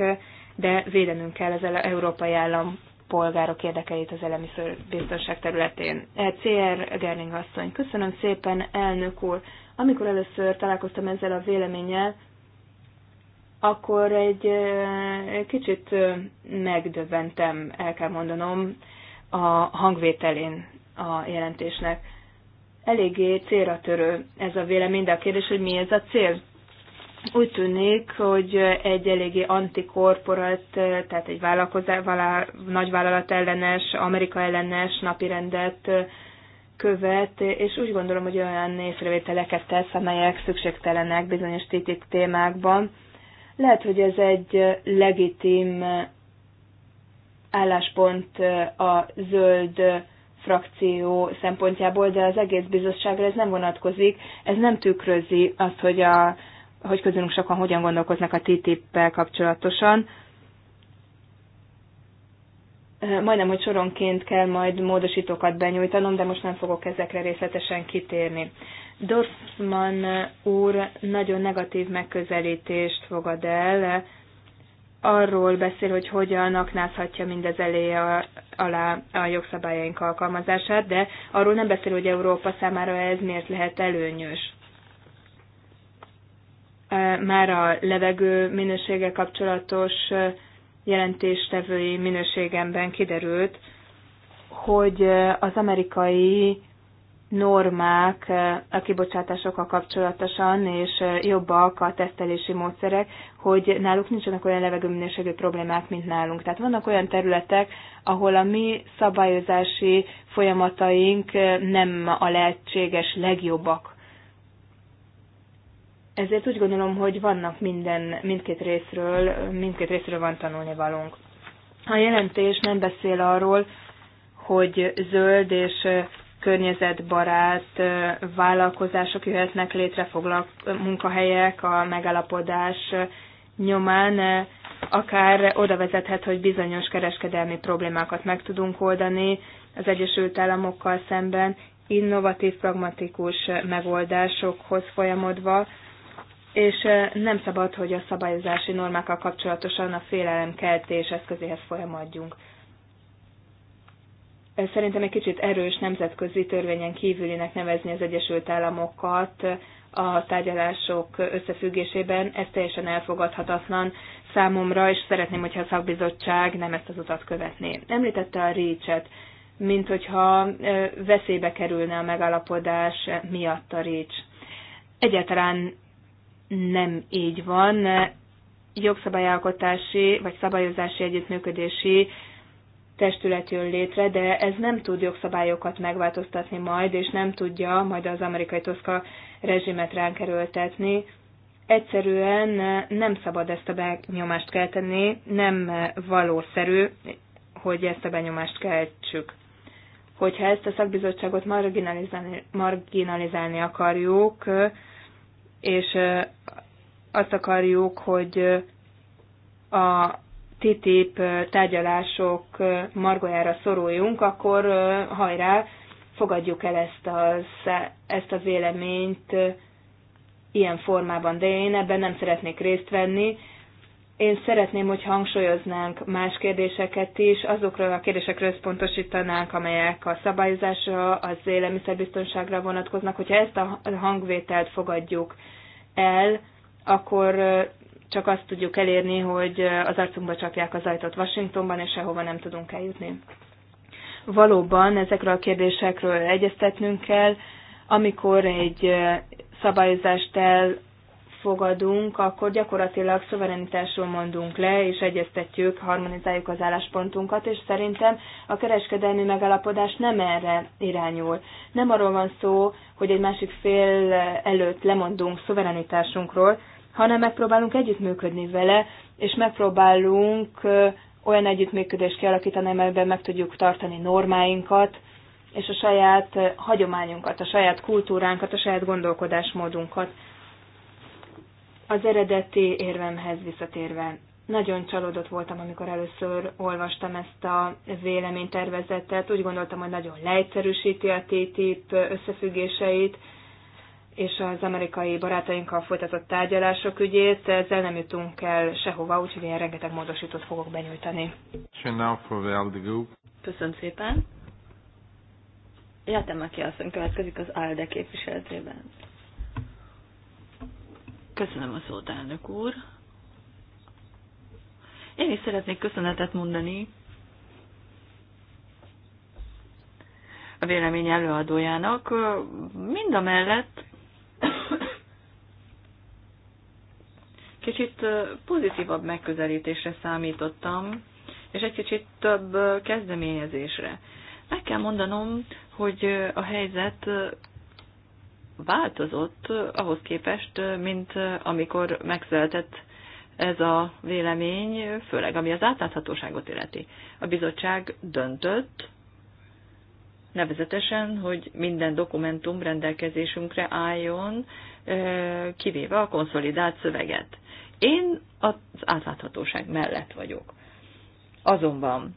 de védenünk kell az európai állam polgárok érdekeit az elemi biztonság területén. E, CR Gerling asszony, köszönöm szépen, elnök úr. Amikor először találkoztam ezzel a véleménnyel, akkor egy e, kicsit e, megdöbbentem, el kell mondanom, a hangvételén a jelentésnek. Eléggé célra törő ez a vélemény, de a kérdés, hogy mi ez a cél úgy tűnik, hogy egy eléggé antikorporat, tehát egy vállalkozás, valá, nagyvállalat ellenes, Amerika ellenes napirendet követ, és úgy gondolom, hogy olyan észrevételeket tesz, amelyek szükségtelenek bizonyos titik témákban. Lehet, hogy ez egy legitim álláspont a zöld frakció szempontjából, de az egész bizottságra ez nem vonatkozik, ez nem tükrözi azt, hogy a hogy közülünk sokan hogyan gondolkoznak a TTIP-pel kapcsolatosan. Majdnem, hogy soronként kell majd módosítókat benyújtanom, de most nem fogok ezekre részletesen kitérni. Dorfman úr nagyon negatív megközelítést fogad el, arról beszél, hogy hogyan aknázhatja mindez elé a, alá a jogszabályaink alkalmazását, de arról nem beszél, hogy Európa számára ez miért lehet előnyös már a levegő minősége kapcsolatos jelentéstevői minőségemben kiderült, hogy az amerikai normák a kibocsátásokkal kapcsolatosan, és jobbak a tesztelési módszerek, hogy náluk nincsenek olyan levegőminőségű problémák, mint nálunk. Tehát vannak olyan területek, ahol a mi szabályozási folyamataink nem a lehetséges legjobbak ezért úgy gondolom, hogy vannak minden, mindkét részről, mindkét részről van tanulni valunk. A jelentés nem beszél arról, hogy zöld és környezetbarát vállalkozások jöhetnek létre, foglalk, munkahelyek, a megállapodás nyomán akár oda vezethet, hogy bizonyos kereskedelmi problémákat meg tudunk oldani az Egyesült Államokkal szemben, innovatív, pragmatikus megoldásokhoz folyamodva, és nem szabad, hogy a szabályozási normákkal kapcsolatosan a félelemkeltés eszközéhez folyamodjunk. Szerintem egy kicsit erős nemzetközi törvényen kívülinek nevezni az Egyesült Államokat a tárgyalások összefüggésében, ez teljesen elfogadhatatlan számomra, és szeretném, hogyha a szakbizottság nem ezt az utat követné. Említette a récset, mint hogyha veszélybe kerülne a megalapodás miatt a récs. Egyáltalán nem így van. Jogszabályalkotási vagy szabályozási együttműködési testület jön létre, de ez nem tud jogszabályokat megváltoztatni majd, és nem tudja majd az amerikai Toszka rezsimet ránk erőltetni. Egyszerűen nem szabad ezt a benyomást kelteni, nem valószerű, hogy ezt a benyomást keltsük. Hogyha ezt a szakbizottságot marginalizálni, marginalizálni akarjuk, és azt akarjuk, hogy a TTIP tárgyalások margójára szoruljunk, akkor hajrá, fogadjuk el ezt, az, ezt a véleményt ilyen formában, de én ebben nem szeretnék részt venni, én szeretném, hogy hangsúlyoznánk más kérdéseket is, azokra a kérdésekre összpontosítanánk, amelyek a szabályozásra, az élelmiszerbiztonságra vonatkoznak. Hogyha ezt a hangvételt fogadjuk el, akkor csak azt tudjuk elérni, hogy az arcunkba csapják az ajtót Washingtonban, és sehova nem tudunk eljutni. Valóban ezekről a kérdésekről egyeztetnünk kell, amikor egy szabályozást el elfogadunk, akkor gyakorlatilag szuverenitásról mondunk le, és egyeztetjük, harmonizáljuk az álláspontunkat, és szerintem a kereskedelmi megállapodás nem erre irányul. Nem arról van szó, hogy egy másik fél előtt lemondunk szuverenitásunkról, hanem megpróbálunk együttműködni vele, és megpróbálunk olyan együttműködést kialakítani, amelyben meg tudjuk tartani normáinkat, és a saját hagyományunkat, a saját kultúránkat, a saját gondolkodásmódunkat. Az eredeti érvemhez visszatérve, nagyon csalódott voltam, amikor először olvastam ezt a véleménytervezetet. Úgy gondoltam, hogy nagyon leegyszerűsíti a TTIP összefüggéseit, és az amerikai barátainkkal folytatott tárgyalások ügyét. Ezzel nem jutunk el sehova, úgyhogy én rengeteg módosítót fogok benyújtani. Köszönöm szépen. Jatem, aki azt következik az ALDE képviseletében. Köszönöm a szót, elnök úr. Én is szeretnék köszönetet mondani a vélemény előadójának. Mind a mellett kicsit pozitívabb megközelítésre számítottam, és egy kicsit több kezdeményezésre. Meg kell mondanom, hogy a helyzet változott eh, ahhoz képest, eh, mint eh, amikor megszületett ez a vélemény, főleg ami az átláthatóságot illeti. A bizottság döntött, nevezetesen, hogy minden dokumentum rendelkezésünkre álljon, kivéve a konszolidált szöveget. Én az átláthatóság mellett vagyok. Azonban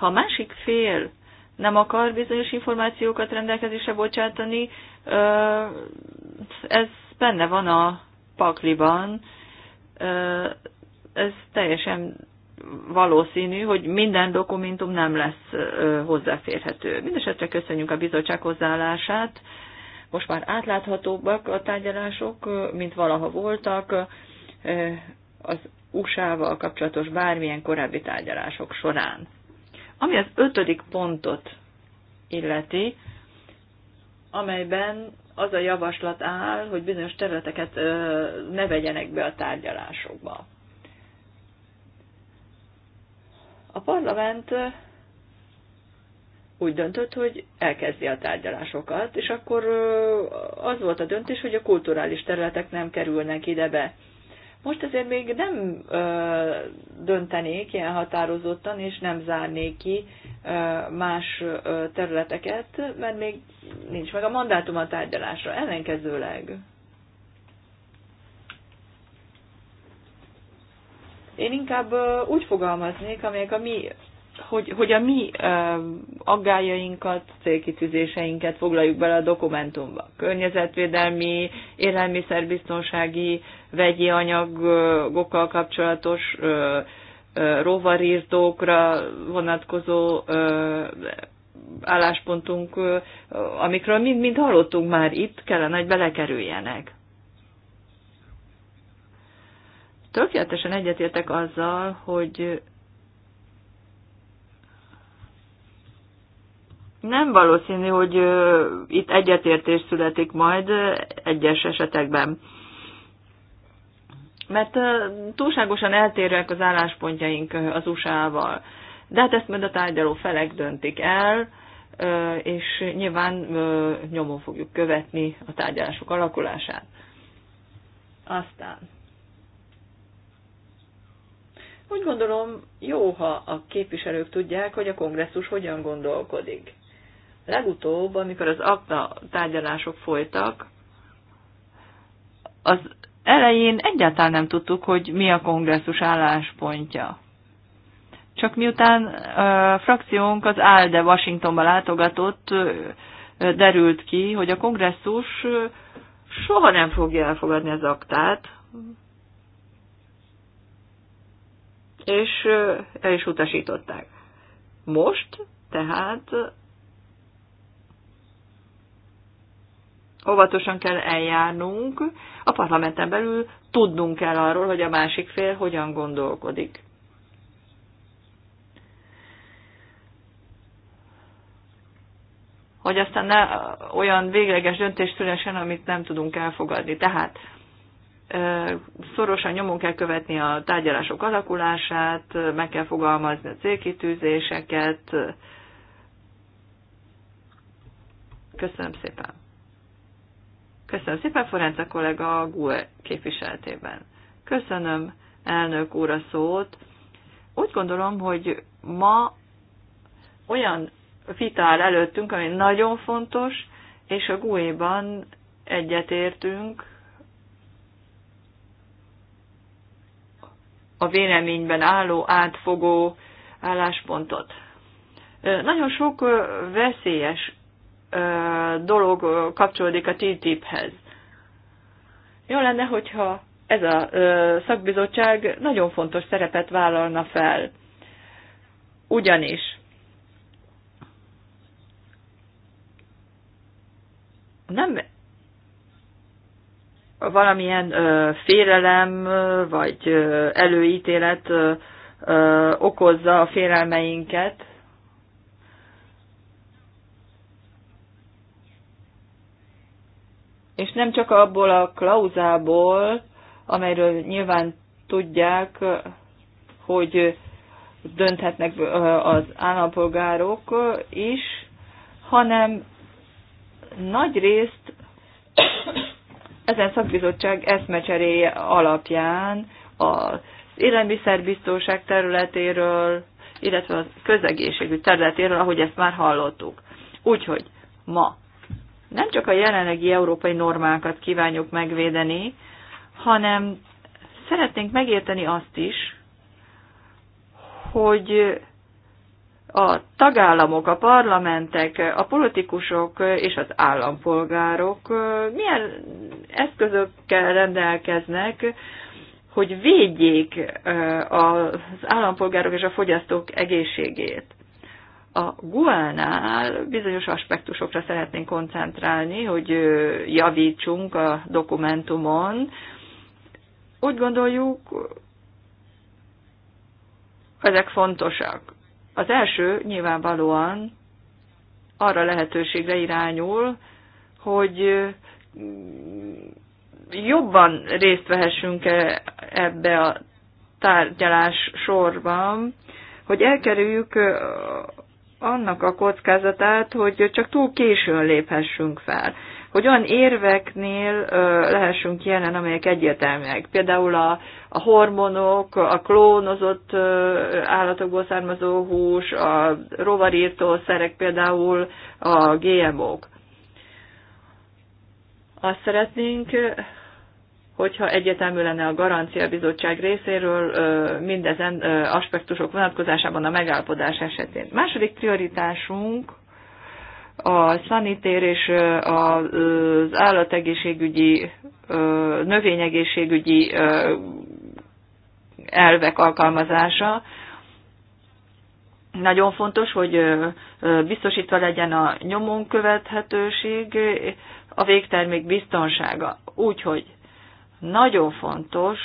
Ha a másik fél nem akar bizonyos információkat rendelkezésre bocsátani, ez benne van a pakliban, ez teljesen valószínű, hogy minden dokumentum nem lesz hozzáférhető. Mindenesetre köszönjük a bizottság hozzáállását. Most már átláthatóbbak a tárgyalások, mint valaha voltak. Az USA-val kapcsolatos bármilyen korábbi tárgyalások során. Ami az ötödik pontot illeti, amelyben az a javaslat áll, hogy bizonyos területeket ne vegyenek be a tárgyalásokba. A parlament úgy döntött, hogy elkezdi a tárgyalásokat, és akkor az volt a döntés, hogy a kulturális területek nem kerülnek ide be. Most ezért még nem ö, döntenék ilyen határozottan, és nem zárnék ki ö, más ö, területeket, mert még nincs meg a mandátum a tárgyalásra, ellenkezőleg. Én inkább ö, úgy fogalmaznék, amelyek a mi hogy, hogy a mi aggájainkat, célkitűzéseinket foglaljuk bele a dokumentumba. Környezetvédelmi, élelmiszerbiztonsági, vegyi anyagokkal kapcsolatos rovarírtókra vonatkozó álláspontunk, amikről mind-mind hallottunk már itt, kellene, hogy belekerüljenek. Tökéletesen egyetértek azzal, hogy Nem valószínű, hogy itt egyetértés születik majd egyes esetekben. Mert túlságosan eltérőek az álláspontjaink az USA-val. De hát ezt majd a tárgyaló felek döntik el, és nyilván nyomon fogjuk követni a tárgyalások alakulását. Aztán. Úgy gondolom, jó, ha a képviselők tudják, hogy a kongresszus hogyan gondolkodik. Legutóbb, amikor az akta tárgyalások folytak, az elején egyáltalán nem tudtuk, hogy mi a kongresszus álláspontja. Csak miután a frakciónk az ALDE Washingtonba látogatott, derült ki, hogy a kongresszus soha nem fogja elfogadni az aktát, és el is utasították. Most tehát óvatosan kell eljárnunk, a parlamenten belül tudnunk kell arról, hogy a másik fél hogyan gondolkodik. Hogy aztán ne olyan végleges döntést szülessen, amit nem tudunk elfogadni. Tehát szorosan nyomon kell követni a tárgyalások alakulását, meg kell fogalmazni a célkitűzéseket. Köszönöm szépen! Köszönöm szépen, Forenza kollega a GUE képviseltében. Köszönöm, elnök úr, a szót. Úgy gondolom, hogy ma olyan vita áll előttünk, ami nagyon fontos, és a GUE-ban egyetértünk a véleményben álló átfogó álláspontot. Nagyon sok veszélyes dolog kapcsolódik a TTIP-hez. Jó lenne, hogyha ez a szakbizottság nagyon fontos szerepet vállalna fel. Ugyanis nem valamilyen ö, félelem vagy előítélet ö, ö, okozza a félelmeinket, és nem csak abból a klauzából, amelyről nyilván tudják, hogy dönthetnek az állampolgárok is, hanem nagy részt ezen szakbizottság eszmecseréje alapján az élelmiszerbiztonság területéről, illetve a közegészségügy területéről, ahogy ezt már hallottuk. Úgyhogy ma nem csak a jelenlegi európai normákat kívánjuk megvédeni, hanem szeretnénk megérteni azt is, hogy a tagállamok, a parlamentek, a politikusok és az állampolgárok milyen eszközökkel rendelkeznek, hogy védjék az állampolgárok és a fogyasztók egészségét a Guánál bizonyos aspektusokra szeretnénk koncentrálni, hogy javítsunk a dokumentumon. Úgy gondoljuk, ezek fontosak. Az első nyilvánvalóan arra lehetőségre irányul, hogy jobban részt vehessünk -e ebbe a tárgyalás sorban, hogy elkerüljük annak a kockázatát, hogy csak túl későn léphessünk fel. Hogy olyan érveknél ö, lehessünk jelen, amelyek egyértelműek. Például a, a hormonok, a klónozott ö, állatokból származó hús, a szerek például, a GMO-k. Azt szeretnénk, hogyha egyetemű lenne a garancia bizottság részéről mindezen aspektusok vonatkozásában a megállapodás esetén. Második prioritásunk a szanitér és az állategészségügyi, növényegészségügyi elvek alkalmazása. Nagyon fontos, hogy biztosítva legyen a nyomon követhetőség, a végtermék biztonsága. Úgyhogy nagyon fontos,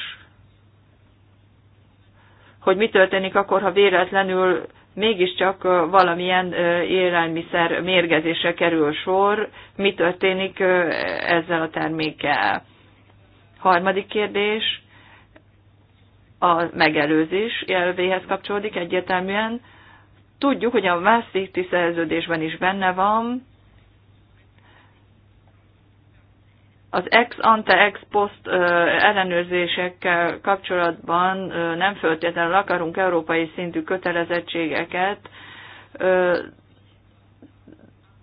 hogy mi történik akkor, ha véletlenül mégiscsak valamilyen élelmiszer mérgezése kerül sor, mi történik ezzel a termékkel. Harmadik kérdés, a megelőzés jelvéhez kapcsolódik egyértelműen. Tudjuk, hogy a Maastrichti szerződésben is benne van, az ex ante ex post ellenőrzésekkel kapcsolatban nem föltétlenül akarunk európai szintű kötelezettségeket.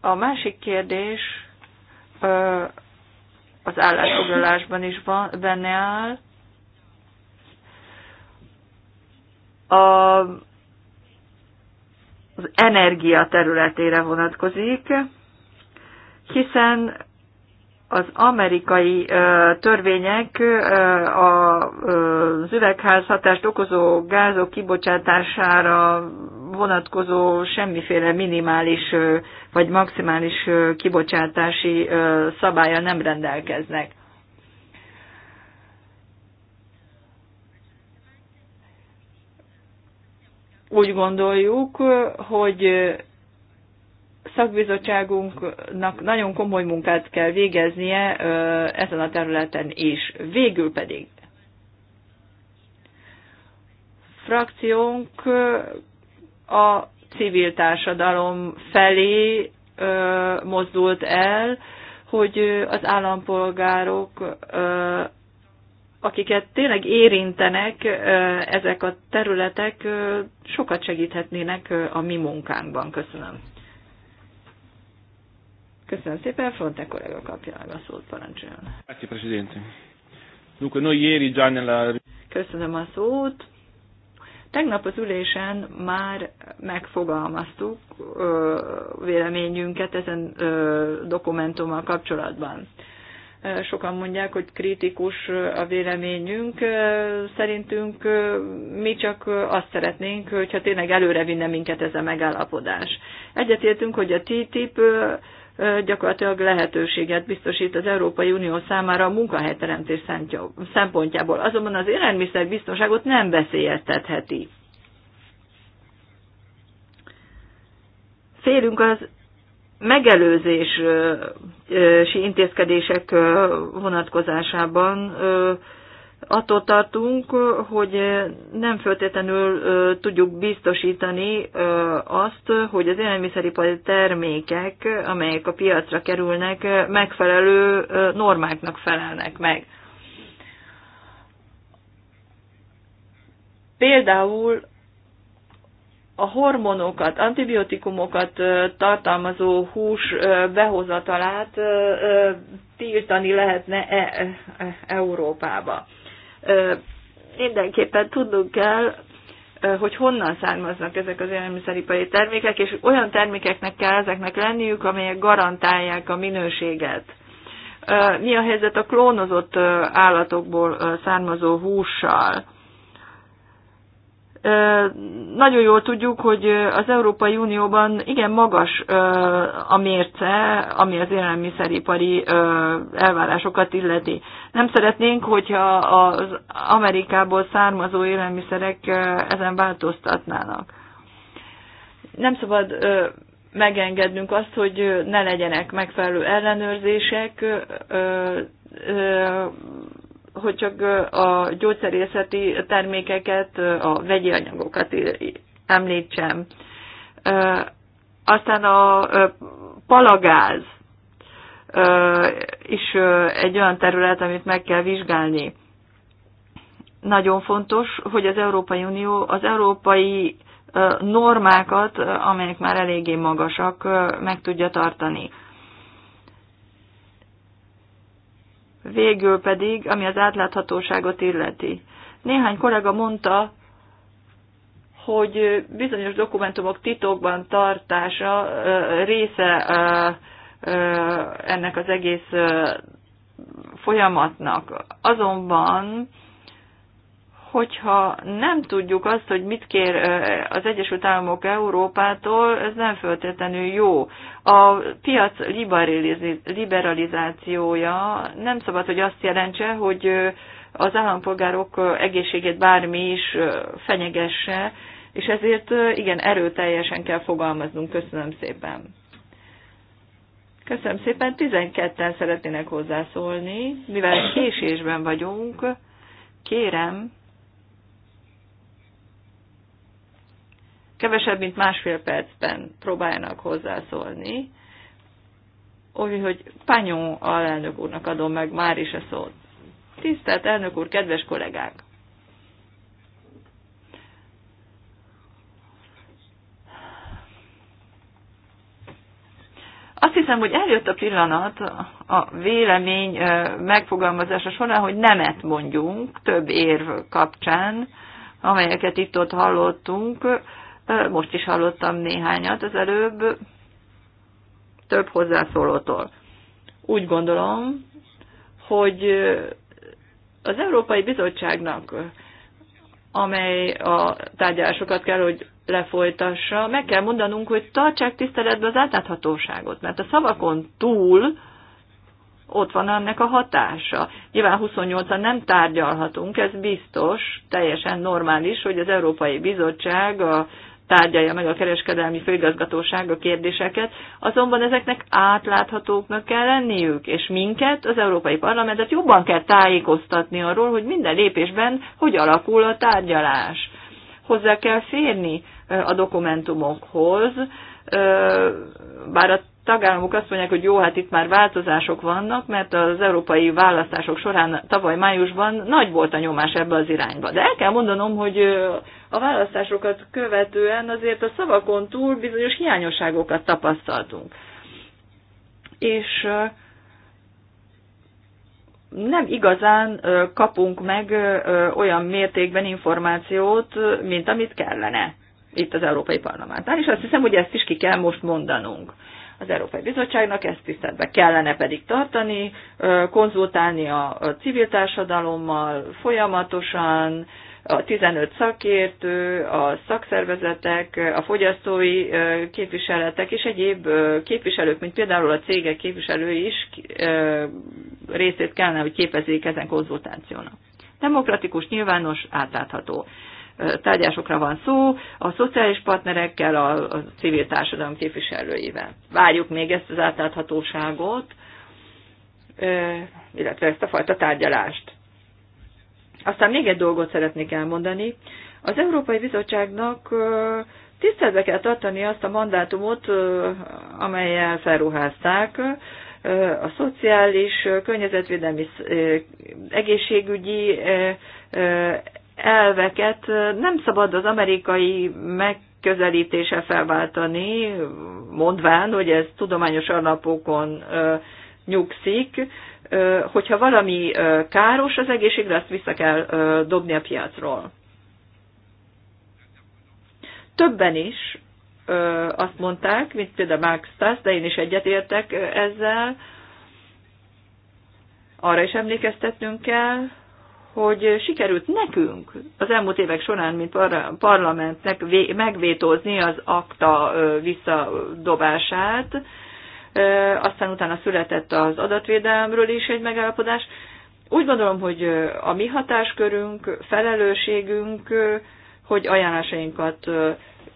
A másik kérdés az állásfoglalásban is van, benne áll. A, az energia területére vonatkozik, hiszen az amerikai törvények az hatást okozó gázok kibocsátására vonatkozó semmiféle minimális vagy maximális kibocsátási szabálya nem rendelkeznek. Úgy gondoljuk, hogy szakbizottságunknak nagyon komoly munkát kell végeznie ezen a területen is. Végül pedig frakciónk a civil társadalom felé mozdult el, hogy az állampolgárok, akiket tényleg érintenek ezek a területek, sokat segíthetnének a mi munkánkban. Köszönöm. Köszönöm szépen, Fonte kollega kapja meg a szót, parancsoljon. Grazie, Presidente. Dunque, noi ieri già nella... Köszönöm a szót. Tegnap az ülésen már megfogalmaztuk ö, véleményünket ezen ö, dokumentummal kapcsolatban. Sokan mondják, hogy kritikus a véleményünk. Szerintünk mi csak azt szeretnénk, hogyha tényleg előre vinne minket ez a megállapodás. Egyetértünk, hogy a TTIP gyakorlatilag lehetőséget biztosít az Európai Unió számára a munkahelyteremtés szempontjából. Azonban az biztonságot nem veszélyeztetheti. Félünk az megelőzési intézkedések vonatkozásában attól tartunk, hogy nem feltétlenül tudjuk biztosítani azt, hogy az élelmiszeripari termékek, amelyek a piacra kerülnek, megfelelő normáknak felelnek meg. Például a hormonokat, antibiotikumokat tartalmazó hús behozatalát tiltani lehetne e- e- Európába mindenképpen tudnunk kell, hogy honnan származnak ezek az élelmiszeripari termékek, és olyan termékeknek kell ezeknek lenniük, amelyek garantálják a minőséget. Mi a helyzet a klónozott állatokból származó hússal? nagyon jól tudjuk, hogy az Európai Unióban igen magas a mérce, ami az élelmiszeripari elvárásokat illeti. Nem szeretnénk, hogyha az Amerikából származó élelmiszerek ezen változtatnának. Nem szabad megengednünk azt, hogy ne legyenek megfelelő ellenőrzések, hogy csak a gyógyszerészeti termékeket, a vegyi anyagokat említsem. Aztán a palagáz is egy olyan terület, amit meg kell vizsgálni. Nagyon fontos, hogy az Európai Unió az európai normákat, amelyek már eléggé magasak, meg tudja tartani. Végül pedig, ami az átláthatóságot illeti. Néhány kollega mondta, hogy bizonyos dokumentumok titokban tartása része ennek az egész folyamatnak. Azonban hogyha nem tudjuk azt, hogy mit kér az Egyesült Államok Európától, ez nem feltétlenül jó. A piac liberalizációja nem szabad, hogy azt jelentse, hogy az állampolgárok egészségét bármi is fenyegesse, és ezért igen, erőteljesen kell fogalmaznunk. Köszönöm szépen. Köszönöm szépen. 12-en szeretnének hozzászólni, mivel késésben vagyunk. Kérem, kevesebb, mint másfél percben próbáljanak hozzászólni. Úgyhogy Pányó alelnök úrnak adom meg már is a szót. Tisztelt elnök úr, kedves kollégák! Azt hiszem, hogy eljött a pillanat a vélemény megfogalmazása során, hogy nemet mondjunk több érv kapcsán, amelyeket itt-ott hallottunk most is hallottam néhányat az előbb több hozzászólótól. Úgy gondolom, hogy az Európai Bizottságnak, amely a tárgyalásokat kell, hogy lefolytassa, meg kell mondanunk, hogy tartsák tiszteletbe az átláthatóságot, mert a szavakon túl ott van ennek a hatása. Nyilván 28-an nem tárgyalhatunk, ez biztos, teljesen normális, hogy az Európai Bizottság a tárgyalja meg a kereskedelmi főigazgatóság a kérdéseket, azonban ezeknek átláthatóknak kell lenniük, és minket, az Európai Parlamentet jobban kell tájékoztatni arról, hogy minden lépésben hogy alakul a tárgyalás. Hozzá kell férni a dokumentumokhoz, bár a tagállamok azt mondják, hogy jó, hát itt már változások vannak, mert az európai választások során tavaly májusban nagy volt a nyomás ebbe az irányba. De el kell mondanom, hogy a választásokat követően azért a szavakon túl bizonyos hiányosságokat tapasztaltunk. És nem igazán kapunk meg olyan mértékben információt, mint amit kellene itt az Európai Parlamentnál, és azt hiszem, hogy ezt is ki kell most mondanunk az Európai Bizottságnak, ezt tiszteletbe kellene pedig tartani, konzultálni a civil társadalommal folyamatosan, a 15 szakértő, a szakszervezetek, a fogyasztói képviseletek és egyéb képviselők, mint például a cégek képviselői is részét kellene, hogy képezzék ezen konzultációnak. Demokratikus, nyilvános, átlátható tárgyásokra van szó, a szociális partnerekkel, a, civil társadalom képviselőivel. Várjuk még ezt az átláthatóságot, illetve ezt a fajta tárgyalást. Aztán még egy dolgot szeretnék elmondani. Az Európai Bizottságnak tiszteletbe kell tartani azt a mandátumot, amelyel felruházták a szociális, környezetvédelmi, egészségügyi elveket nem szabad az amerikai megközelítése felváltani, mondván, hogy ez tudományos alapokon nyugszik, hogyha valami káros az egészségre, azt vissza kell dobni a piacról. Többen is azt mondták, mint például Mark Stas, de én is egyetértek ezzel, arra is emlékeztetnünk kell, hogy sikerült nekünk az elmúlt évek során, mint parlamentnek megvétózni az akta visszadobását, aztán utána született az adatvédelemről is egy megállapodás. Úgy gondolom, hogy a mi hatáskörünk, felelősségünk, hogy ajánlásainkat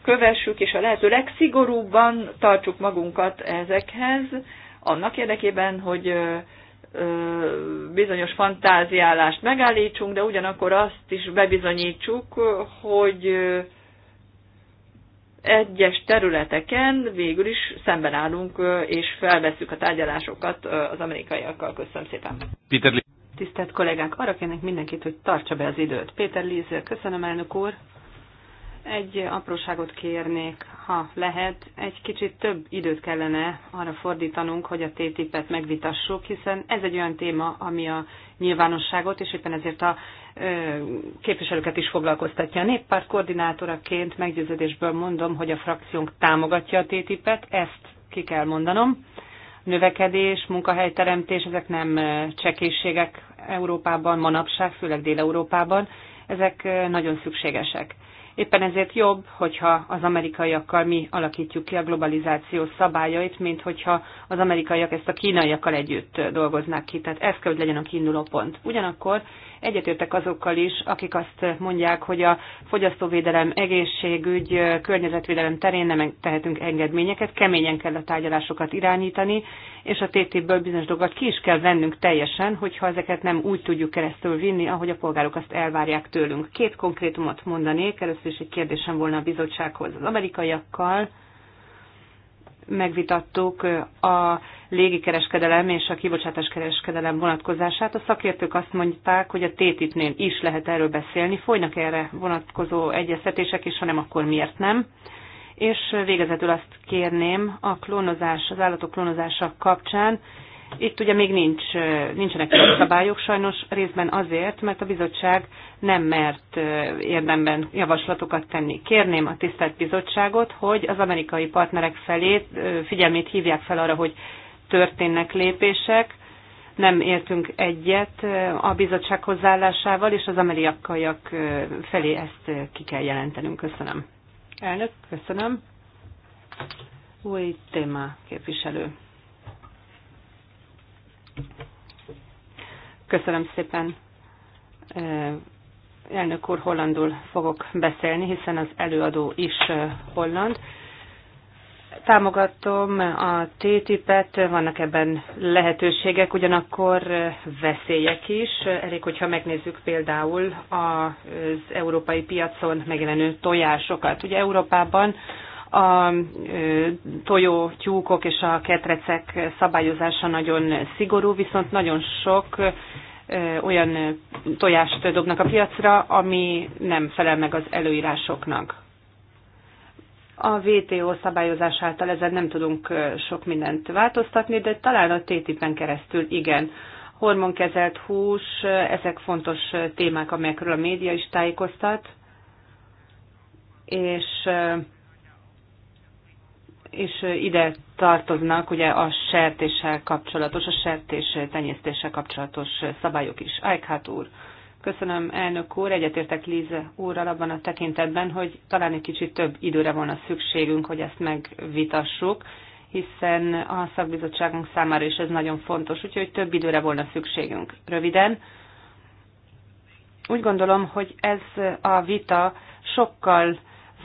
kövessük, és a lehető legszigorúbban tartsuk magunkat ezekhez, annak érdekében, hogy bizonyos fantáziálást megállítsunk, de ugyanakkor azt is bebizonyítsuk, hogy egyes területeken végül is szemben állunk, és felveszük a tárgyalásokat az amerikaiakkal. Köszönöm szépen. Peter Lee. Tisztelt kollégák, arra kérnek mindenkit, hogy tartsa be az időt. Péter Líz, köszönöm elnök úr. Egy apróságot kérnék, ha lehet. Egy kicsit több időt kellene arra fordítanunk, hogy a TTIP-et megvitassuk, hiszen ez egy olyan téma, ami a nyilvánosságot, és éppen ezért a ö, képviselőket is foglalkoztatja. A néppárt koordinátoraként meggyőződésből mondom, hogy a frakciónk támogatja a TTIP-et, ezt ki kell mondanom. Növekedés, munkahelyteremtés, ezek nem csekészségek Európában, manapság, főleg Dél-Európában, ezek nagyon szükségesek Éppen ezért jobb, hogyha az amerikaiakkal mi alakítjuk ki a globalizáció szabályait, mint hogyha az amerikaiak ezt a kínaiakkal együtt dolgoznák ki. Tehát ez kell, hogy legyen a kiinduló pont. Ugyanakkor Egyetértek azokkal is, akik azt mondják, hogy a fogyasztóvédelem, egészségügy, környezetvédelem terén nem tehetünk engedményeket, keményen kell a tárgyalásokat irányítani, és a TTIP-ből bizonyos dolgokat ki is kell vennünk teljesen, hogyha ezeket nem úgy tudjuk keresztül vinni, ahogy a polgárok azt elvárják tőlünk. Két konkrétumot mondanék, először is egy kérdésem volna a bizottsághoz. Az amerikaiakkal megvitattuk a légikereskedelem és a kereskedelem vonatkozását. A szakértők azt mondták, hogy a TTIP-nél is lehet erről beszélni, folynak erre vonatkozó egyeztetések, és ha nem, akkor miért nem. És végezetül azt kérném a klónozás, az állatok klónozása kapcsán, itt ugye még nincs, nincsenek szabályok sajnos részben azért, mert a bizottság nem mert érdemben javaslatokat tenni. Kérném a tisztelt bizottságot, hogy az amerikai partnerek felé figyelmét hívják fel arra, hogy történnek lépések, nem értünk egyet a bizottság hozzáállásával, és az amerikaiak felé ezt ki kell jelentenünk. Köszönöm. Elnök, köszönöm. Új téma képviselő. Köszönöm szépen. Elnök úr, hollandul fogok beszélni, hiszen az előadó is holland. Támogatom a TTIP-et, vannak ebben lehetőségek, ugyanakkor veszélyek is. Elég, hogyha megnézzük például az európai piacon megjelenő tojásokat. Ugye Európában a tojó tyúkok és a ketrecek szabályozása nagyon szigorú, viszont nagyon sok olyan tojást dobnak a piacra, ami nem felel meg az előírásoknak. A VTO szabályozás által ezen nem tudunk sok mindent változtatni, de talán a TTIP-en keresztül igen. Hormonkezelt hús, ezek fontos témák, amelyekről a média is tájékoztat, és és ide tartoznak ugye a sertéssel kapcsolatos, a sertés tenyésztéssel kapcsolatos szabályok is. Eichhardt úr, köszönöm elnök úr, egyetértek Líze úrral abban a tekintetben, hogy talán egy kicsit több időre volna szükségünk, hogy ezt megvitassuk, hiszen a szakbizottságunk számára is ez nagyon fontos, úgyhogy több időre volna szükségünk. Röviden, úgy gondolom, hogy ez a vita sokkal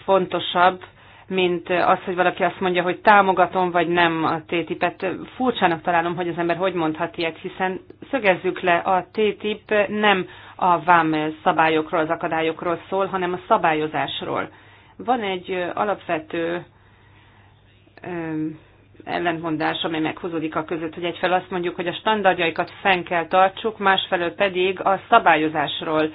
fontosabb, mint az, hogy valaki azt mondja, hogy támogatom vagy nem a TTIP-et. Furcsának találom, hogy az ember hogy mondhat ilyet, hiszen szögezzük le, a TTIP nem a vám szabályokról, az akadályokról szól, hanem a szabályozásról. Van egy alapvető ellentmondás, amely meghúzódik a között, hogy egyfelől azt mondjuk, hogy a standardjaikat fenn kell tartsuk, másfelől pedig a szabályozásról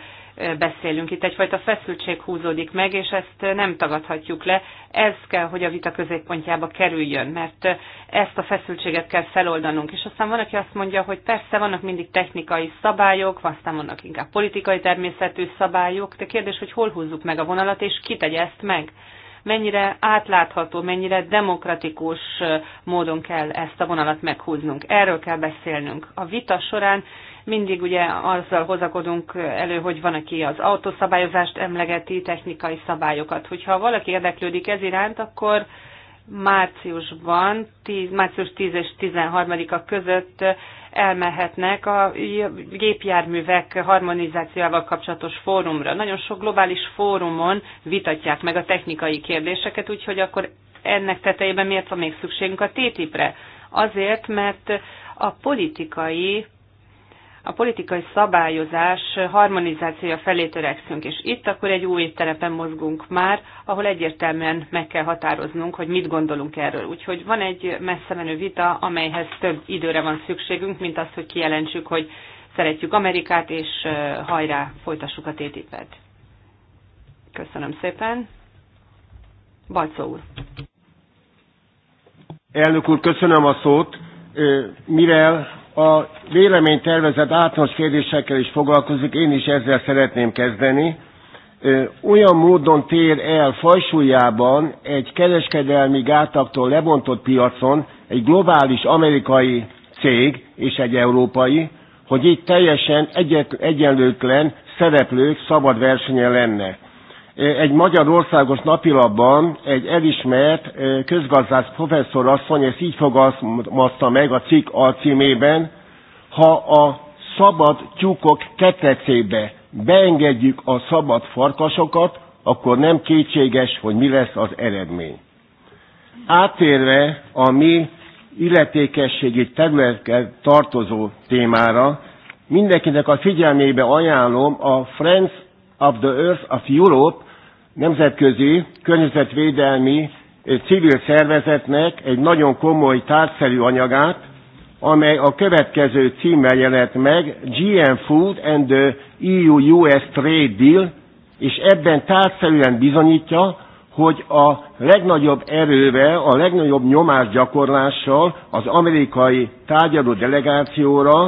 beszélünk. Itt egyfajta feszültség húzódik meg, és ezt nem tagadhatjuk le. Ez kell, hogy a vita középpontjába kerüljön, mert ezt a feszültséget kell feloldanunk. És aztán van, aki azt mondja, hogy persze vannak mindig technikai szabályok, aztán vannak inkább politikai természetű szabályok, de kérdés, hogy hol húzzuk meg a vonalat, és ki tegye ezt meg mennyire átlátható, mennyire demokratikus módon kell ezt a vonalat meghúznunk. Erről kell beszélnünk. A vita során mindig ugye azzal hozakodunk elő, hogy van, aki az autószabályozást emlegeti, technikai szabályokat. Hogyha valaki érdeklődik ez iránt, akkor márciusban, 10, március 10 és 13-a között elmehetnek a gépjárművek harmonizációval kapcsolatos fórumra. Nagyon sok globális fórumon vitatják meg a technikai kérdéseket, úgyhogy akkor ennek tetejében miért van még szükségünk a TTIP-re? Azért, mert a politikai a politikai szabályozás harmonizációja felé törekszünk, és itt akkor egy új terepen mozgunk már, ahol egyértelműen meg kell határoznunk, hogy mit gondolunk erről. Úgyhogy van egy messze menő vita, amelyhez több időre van szükségünk, mint az, hogy kijelentsük, hogy szeretjük Amerikát, és hajrá, folytassuk a TTIP-et. Köszönöm szépen. Balcó úr. Elnök úr, köszönöm a szót. Mivel a véleménytervezet általános kérdésekkel is foglalkozik, én is ezzel szeretném kezdeni. Olyan módon tér el fajsúlyában egy kereskedelmi gátaktól lebontott piacon egy globális amerikai cég és egy európai, hogy itt teljesen egyenlőtlen szereplők szabad versenye lenne egy magyar országos napilapban egy elismert közgazdász professzor asszony ezt így fogalmazta meg a cikk alcímében, ha a szabad tyúkok ketrecébe beengedjük a szabad farkasokat, akkor nem kétséges, hogy mi lesz az eredmény. Átérve a mi illetékességi területkel tartozó témára, mindenkinek a figyelmébe ajánlom a Friends of the Earth of Europe nemzetközi környezetvédelmi és civil szervezetnek egy nagyon komoly tárgyszerű anyagát, amely a következő címmel jelent meg, GM Food and the EU-US Trade Deal, és ebben tárgyszerűen bizonyítja, hogy a legnagyobb erővel, a legnagyobb nyomásgyakorlással az amerikai tárgyaló delegációra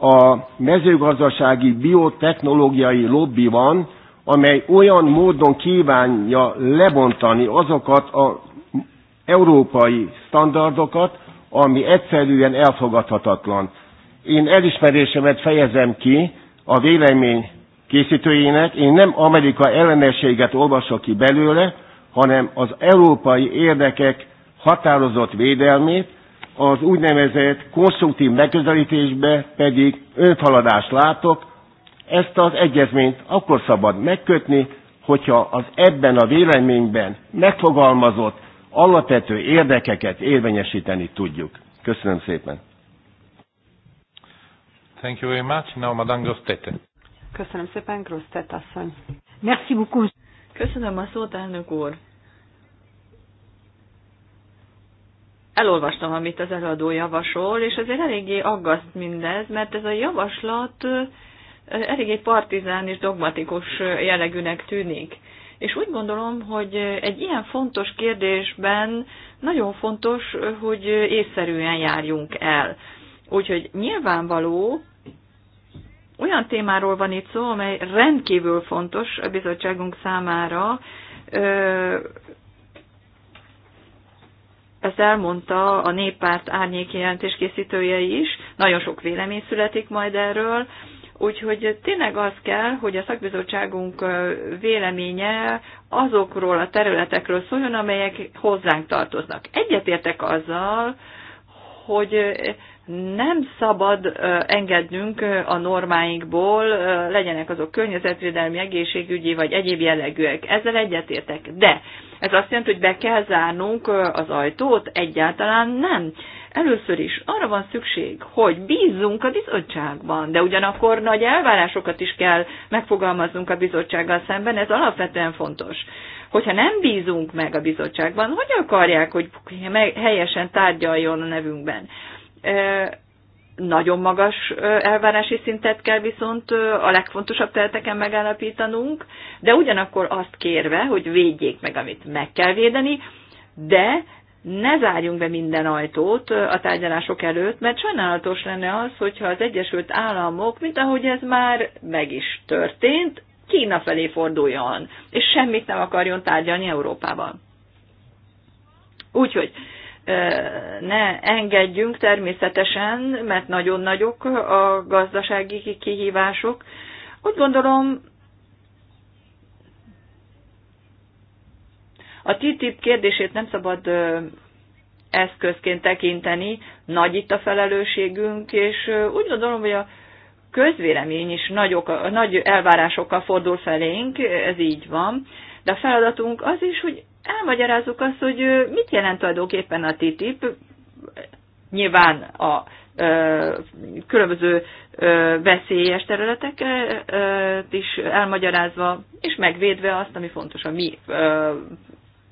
a mezőgazdasági biotechnológiai lobby van, amely olyan módon kívánja lebontani azokat az európai standardokat, ami egyszerűen elfogadhatatlan. Én elismerésemet fejezem ki a vélemény készítőjének, én nem Amerika ellenességet olvasok ki belőle, hanem az európai érdekek határozott védelmét, az úgynevezett konstruktív megközelítésbe pedig önfaladást látok, ezt az egyezményt akkor szabad megkötni, hogyha az ebben a véleményben megfogalmazott alapvető érdekeket érvényesíteni tudjuk. Köszönöm szépen. Thank you very much. Now, Madame Grosztete. Köszönöm szépen, Grosztet asszony. Merci beaucoup. Köszönöm a szót, elnök úr. Elolvastam, amit az előadó javasol, és azért eléggé aggaszt mindez, mert ez a javaslat egy partizán és dogmatikus jellegűnek tűnik. És úgy gondolom, hogy egy ilyen fontos kérdésben nagyon fontos, hogy észszerűen járjunk el. Úgyhogy nyilvánvaló, olyan témáról van itt szó, amely rendkívül fontos a bizottságunk számára. Ezt elmondta a néppárt árnyék jelentéskészítője is, nagyon sok vélemény születik majd erről, Úgyhogy tényleg az kell, hogy a szakbizottságunk véleménye azokról a területekről szóljon, amelyek hozzánk tartoznak. Egyetértek azzal, hogy nem szabad engednünk a normáinkból, legyenek azok környezetvédelmi, egészségügyi vagy egyéb jellegűek. Ezzel egyetértek. De ez azt jelenti, hogy be kell zárnunk az ajtót? Egyáltalán nem. Először is arra van szükség, hogy bízzunk a bizottságban, de ugyanakkor nagy elvárásokat is kell megfogalmaznunk a bizottsággal szemben, ez alapvetően fontos. Hogyha nem bízunk meg a bizottságban, hogy akarják, hogy helyesen tárgyaljon a nevünkben? Nagyon magas elvárási szintet kell viszont a legfontosabb területeken megállapítanunk, de ugyanakkor azt kérve, hogy védjék meg, amit meg kell védeni, de ne zárjunk be minden ajtót a tárgyalások előtt, mert sajnálatos lenne az, hogyha az Egyesült Államok, mint ahogy ez már meg is történt, Kína felé forduljon, és semmit nem akarjon tárgyalni Európában. Úgyhogy ne engedjünk természetesen, mert nagyon nagyok a gazdasági kihívások. Úgy gondolom, A TTIP kérdését nem szabad eszközként tekinteni, nagy itt a felelősségünk, és úgy gondolom, hogy a közvélemény is nagy, oka, nagy elvárásokkal fordul felénk, ez így van, de a feladatunk az is, hogy elmagyarázzuk azt, hogy mit jelent tulajdonképpen a TTIP, nyilván a ö, különböző ö, veszélyes területeket is elmagyarázva, és megvédve azt, ami fontos a mi ö,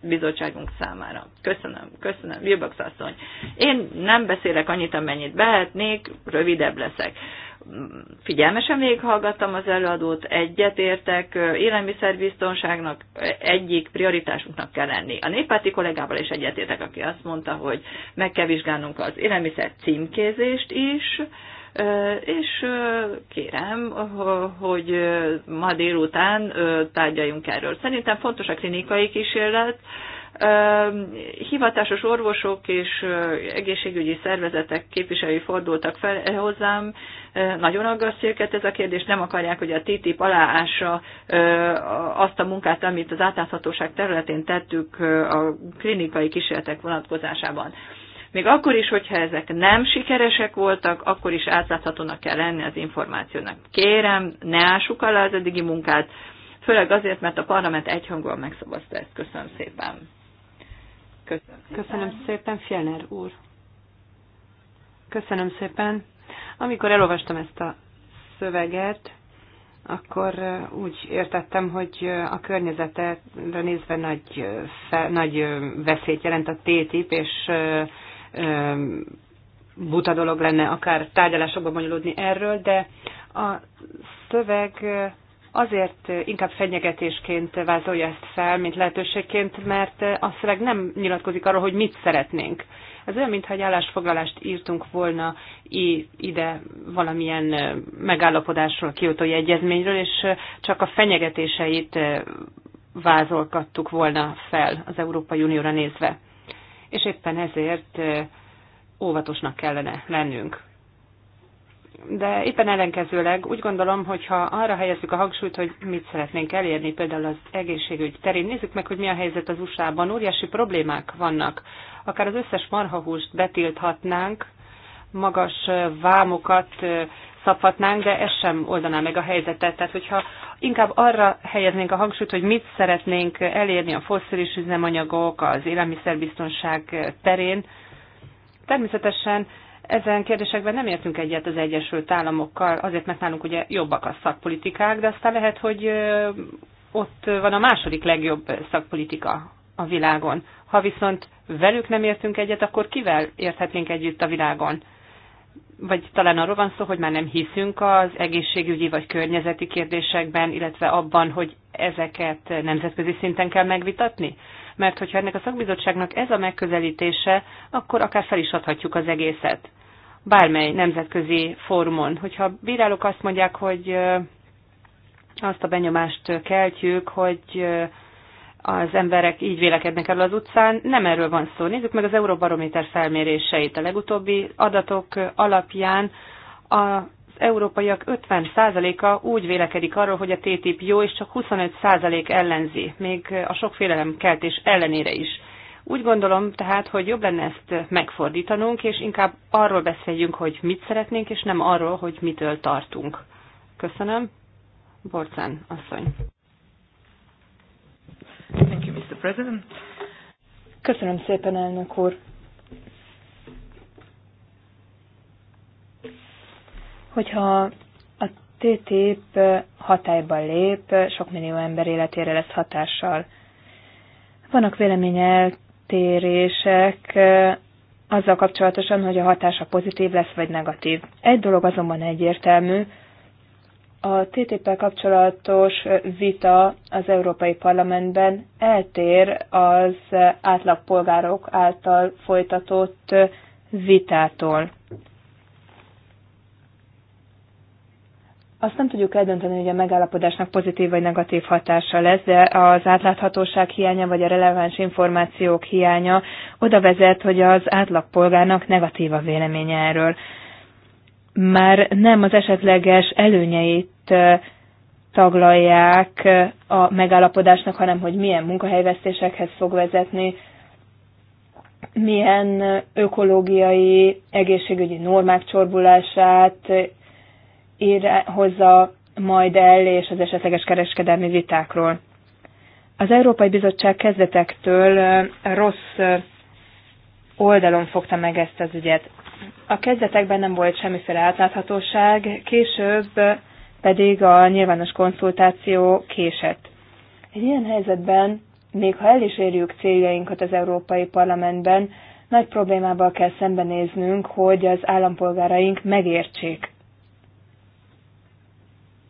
bizottságunk számára. Köszönöm, köszönöm, Jövök asszony. Én nem beszélek annyit, amennyit behetnék, rövidebb leszek. Figyelmesen végighallgattam az előadót, egyetértek, élelmiszerbiztonságnak egyik prioritásunknak kell lenni. A néppárti kollégával is egyetértek, aki azt mondta, hogy meg kell vizsgálnunk az élelmiszer címkézést is, és kérem, hogy ma délután tárgyaljunk erről. Szerintem fontos a klinikai kísérlet, hivatásos orvosok és egészségügyi szervezetek képviselői fordultak fel eh, hozzám. Nagyon aggasztja őket ez a kérdés, nem akarják, hogy a TTIP aláássa azt a munkát, amit az átláthatóság területén tettük a klinikai kísérletek vonatkozásában. Még akkor is, hogyha ezek nem sikeresek voltak, akkor is átláthatónak kell lenni az információnak. Kérem, ne ássuk alá az eddigi munkát, főleg azért, mert a parlament egyhangúan megszavazta ezt. Köszönöm szépen. Köszönöm, Köszönöm szépen, Fjellner úr. Köszönöm szépen. Amikor elolvastam ezt a szöveget, akkor úgy értettem, hogy a környezetre nézve nagy, fe, nagy veszélyt jelent a TTIP, és buta dolog lenne akár tárgyalásokba bonyolódni erről, de a szöveg azért inkább fenyegetésként vázolja ezt fel, mint lehetőségként, mert a szöveg nem nyilatkozik arról, hogy mit szeretnénk. Ez olyan, mintha egy állásfoglalást írtunk volna ide valamilyen megállapodásról, kiutói egyezményről, és csak a fenyegetéseit vázolkattuk volna fel az Európai Unióra nézve és éppen ezért óvatosnak kellene lennünk. De éppen ellenkezőleg úgy gondolom, hogy ha arra helyezzük a hangsúlyt, hogy mit szeretnénk elérni, például az egészségügy terén, nézzük meg, hogy mi a helyzet az USA-ban. Óriási problémák vannak. Akár az összes marhahúst betilthatnánk, magas vámokat szabhatnánk, de ez sem oldaná meg a helyzetet. Tehát, hogyha inkább arra helyeznénk a hangsúlyt, hogy mit szeretnénk elérni a fosszilis üzemanyagok, az élelmiszerbiztonság terén, természetesen ezen kérdésekben nem értünk egyet az Egyesült Államokkal, azért, mert nálunk ugye jobbak a szakpolitikák, de aztán lehet, hogy ott van a második legjobb szakpolitika a világon. Ha viszont velük nem értünk egyet, akkor kivel érthetnénk együtt a világon? vagy talán arról van szó, hogy már nem hiszünk az egészségügyi vagy környezeti kérdésekben, illetve abban, hogy ezeket nemzetközi szinten kell megvitatni? Mert hogyha ennek a szakbizottságnak ez a megközelítése, akkor akár fel is adhatjuk az egészet. Bármely nemzetközi fórumon. Hogyha a bírálók azt mondják, hogy azt a benyomást keltjük, hogy az emberek így vélekednek el az utcán. Nem erről van szó. Nézzük meg az Euróbarométer felméréseit. A legutóbbi adatok alapján az európaiak 50%-a úgy vélekedik arról, hogy a TTIP jó, és csak 25% ellenzi, még a sok félelemkeltés ellenére is. Úgy gondolom tehát, hogy jobb lenne ezt megfordítanunk, és inkább arról beszéljünk, hogy mit szeretnénk, és nem arról, hogy mitől tartunk. Köszönöm. Borcán asszony. Thank you, Mr. President. Köszönöm szépen, elnök úr. Hogyha a TTIP hatályba lép, sok millió ember életére lesz hatással. Vannak véleményeltérések eh, azzal kapcsolatosan, hogy a hatása pozitív lesz vagy negatív. Egy dolog azonban egyértelmű, a TTP kapcsolatos vita az Európai Parlamentben eltér az átlagpolgárok által folytatott vitától. Azt nem tudjuk eldönteni, hogy a megállapodásnak pozitív vagy negatív hatása lesz, de az átláthatóság hiánya vagy a releváns információk hiánya oda vezet, hogy az átlagpolgárnak negatív a véleménye erről. Már nem az esetleges előnyeit taglalják a megállapodásnak, hanem hogy milyen munkahelyvesztésekhez fog vezetni, milyen ökológiai, egészségügyi normák csorbulását ír, hozza majd el, és az esetleges kereskedelmi vitákról. Az Európai Bizottság kezdetektől rossz oldalon fogta meg ezt az ügyet. A kezdetekben nem volt semmiféle átláthatóság, később pedig a nyilvános konszultáció késett. Egy ilyen helyzetben, még ha el is érjük céljainkat az Európai Parlamentben, nagy problémával kell szembenéznünk, hogy az állampolgáraink megértsék,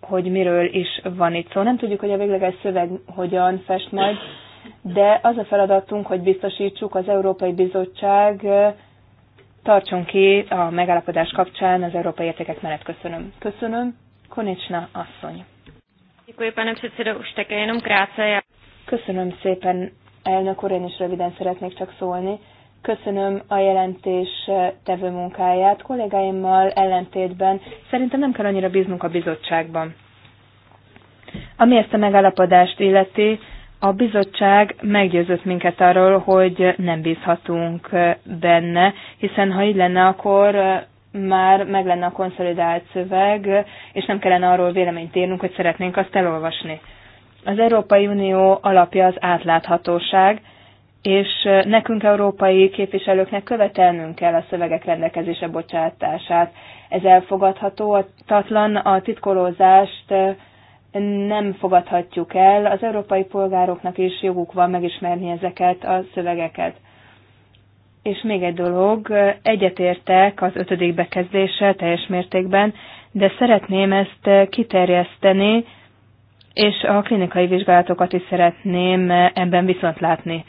hogy miről is van itt szó. Szóval nem tudjuk, hogy a végleges szöveg hogyan fest majd, de az a feladatunk, hogy biztosítsuk az Európai Bizottság tartson ki a megállapodás kapcsán az európai értékek mellett. Köszönöm. Köszönöm. Konečná asszony. Köszönöm szépen, elnök úr, én is röviden szeretnék csak szólni. Köszönöm a jelentés eh, tevő munkáját. Kollégáimmal ellentétben szerintem nem kell annyira bíznunk a bizottságban. Ami ezt a megállapodást illeti, a bizottság meggyőzött minket arról, hogy nem bízhatunk eh, benne, hiszen ha így lenne, akkor eh, már meg lenne a konszolidált szöveg, és nem kellene arról véleményt írnunk, hogy szeretnénk azt elolvasni. Az Európai Unió alapja az átláthatóság, és nekünk európai képviselőknek követelnünk kell a szövegek rendelkezése bocsátását. Ez elfogadható, tatlan a titkolózást nem fogadhatjuk el, az európai polgároknak is joguk van megismerni ezeket a szövegeket. És még egy dolog, egyetértek az ötödik bekezdéssel teljes mértékben, de szeretném ezt kiterjeszteni, és a klinikai vizsgálatokat is szeretném ebben viszont látni.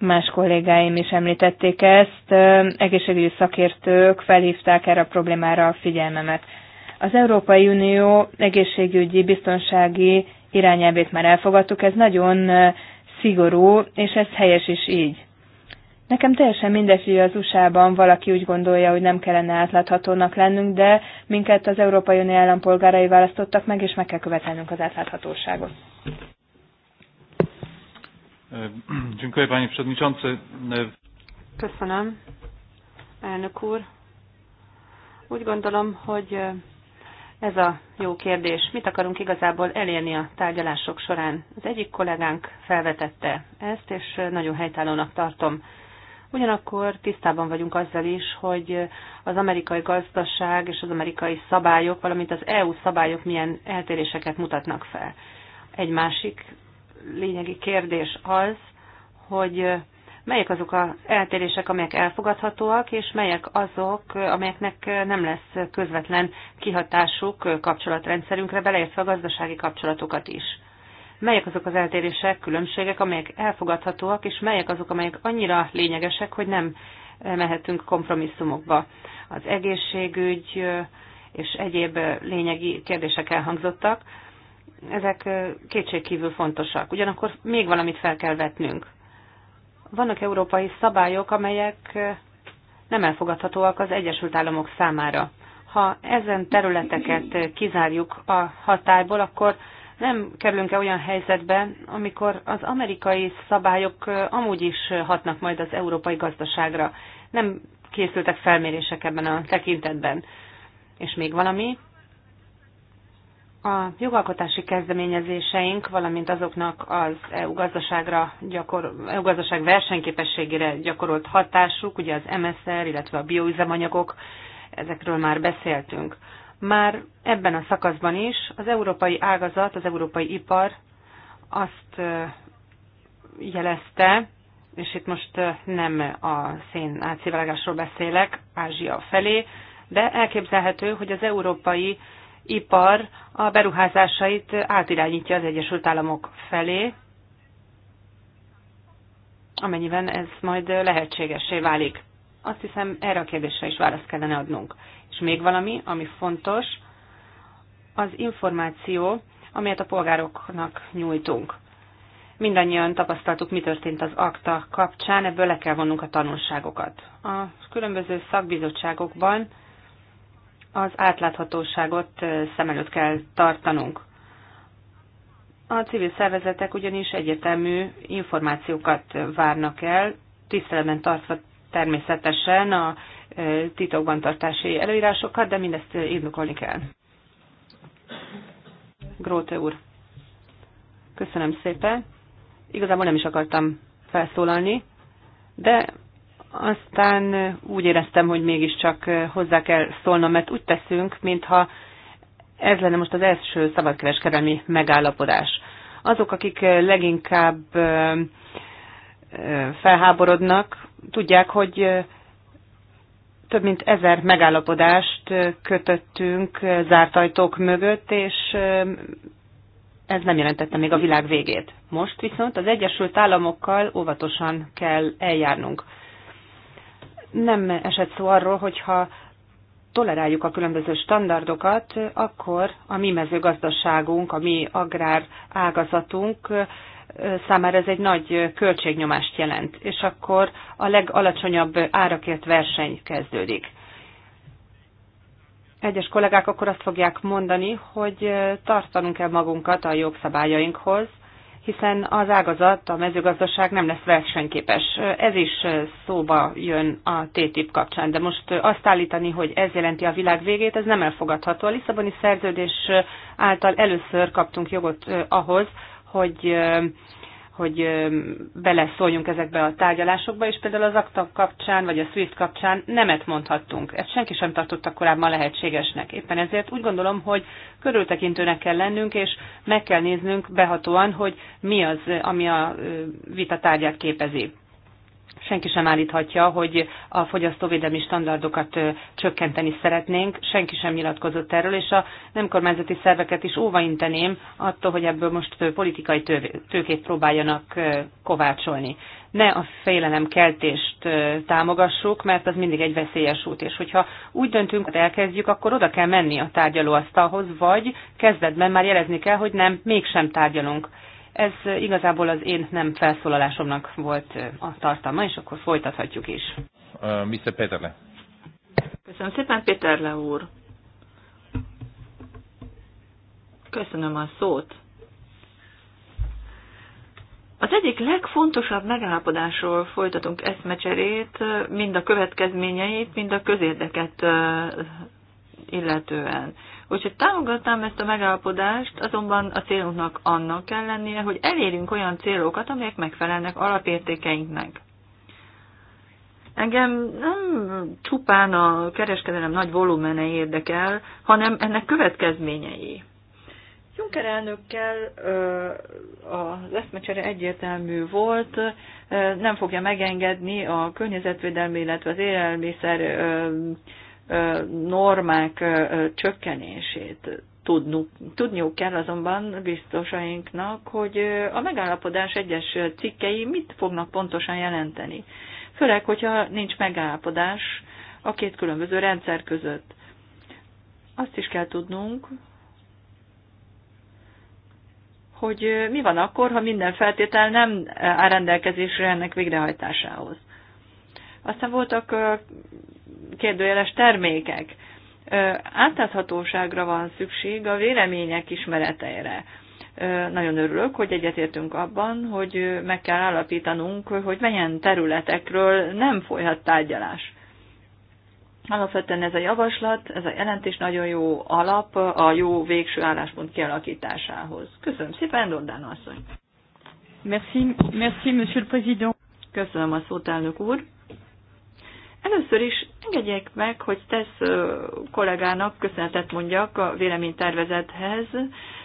Más kollégáim is említették ezt, egészségügyi szakértők felhívták erre a problémára a figyelmemet. Az Európai Unió egészségügyi biztonsági irányelvét már elfogadtuk, ez nagyon szigorú, és ez helyes is így. Nekem teljesen mindegy, hogy az USA-ban valaki úgy gondolja, hogy nem kellene átláthatónak lennünk, de minket az Európai Unió állampolgárai választottak meg, és meg kell követelnünk az átláthatóságot. Köszönöm, elnök úr. Úgy gondolom, hogy ez a jó kérdés. Mit akarunk igazából elérni a tárgyalások során? Az egyik kollégánk felvetette ezt, és nagyon helytállónak tartom. Ugyanakkor tisztában vagyunk azzal is, hogy az amerikai gazdaság és az amerikai szabályok, valamint az EU szabályok milyen eltéréseket mutatnak fel. Egy másik lényegi kérdés az, hogy melyek azok az eltérések, amelyek elfogadhatóak, és melyek azok, amelyeknek nem lesz közvetlen kihatásuk kapcsolatrendszerünkre, beleértve a gazdasági kapcsolatokat is melyek azok az eltérések, különbségek, amelyek elfogadhatóak, és melyek azok, amelyek annyira lényegesek, hogy nem eh, mehetünk kompromisszumokba. Az egészségügy eh, és egyéb eh, lényegi kérdések elhangzottak. Ezek kétségkívül fontosak. Ugyanakkor még valamit fel kell vetnünk. Vannak európai szabályok, amelyek nem elfogadhatóak az Egyesült Államok számára. Ha ezen területeket kizárjuk a határból, akkor nem kerülünk-e olyan helyzetbe, amikor az amerikai szabályok amúgy is hatnak majd az európai gazdaságra. Nem készültek felmérések ebben a tekintetben. És még valami, a jogalkotási kezdeményezéseink, valamint azoknak az EU, gazdaságra gyakor, EU gazdaság versenyképességére gyakorolt hatásuk, ugye az MSR, illetve a bioüzemanyagok, ezekről már beszéltünk. Már ebben a szakaszban is az európai ágazat, az európai ipar azt jelezte, és itt most nem a szén átszivárgásról beszélek, Ázsia felé, de elképzelhető, hogy az európai ipar a beruházásait átirányítja az Egyesült Államok felé, amennyiben ez majd lehetségessé válik. Azt hiszem, erre a kérdésre is választ kellene adnunk. És még valami, ami fontos, az információ, amelyet a polgároknak nyújtunk. Mindannyian tapasztaltuk, mi történt az akta kapcsán, ebből le kell vonnunk a tanulságokat. A különböző szakbizottságokban az átláthatóságot szem előtt kell tartanunk. A civil szervezetek ugyanis egyetemű információkat várnak el, tiszteletben tartva természetesen a titokban tartási előírásokat, de mindezt indokolni kell. Gróte úr. Köszönöm szépen. Igazából nem is akartam felszólalni, de aztán úgy éreztem, hogy mégiscsak hozzá kell szólnom, mert úgy teszünk, mintha ez lenne most az első szabadkereskedelmi megállapodás. Azok, akik leginkább felháborodnak, tudják, hogy több mint ezer megállapodást kötöttünk zárt ajtók mögött, és ez nem jelentette még a világ végét. Most viszont az Egyesült Államokkal óvatosan kell eljárnunk. Nem esett szó arról, hogyha toleráljuk a különböző standardokat, akkor a mi mezőgazdaságunk, a mi agrár ágazatunk számára ez egy nagy költségnyomást jelent, és akkor a legalacsonyabb árakért verseny kezdődik. Egyes kollégák akkor azt fogják mondani, hogy tartanunk kell magunkat a jogszabályainkhoz, hiszen az ágazat, a mezőgazdaság nem lesz versenyképes. Ez is szóba jön a TTIP kapcsán, de most azt állítani, hogy ez jelenti a világ végét, ez nem elfogadható. A Lisszaboni szerződés által először kaptunk jogot ahhoz, hogy hogy beleszóljunk ezekbe a tárgyalásokba, és például az akta kapcsán, vagy a SWIFT kapcsán nemet mondhattunk. Ezt senki sem tartotta korábban lehetségesnek. Éppen ezért úgy gondolom, hogy körültekintőnek kell lennünk, és meg kell néznünk behatóan, hogy mi az, ami a vita tárgyát képezi senki sem állíthatja, hogy a fogyasztóvédelmi standardokat csökkenteni szeretnénk, senki sem nyilatkozott erről, és a nem kormányzati szerveket is óvainteném attól, hogy ebből most politikai tőkét próbáljanak kovácsolni. Ne a félelemkeltést támogassuk, mert az mindig egy veszélyes út, és hogyha úgy döntünk, hogy elkezdjük, akkor oda kell menni a tárgyalóasztalhoz, vagy kezdetben már jelezni kell, hogy nem, mégsem tárgyalunk ez igazából az én nem felszólalásomnak volt a tartalma, és akkor folytathatjuk is. Uh, Mr. Péterle. Köszönöm szépen, Péterle úr. Köszönöm a szót. Az egyik legfontosabb megállapodásról folytatunk eszmecserét, mind a következményeit, mind a közérdeket illetően. Úgyhogy támogatnám ezt a megállapodást, azonban a célunknak annak kell lennie, hogy elérjünk olyan célokat, amelyek megfelelnek alapértékeinknek. Engem nem csupán a kereskedelem nagy volumene érdekel, hanem ennek következményei. Juncker elnökkel az eszmecsere egyértelmű volt, nem fogja megengedni a környezetvédelmi, illetve az élelmiszer normák csökkenését. tudniuk kell azonban biztosainknak, hogy a megállapodás egyes cikkei mit fognak pontosan jelenteni. Főleg, hogyha nincs megállapodás a két különböző rendszer között. Azt is kell tudnunk, hogy mi van akkor, ha minden feltétel nem áll rendelkezésre ennek végrehajtásához. Aztán voltak kérdőjeles termékek. Átláthatóságra van szükség a vélemények ismereteire. Nagyon örülök, hogy egyetértünk abban, hogy meg kell állapítanunk, hogy milyen területekről nem folyhat tárgyalás. Alapvetően ez a javaslat, ez a jelentés nagyon jó alap a jó végső álláspont kialakításához. Köszönöm szépen, Dordán asszony! Merci, merci, monsieur le président. Köszönöm a szót, elnök úr. Először is engedjék meg, hogy tesz kollégának köszönetet mondjak a véleménytervezethez,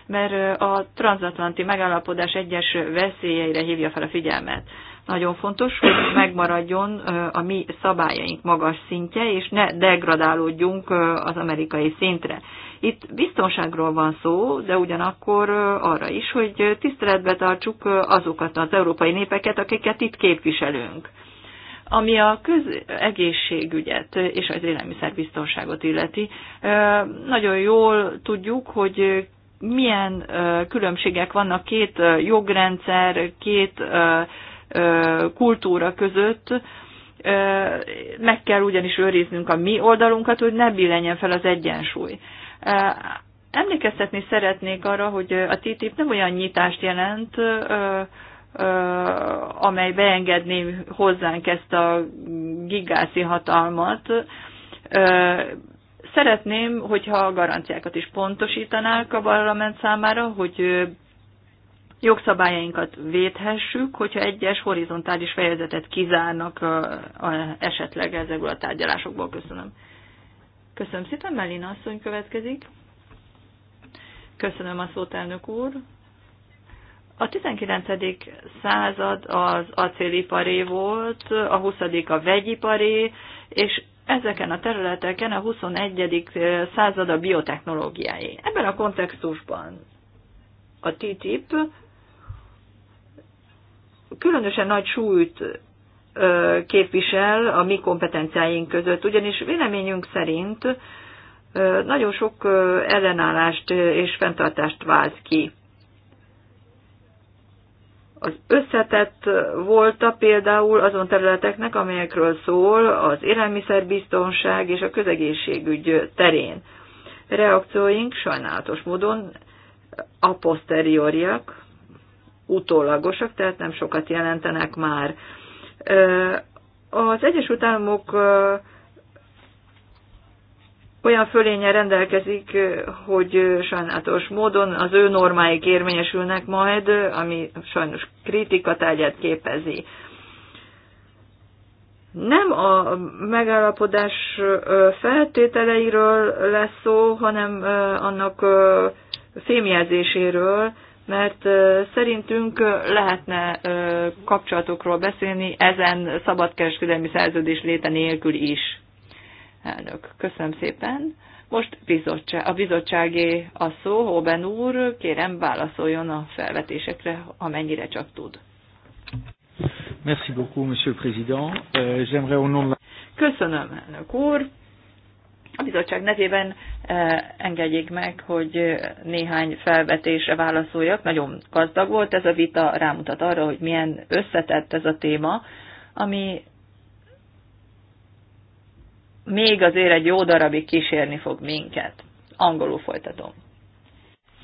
mert a transatlanti megállapodás egyes veszélyeire hívja fel a figyelmet. Nagyon fontos, hogy megmaradjon a mi szabályaink magas szintje, és ne degradálódjunk az amerikai szintre. Itt biztonságról van szó, de ugyanakkor arra is, hogy tiszteletbe tartsuk azokat az európai népeket, akiket itt képviselünk ami a közegészségügyet és az élelmiszerbiztonságot illeti, nagyon jól tudjuk, hogy milyen különbségek vannak két jogrendszer, két kultúra között, meg kell ugyanis őriznünk a mi oldalunkat, hogy ne billenjen fel az egyensúly. Emlékeztetni szeretnék arra, hogy a TTIP nem olyan nyitást jelent, amely beengedné hozzánk ezt a gigászi hatalmat. Szeretném, hogyha a garanciákat is pontosítanák a parlament számára, hogy jogszabályainkat védhessük, hogyha egyes horizontális fejezetet kizárnak a, a, esetleg ezekből a tárgyalásokból. Köszönöm. Köszönöm szépen, Melina asszony következik. Köszönöm a szót, elnök úr. A 19. század az acéliparé volt, a 20. a vegyiparé, és ezeken a területeken a 21. század a biotechnológiáé. Ebben a kontextusban a TTIP különösen nagy súlyt képvisel a mi kompetenciáink között, ugyanis véleményünk szerint nagyon sok ellenállást és fenntartást vált ki. Az összetett volta például azon területeknek, amelyekről szól az élelmiszerbiztonság és a közegészségügy terén. Reakcióink sajnálatos módon a posterioriak, utólagosak, tehát nem sokat jelentenek már. Az Egyesült Államok olyan fölénye rendelkezik, hogy sajnálatos módon az ő normáik érvényesülnek majd, ami sajnos kritika tárgyát képezi. Nem a megállapodás feltételeiről lesz szó, hanem annak fémjelzéséről, mert szerintünk lehetne kapcsolatokról beszélni ezen szabadkereskedelmi szerződés léte nélkül is. Elnök, köszönöm szépen. Most bizottság, a bizottságé a szó, Hóben úr, kérem válaszoljon a felvetésekre, amennyire csak tud. Merci beaucoup, monsieur président. Euh, j'aimerais au nom de... Köszönöm, elnök úr. A bizottság nevében eh, engedjék meg, hogy néhány felvetésre válaszoljak. Nagyon gazdag volt ez a vita, rámutat arra, hogy milyen összetett ez a téma, ami még azért egy jó darabig kísérni fog minket. Angolul folytatom.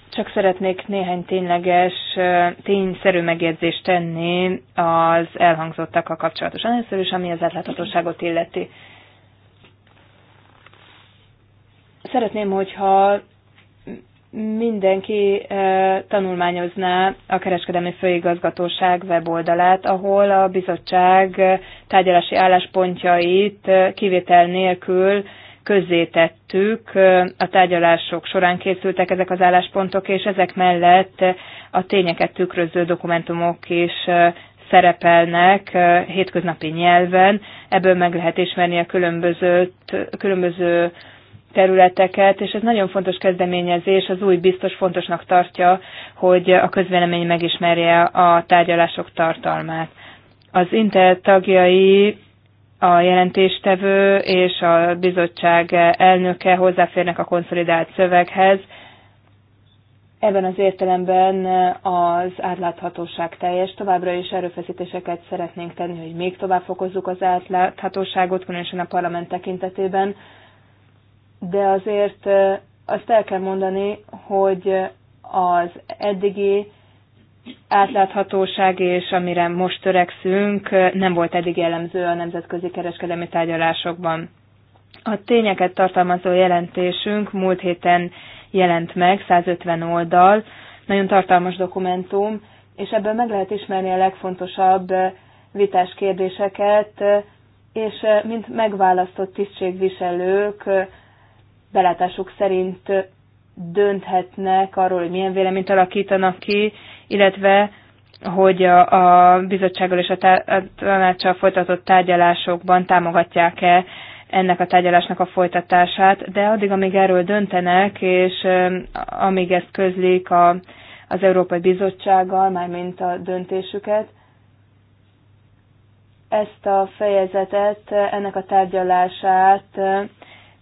Csak szeretnék néhány tényleges, tényszerű megjegyzést tenni az elhangzottakkal kapcsolatosan. Először is, ami az átláthatóságot illeti. Szeretném, hogyha mindenki eh, tanulmányozná a kereskedelmi főigazgatóság weboldalát, ahol a bizottság eh, tárgyalási álláspontjait eh, kivétel nélkül közzétettük, a tárgyalások során készültek ezek az álláspontok, és ezek mellett a tényeket tükröző dokumentumok is szerepelnek hétköznapi nyelven. Ebből meg lehet ismerni a különböző, különböző területeket, és ez nagyon fontos kezdeményezés, az új biztos fontosnak tartja, hogy a közvélemény megismerje a tárgyalások tartalmát. Az Intel tagjai a jelentéstevő és a bizottság elnöke hozzáférnek a konszolidált szöveghez. Ebben az értelemben az átláthatóság teljes. Továbbra is erőfeszítéseket szeretnénk tenni, hogy még tovább fokozzuk az átláthatóságot, különösen a parlament tekintetében de azért azt el kell mondani, hogy az eddigi átláthatóság és amire most törekszünk, nem volt eddig jellemző a nemzetközi kereskedelmi tárgyalásokban. A tényeket tartalmazó jelentésünk múlt héten jelent meg, 150 oldal, nagyon tartalmas dokumentum, és ebből meg lehet ismerni a legfontosabb vitás kérdéseket, és mint megválasztott tisztségviselők belátásuk szerint dönthetnek arról, hogy milyen véleményt alakítanak ki, illetve hogy a, a bizottsággal és a, tá- a tanácssal folytatott tárgyalásokban támogatják-e ennek a tárgyalásnak a folytatását, de addig, amíg erről döntenek, és amíg ezt közlik a, az Európai Bizottsággal, mármint a döntésüket, ezt a fejezetet, ennek a tárgyalását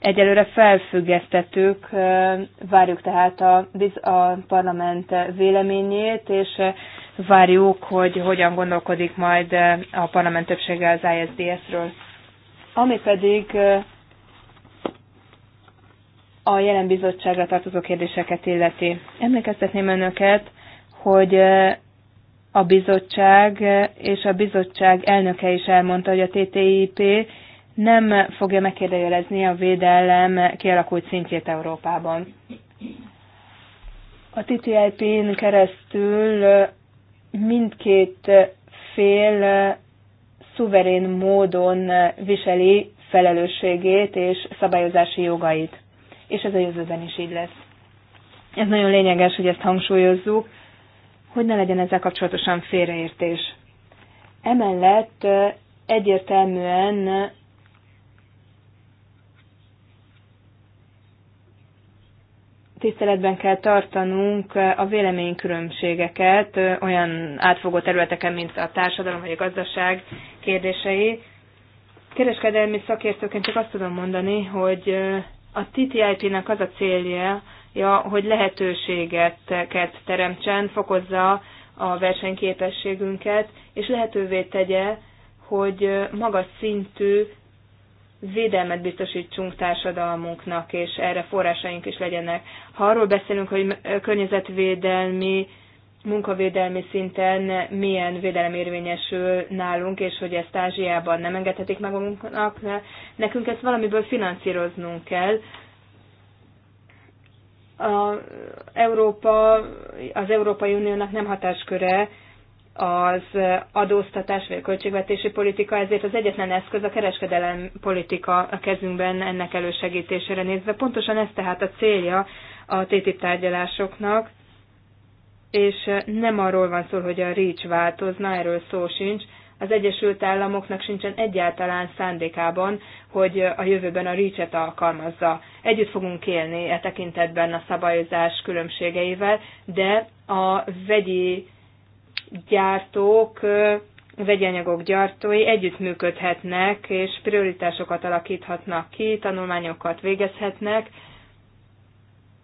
egyelőre felfüggesztettük, várjuk tehát a, a parlament véleményét, és várjuk, hogy hogyan gondolkodik majd a parlament többsége az ISDS-ről. Ami pedig a jelen bizottságra tartozó kérdéseket illeti. Emlékeztetném önöket, hogy a bizottság és a bizottság elnöke is elmondta, hogy a TTIP nem fogja megkérdőjelezni a védelem kialakult szintjét Európában. A TTIP-n keresztül mindkét fél szuverén módon viseli felelősségét és szabályozási jogait. És ez a jövőben is így lesz. Ez nagyon lényeges, hogy ezt hangsúlyozzuk, hogy ne legyen ezzel kapcsolatosan félreértés. Emellett egyértelműen tiszteletben kell tartanunk eh, a véleménykülönbségeket eh, olyan átfogó területeken, mint a társadalom vagy a gazdaság kérdései. Kereskedelmi szakértőként csak azt tudom mondani, hogy eh, a TTIP-nek az a célja, ja, hogy lehetőségeket teremtsen, fokozza a versenyképességünket, és lehetővé tegye, hogy magas szintű védelmet biztosítsunk társadalmunknak, és erre forrásaink is legyenek. Ha arról beszélünk, hogy környezetvédelmi, munkavédelmi szinten milyen védelem érvényesül nálunk, és hogy ezt Ázsiában nem engedhetik meg magunknak, nekünk ezt valamiből finanszíroznunk kell. A Európa, az Európai Uniónak nem hatásköre az adóztatás vagy a költségvetési politika, ezért az egyetlen eszköz a kereskedelem politika a kezünkben ennek elősegítésére nézve. Pontosan ez tehát a célja a TTIP tárgyalásoknak, és nem arról van szó, hogy a REACH változna, erről szó sincs. Az Egyesült Államoknak sincsen egyáltalán szándékában, hogy a jövőben a REACH-et alkalmazza. Együtt fogunk élni e tekintetben a szabályozás különbségeivel, de a vegyi gyártók, vegyanyagok gyártói együttműködhetnek, és prioritásokat alakíthatnak ki, tanulmányokat végezhetnek,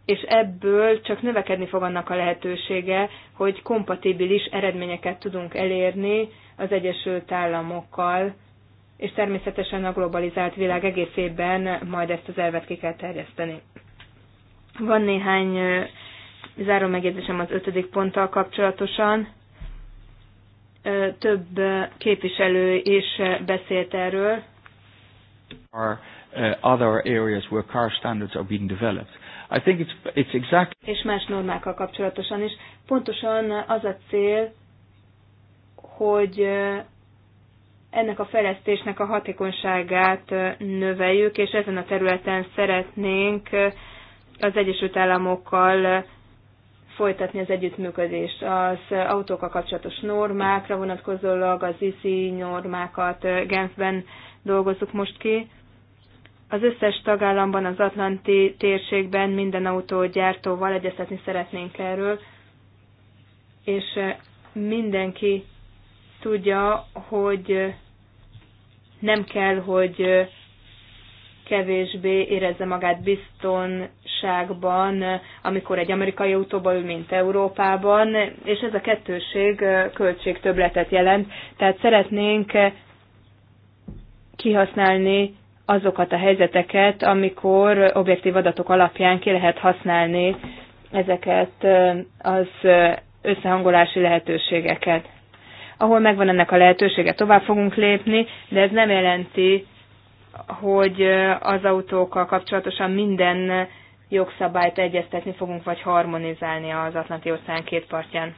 és ebből csak növekedni fog annak a lehetősége, hogy kompatibilis eredményeket tudunk elérni az Egyesült Államokkal, és természetesen a globalizált világ egészében majd ezt az elvet ki kell terjeszteni. Van néhány záró megjegyzésem az ötödik ponttal kapcsolatosan több képviselő is beszélt erről. Are, uh, other areas where car standards are being developed. I think it's, it's exact... És más normákkal kapcsolatosan is. Pontosan az a cél, hogy ennek a fejlesztésnek a hatékonyságát növeljük, és ezen a területen szeretnénk az Egyesült Államokkal folytatni az együttműködést. Az autókkal kapcsolatos normákra vonatkozólag az ISI normákat Genfben dolgozzuk most ki. Az összes tagállamban, az Atlanti térségben minden autógyártóval egyeztetni szeretnénk erről, és mindenki tudja, hogy nem kell, hogy kevésbé érezze magát biztonságban, amikor egy amerikai autóba ül, mint Európában, és ez a kettőség költségtöbletet jelent. Tehát szeretnénk kihasználni azokat a helyzeteket, amikor objektív adatok alapján ki lehet használni ezeket az összehangolási lehetőségeket. Ahol megvan ennek a lehetősége, tovább fogunk lépni, de ez nem jelenti, hogy az autókkal kapcsolatosan minden jogszabályt egyeztetni fogunk, vagy harmonizálni az Atlanti-óceán két partján.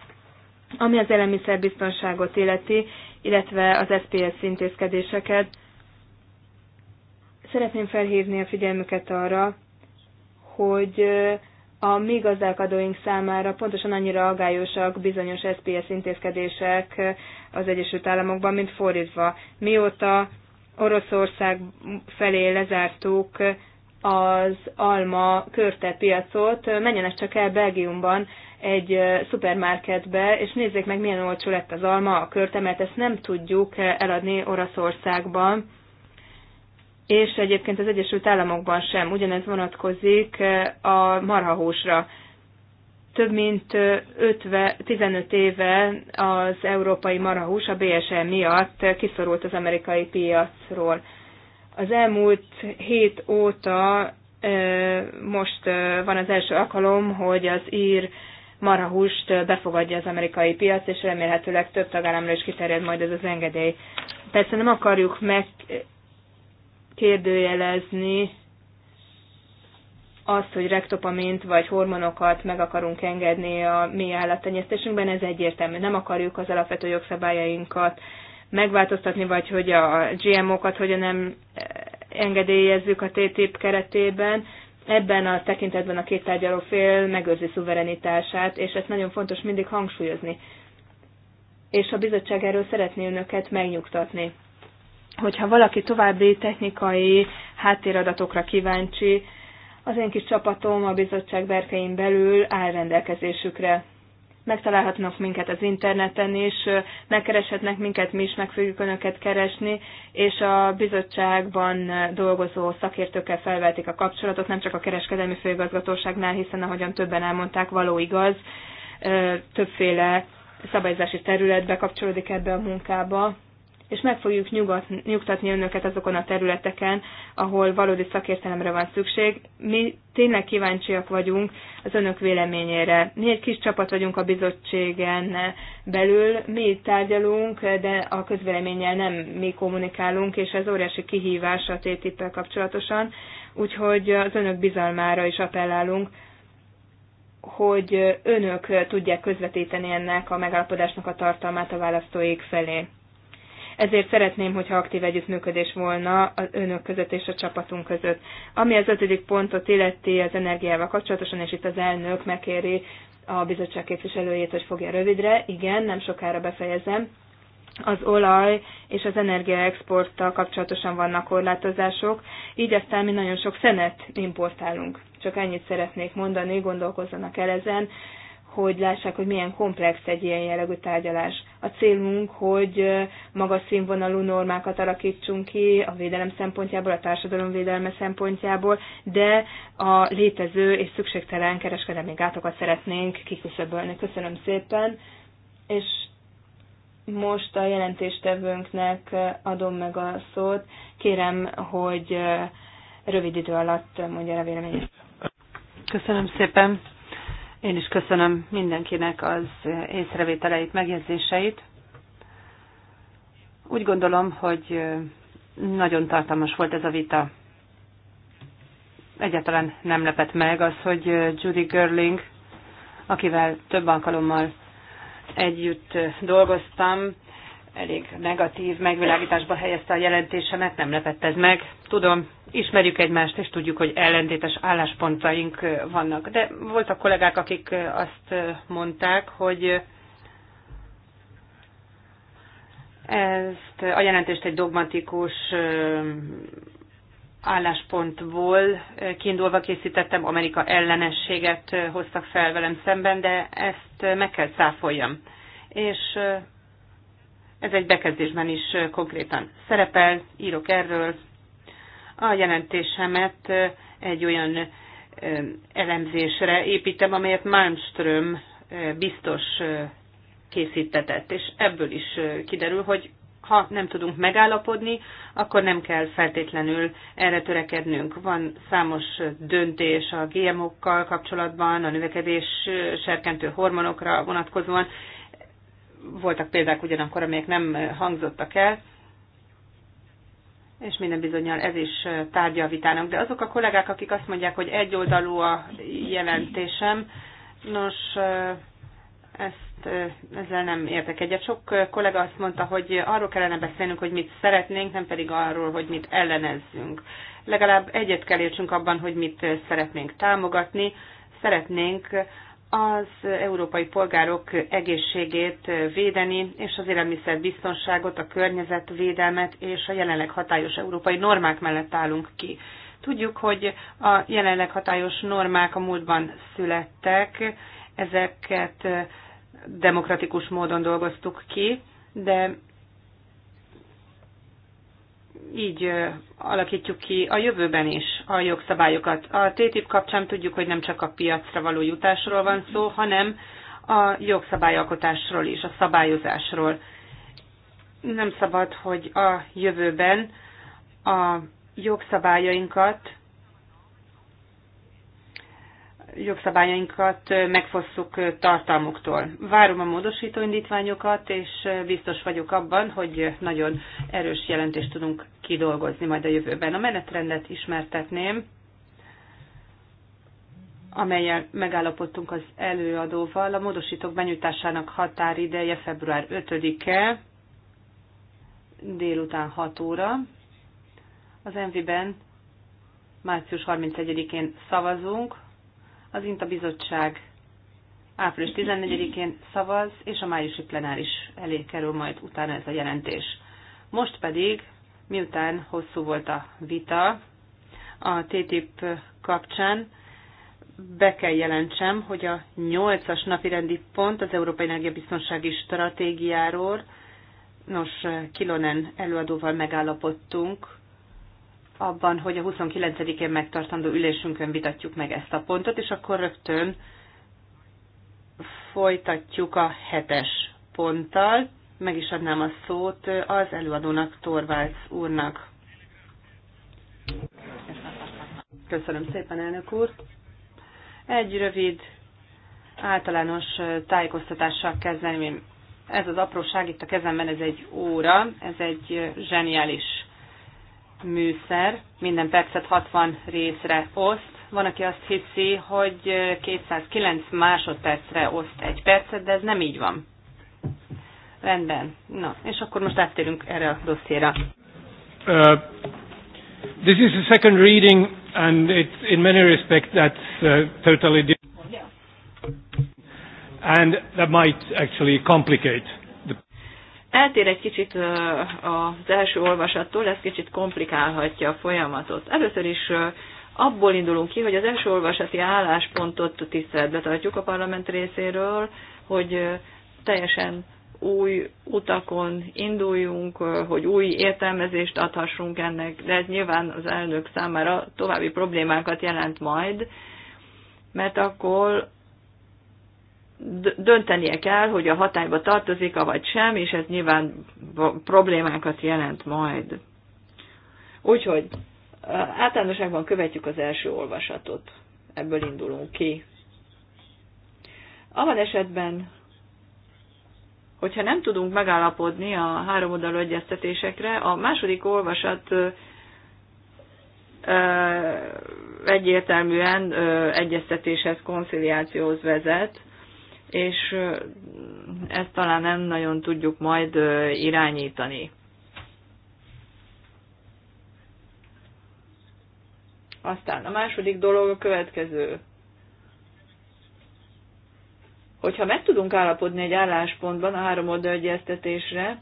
Ami az élelmiszerbiztonságot illeti, illetve az SPS intézkedéseket, szeretném felhívni a figyelmüket arra, hogy a mi gazdálkodóink számára pontosan annyira agályosak bizonyos SPS intézkedések az Egyesült Államokban, mint fordítva. Mióta Oroszország felé lezártuk az alma körte piacot, menjenek csak el Belgiumban egy szupermarketbe, és nézzék meg, milyen olcsó lett az alma, a körte, mert ezt nem tudjuk eladni Oroszországban. És egyébként az Egyesült Államokban sem, ugyanez vonatkozik a marhahúsra több mint 50, 15 éve az európai marahús a BSE miatt kiszorult az amerikai piacról. Az elmúlt hét óta most van az első alkalom, hogy az ír marhahúst befogadja az amerikai piac, és remélhetőleg több tagállamra is kiterjed majd ez az engedély. Persze nem akarjuk megkérdőjelezni az, hogy rektopamint vagy hormonokat meg akarunk engedni a mi állattenyésztésünkben, ez egyértelmű. Nem akarjuk az alapvető jogszabályainkat megváltoztatni, vagy hogy a GMO-kat hogyan nem eh, engedélyezzük a TTIP keretében. Ebben a tekintetben a két tárgyaló fél megőrzi szuverenitását, és ezt nagyon fontos mindig hangsúlyozni. És a bizottság erről szeretné önöket megnyugtatni. Hogyha valaki további technikai háttéradatokra kíváncsi, az én kis csapatom a bizottság berkein belül áll rendelkezésükre. Megtalálhatnak minket az interneten is, megkereshetnek minket, mi is meg fogjuk önöket keresni, és a bizottságban dolgozó szakértőkkel felvetik a kapcsolatot, nem csak a kereskedelmi főigazgatóságnál, hiszen ahogyan többen elmondták, való igaz, többféle szabályzási terület bekapcsolódik ebbe a munkába, és meg fogjuk nyugat, nyugtatni önöket azokon a területeken, ahol valódi szakértelemre van szükség. Mi tényleg kíváncsiak vagyunk az önök véleményére. Mi egy kis csapat vagyunk a bizottségen belül, mi tárgyalunk, de a közvéleménnyel nem mi kommunikálunk, és ez óriási kihívás a ttip kapcsolatosan, úgyhogy az önök bizalmára is appellálunk, hogy önök tudják közvetíteni ennek a megállapodásnak a tartalmát a választóik felé ezért szeretném, hogyha aktív együttműködés volna az önök között és a csapatunk között. Ami az ötödik pontot illeti az energiával kapcsolatosan, és itt az elnök megkéri a bizottság képviselőjét, hogy fogja rövidre. Igen, nem sokára befejezem. Az olaj és az energiaexporttal kapcsolatosan vannak korlátozások, így aztán mi nagyon sok szenet importálunk. Csak ennyit szeretnék mondani, gondolkozzanak el ezen hogy lássák, hogy milyen komplex egy ilyen jellegű tárgyalás. A célunk, hogy magas színvonalú normákat alakítsunk ki a védelem szempontjából, a társadalom védelme szempontjából, de a létező és szükségtelen kereskedelmi gátokat szeretnénk kiküszöbölni. Köszönöm szépen, és most a jelentéstevőnknek adom meg a szót. Kérem, hogy rövid idő alatt mondja a véleményét. Köszönöm szépen. Én is köszönöm mindenkinek az észrevételeit, megjegyzéseit. Úgy gondolom, hogy nagyon tartalmas volt ez a vita. Egyáltalán nem lepett meg az, hogy Judy Görling, akivel több alkalommal együtt dolgoztam, elég negatív megvilágításba helyezte a jelentésemet, nem lepett ez meg. Tudom, ismerjük egymást, és tudjuk, hogy ellentétes álláspontaink vannak. De voltak kollégák, akik azt mondták, hogy ezt a jelentést egy dogmatikus álláspontból kiindulva készítettem, Amerika ellenességet hoztak fel velem szemben, de ezt meg kell száfoljam. És ez egy bekezdésben is konkrétan szerepel, írok erről. A jelentésemet egy olyan elemzésre építem, amelyet Malmström biztos készítetett, és ebből is kiderül, hogy ha nem tudunk megállapodni, akkor nem kell feltétlenül erre törekednünk. Van számos döntés a GMO-kkal kapcsolatban, a növekedés serkentő hormonokra vonatkozóan, voltak példák ugyanakkor, amelyek nem hangzottak el, és minden bizonyal ez is tárgya a vitának. De azok a kollégák, akik azt mondják, hogy egyoldalú a jelentésem, nos, ezt, ezzel nem értek egyet. Sok kollega azt mondta, hogy arról kellene beszélnünk, hogy mit szeretnénk, nem pedig arról, hogy mit ellenezzünk. Legalább egyet kell értsünk abban, hogy mit szeretnénk támogatni. Szeretnénk az európai polgárok egészségét védeni, és az élelmiszerbiztonságot, a környezetvédelmet és a jelenleg hatályos európai normák mellett állunk ki. Tudjuk, hogy a jelenleg hatályos normák a múltban születtek, ezeket demokratikus módon dolgoztuk ki, de így alakítjuk ki a jövőben is a jogszabályokat. A TTIP kapcsán tudjuk, hogy nem csak a piacra való jutásról van szó, hanem a jogszabályalkotásról is, a szabályozásról. Nem szabad, hogy a jövőben a jogszabályainkat jogszabályainkat megfosszuk tartalmuktól. Várom a módosító indítványokat, és biztos vagyok abban, hogy nagyon erős jelentést tudunk kidolgozni majd a jövőben. A menetrendet ismertetném, amelyen megállapodtunk az előadóval. A módosítók benyújtásának határideje február 5-e, délután 6 óra. Az enviben ben március 31-én szavazunk, az INTA bizottság április 14-én szavaz, és a májusi plenáris elé kerül majd utána ez a jelentés. Most pedig, miután hosszú volt a vita a TTIP kapcsán, be kell jelentsem, hogy a 8-as rendi pont az Európai Energiabiztonsági Stratégiáról, nos, Kilonen előadóval megállapodtunk, abban, hogy a 29-én megtartandó ülésünkön vitatjuk meg ezt a pontot, és akkor rögtön folytatjuk a hetes ponttal. Meg is adnám a szót az előadónak, Torvalds úrnak. Köszönöm szépen, elnök úr. Egy rövid általános tájékoztatással kezdeném. Ez az apróság itt a kezemben, ez egy óra, ez egy zseniális műszer, minden percet 60 részre oszt. Van, aki azt hiszi, hogy 209 másodpercre oszt egy percet, de ez nem így van. Rendben. Na, és akkor most áttérünk erre a dossziéra. Uh, this is the second reading, and it, in many respects that's uh, totally different. And that might actually complicate eltér egy kicsit az első olvasattól, ez kicsit komplikálhatja a folyamatot. Először is abból indulunk ki, hogy az első olvasati álláspontot tiszteletbe tartjuk a parlament részéről, hogy teljesen új utakon induljunk, hogy új értelmezést adhassunk ennek, de ez nyilván az elnök számára további problémákat jelent majd, mert akkor döntenie kell, hogy a hatályba tartozik, vagy sem, és ez nyilván problémákat jelent majd. Úgyhogy általánosságban követjük az első olvasatot. Ebből indulunk ki. Abban esetben, hogyha nem tudunk megállapodni a három oldalú egyeztetésekre, a második olvasat egyértelműen egyeztetéshez, konciliációhoz vezet, és ezt talán nem nagyon tudjuk majd irányítani. Aztán a második dolog a következő. Hogyha meg tudunk állapodni egy álláspontban a három oldalegyeztetésre,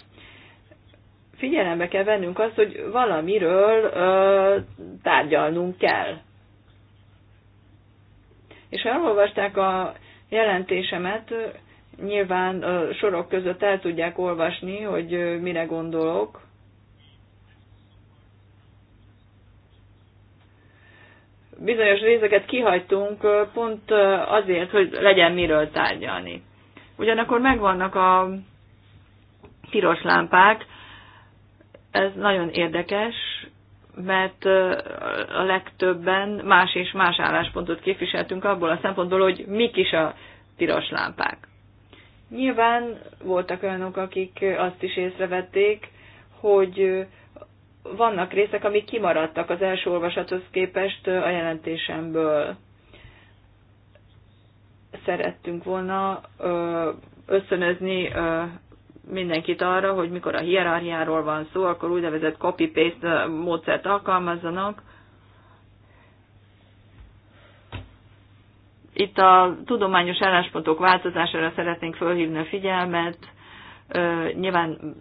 figyelembe kell vennünk azt, hogy valamiről ö, tárgyalnunk kell. És elolvasták a jelentésemet nyilván a sorok között el tudják olvasni, hogy mire gondolok. Bizonyos részeket kihagytunk pont azért, hogy legyen miről tárgyalni. Ugyanakkor megvannak a piros lámpák, ez nagyon érdekes, mert a legtöbben más és más álláspontot képviseltünk abból a szempontból, hogy mik is a piros lámpák. Nyilván voltak olyanok, akik azt is észrevették, hogy vannak részek, amik kimaradtak az első olvasathoz képest a jelentésemből. Szerettünk volna ösztönözni mindenkit arra, hogy mikor a hierarchiáról van szó, akkor úgynevezett copy-paste módszert alkalmazzanak. Itt a tudományos álláspontok változására szeretnénk fölhívni a figyelmet. Nyilván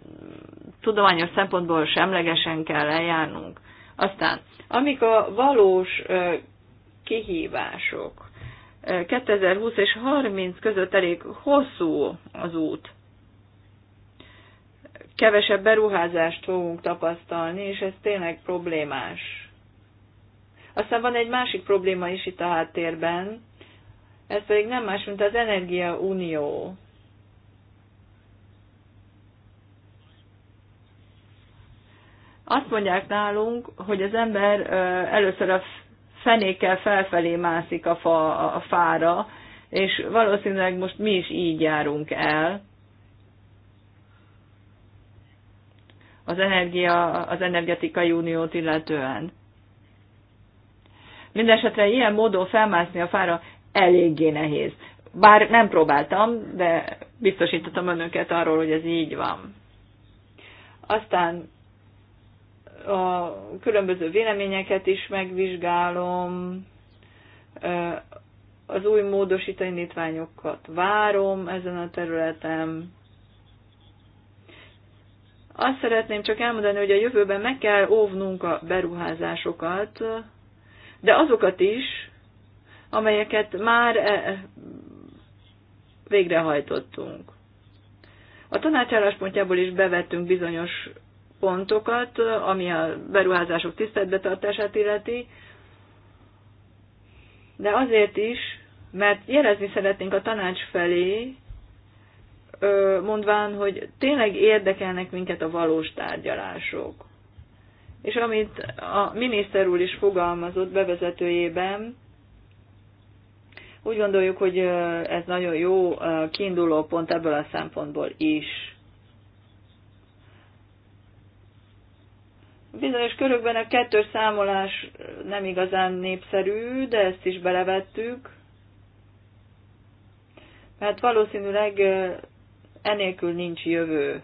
tudományos szempontból semlegesen kell eljárnunk. Aztán, amik a valós kihívások, 2020 és 30 között elég hosszú az út kevesebb beruházást fogunk tapasztalni, és ez tényleg problémás. Aztán van egy másik probléma is itt a háttérben, ez pedig nem más, mint az Energia Unió. Azt mondják nálunk, hogy az ember először a fenékkel felfelé mászik a, fa, a fára, és valószínűleg most mi is így járunk el az, energia, az energetikai uniót illetően. Mindenesetre ilyen módon felmászni a fára eléggé nehéz. Bár nem próbáltam, de biztosítottam önöket arról, hogy ez így van. Aztán a különböző véleményeket is megvizsgálom, az új módosítani nyitványokat várom ezen a területen, azt szeretném csak elmondani, hogy a jövőben meg kell óvnunk a beruházásokat, de azokat is, amelyeket már e, e, végrehajtottunk. A tanácsálláspontjából is bevettünk bizonyos pontokat, ami a beruházások tiszteletbetartását illeti, de azért is, mert jelezni szeretnénk a tanács felé, mondván, hogy tényleg érdekelnek minket a valós tárgyalások. És amit a miniszter úr is fogalmazott bevezetőjében, úgy gondoljuk, hogy ez nagyon jó kiinduló pont ebből a szempontból is. Bizonyos körökben a kettős számolás nem igazán népszerű, de ezt is belevettük. Mert valószínűleg enélkül nincs jövő.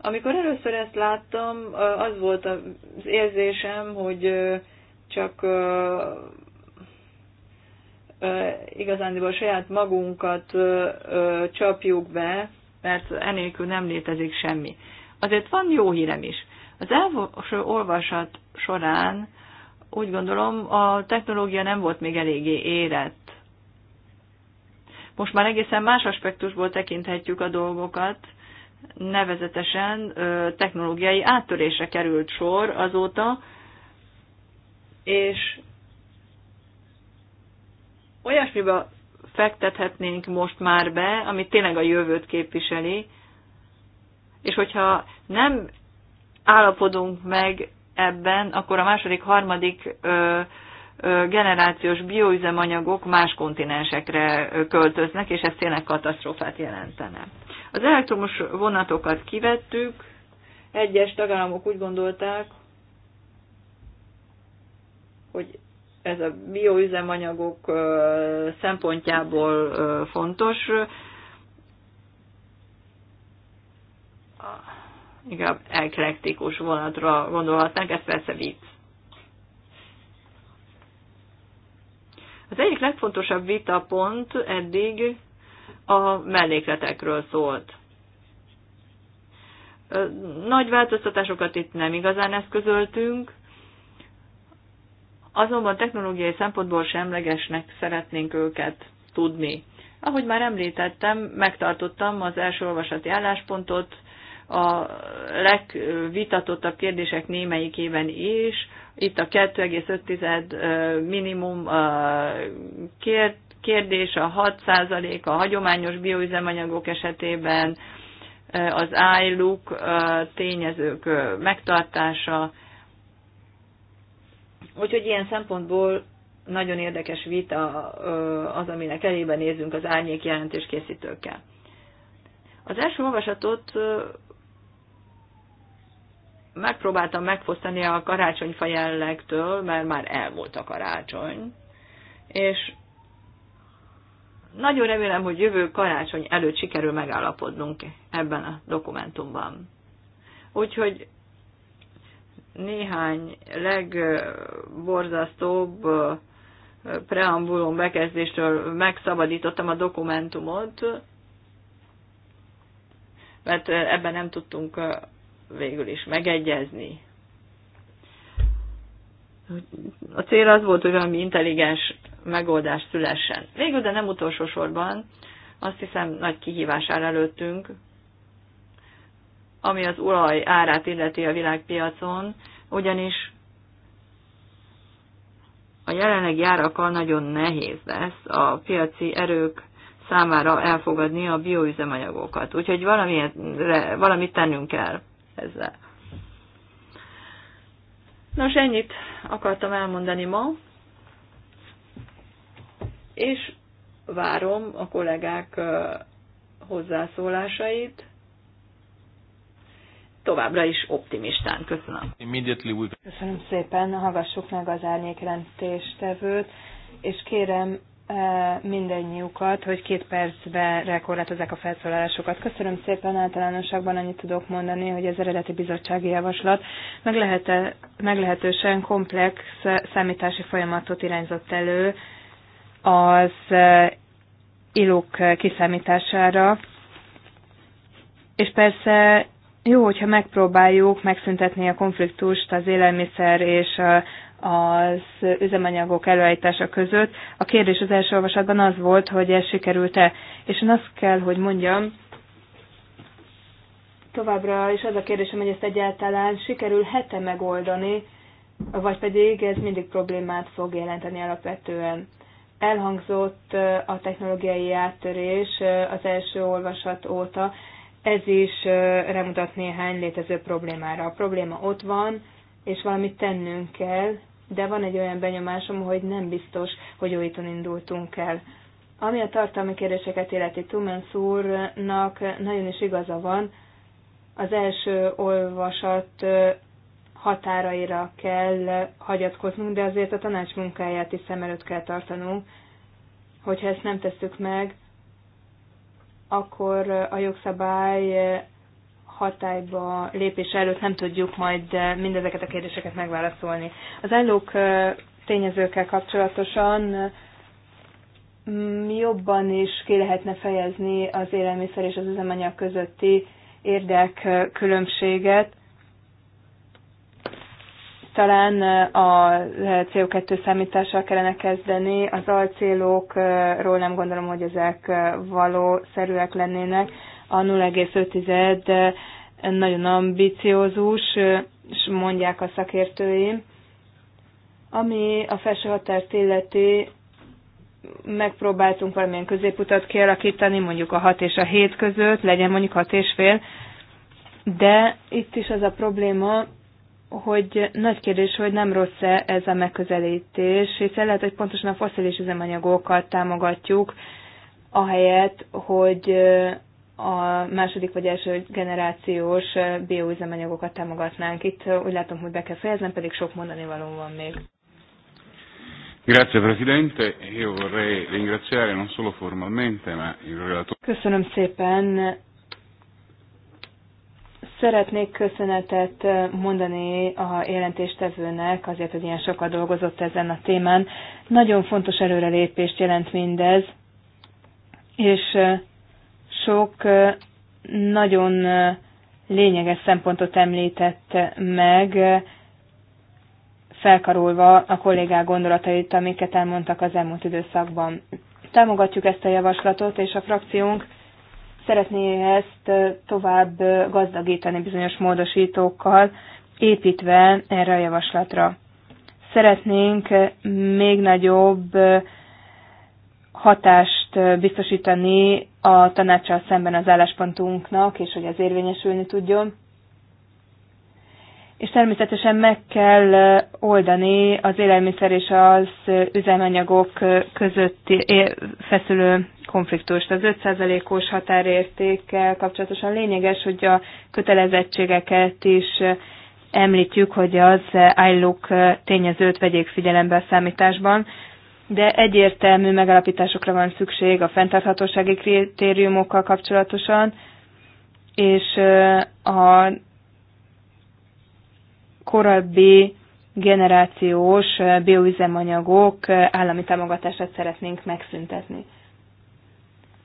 Amikor először ezt láttam, az volt az érzésem, hogy csak igazándiból saját magunkat csapjuk be, mert enélkül nem létezik semmi. Azért van jó hírem is. Az első olvasat során úgy gondolom a technológia nem volt még eléggé érett most már egészen más aspektusból tekinthetjük a dolgokat, nevezetesen technológiai áttörésre került sor azóta, és olyasmibe fektethetnénk most már be, ami tényleg a jövőt képviseli, és hogyha nem állapodunk meg ebben, akkor a második, harmadik ö, generációs bioüzemanyagok más kontinensekre költöznek, és ez tényleg katasztrófát jelentene. Az elektromos vonatokat kivettük, egyes tagállamok úgy gondolták, hogy ez a bioüzemanyagok szempontjából fontos. Inkább eklektikus vonatra gondolhatnánk, ez persze vicc. Az egyik legfontosabb vitapont eddig a mellékletekről szólt. Nagy változtatásokat itt nem igazán eszközöltünk, azonban technológiai szempontból semlegesnek szeretnénk őket tudni. Ahogy már említettem, megtartottam az első olvasati álláspontot, a legvitatottabb kérdések némelyikében is. Itt a 2,5 minimum kérdés, a 6 a hagyományos bioüzemanyagok esetében, az ájluk tényezők megtartása. Úgyhogy ilyen szempontból nagyon érdekes vita az, aminek elébe nézünk az árnyék készítőkkel. Az első olvasatot megpróbáltam megfosztani a karácsonyfa jellegtől, mert már elmúlt a karácsony. És nagyon remélem, hogy jövő karácsony előtt sikerül megállapodnunk ebben a dokumentumban. Úgyhogy néhány legborzasztóbb preambulum bekezdéstől megszabadítottam a dokumentumot, mert ebben nem tudtunk végül is megegyezni. A cél az volt, hogy valami intelligens megoldás szülessen. Végül, de nem utolsó sorban, azt hiszem nagy kihívás áll előttünk, ami az olaj árát illeti a világpiacon, ugyanis a jelenlegi árakkal nagyon nehéz lesz a piaci erők számára elfogadni a bioüzemanyagokat. Úgyhogy valamit tennünk kell ezzel. Nos, ennyit akartam elmondani ma, és várom a kollégák hozzászólásait. Továbbra is optimistán. Köszönöm. Köszönöm szépen. Hallgassuk meg az árnyékrendtéstevőt, és kérem mindennyiukat, hogy két percbe korlátozzák a felszólalásokat. Köszönöm szépen, általánosságban annyit tudok mondani, hogy az eredeti bizottsági javaslat meglehetősen komplex számítási folyamatot irányzott elő az ilók kiszámítására, és persze jó, hogyha megpróbáljuk megszüntetni a konfliktust az élelmiszer és az üzemanyagok előállítása között. A kérdés az első olvasatban az volt, hogy ez sikerült-e. És én azt kell, hogy mondjam, továbbra is az a kérdésem, hogy ezt egyáltalán sikerül hete megoldani, vagy pedig ez mindig problémát fog jelenteni alapvetően. Elhangzott uh, a technológiai áttörés uh, az első olvasat óta, ez is uh, remutat néhány létező problémára. A probléma ott van, és valamit tennünk kell, de van egy olyan benyomásom, hogy nem biztos, hogy jó úton indultunk el. Ami a tartalmi kérdéseket illeti Tumens úrnak nagyon is igaza van, az első olvasat határaira kell hagyatkoznunk, de azért a tanács munkáját is szem előtt kell tartanunk. Hogyha ezt nem tesszük meg, akkor a jogszabály hatályba lépés előtt nem tudjuk majd eh, mindezeket a kérdéseket megválaszolni. Az állók eh, tényezőkkel kapcsolatosan mm, jobban is ki lehetne fejezni az élelmiszer és az üzemanyag közötti érdek eh, különbséget. Talán a CO2 számítással kellene kezdeni, az alcélokról nem gondolom, hogy ezek valószerűek lennének, a 0,5 nagyon ambiciózus, és mondják a szakértőim. Ami a felső határt illeti, megpróbáltunk valamilyen középutat kialakítani, mondjuk a 6 és a 7 között, legyen mondjuk 6 és fél, de itt is az a probléma, hogy nagy kérdés, hogy nem rossz-e ez a megközelítés, hiszen lehet, hogy pontosan a foszilis üzemanyagokat támogatjuk, ahelyett, hogy a második vagy első generációs bioüzemanyagokat támogatnánk. Itt úgy látom, hogy be kell fejeznem, pedig sok mondani való van még. Grazie Presidente, io vorrei ringraziare non solo formalmente ma il relatore. Köszönöm szépen. Szeretnék köszönetet mondani a jelentéstevőnek azért, hogy ilyen sokat dolgozott ezen a témán. Nagyon fontos előrelépést jelent mindez, és sok nagyon lényeges szempontot említett meg, felkarolva a kollégák gondolatait, amiket elmondtak az elmúlt időszakban. Támogatjuk ezt a javaslatot, és a frakciónk szeretné ezt tovább gazdagítani bizonyos módosítókkal, építve erre a javaslatra. Szeretnénk még nagyobb hatás biztosítani a tanácssal szemben az álláspontunknak, és hogy az érvényesülni tudjon. És természetesen meg kell oldani az élelmiszer és az üzemanyagok közötti feszülő konfliktust. Az 5%-os határértékkel kapcsolatosan lényeges, hogy a kötelezettségeket is említjük, hogy az ILUK tényezőt vegyék figyelembe a számításban de egyértelmű megalapításokra van szükség a fenntarthatósági kritériumokkal kapcsolatosan, és a korábbi generációs bioüzemanyagok állami támogatását szeretnénk megszüntetni.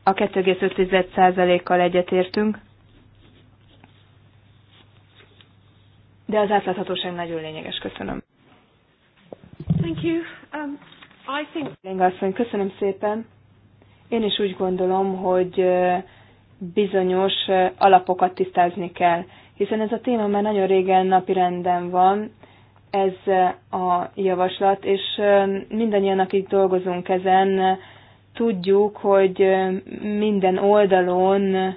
A 2,5%-kal egyetértünk, de az átláthatóság nagyon lényeges. Köszönöm. Thank you. Um... I think... Lengasszony, köszönöm szépen. Én is úgy gondolom, hogy bizonyos alapokat tisztázni kell, hiszen ez a téma már nagyon régen napirenden van, ez a javaslat, és mindannyian, akik dolgozunk ezen, tudjuk, hogy minden oldalon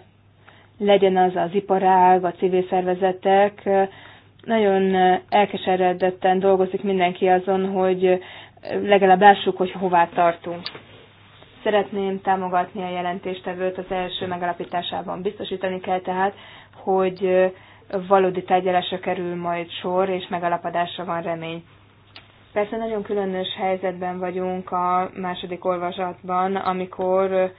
legyen az az iparág, a civil szervezetek, nagyon elkeseredetten dolgozik mindenki azon, hogy legalább lássuk, hogy hová tartunk. Szeretném támogatni a jelentéstevőt az első megalapításában. Biztosítani kell tehát, hogy valódi tárgyalásra kerül majd sor, és megalapadásra van remény. Persze nagyon különös helyzetben vagyunk a második olvasatban, amikor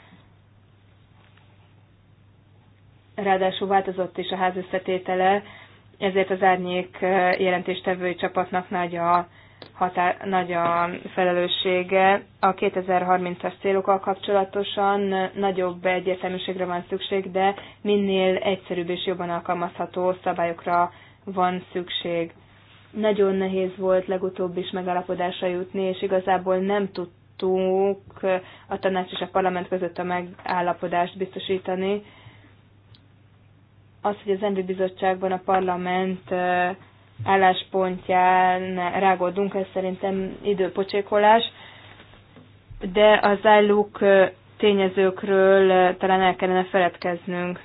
ráadásul változott is a ház összetétele, ezért az árnyék jelentéstevői csapatnak nagy a határ, nagy a felelőssége. A 2030-as célokkal kapcsolatosan nagyobb egyértelműségre van szükség, de minél egyszerűbb és jobban alkalmazható szabályokra van szükség. Nagyon nehéz volt legutóbb is megalapodásra jutni, és igazából nem tudtuk a tanács és a parlament között a megállapodást biztosítani. Az, hogy az emberi bizottságban a parlament álláspontján rágódunk, ez szerintem időpocsékolás, de az állók tényezőkről talán el kellene feledkeznünk.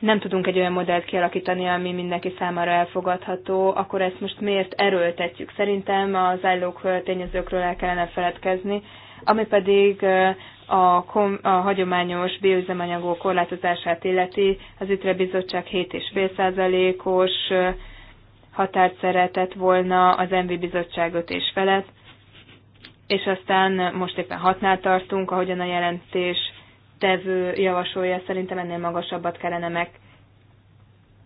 Nem tudunk egy olyan modellt kialakítani, ami mindenki számára elfogadható, akkor ezt most miért erőltetjük? Szerintem az állók tényezőkről el kellene feledkezni, ami pedig a, kom, a hagyományos bioüzemanyagok korlátozását illeti, az ITRE bizottság 7,5%-os határt szeretett volna, az MV bizottság 5 és felett, és aztán most éppen hatnál tartunk, ahogyan a jelentés tevő javasolja, szerintem ennél magasabbat kellene meg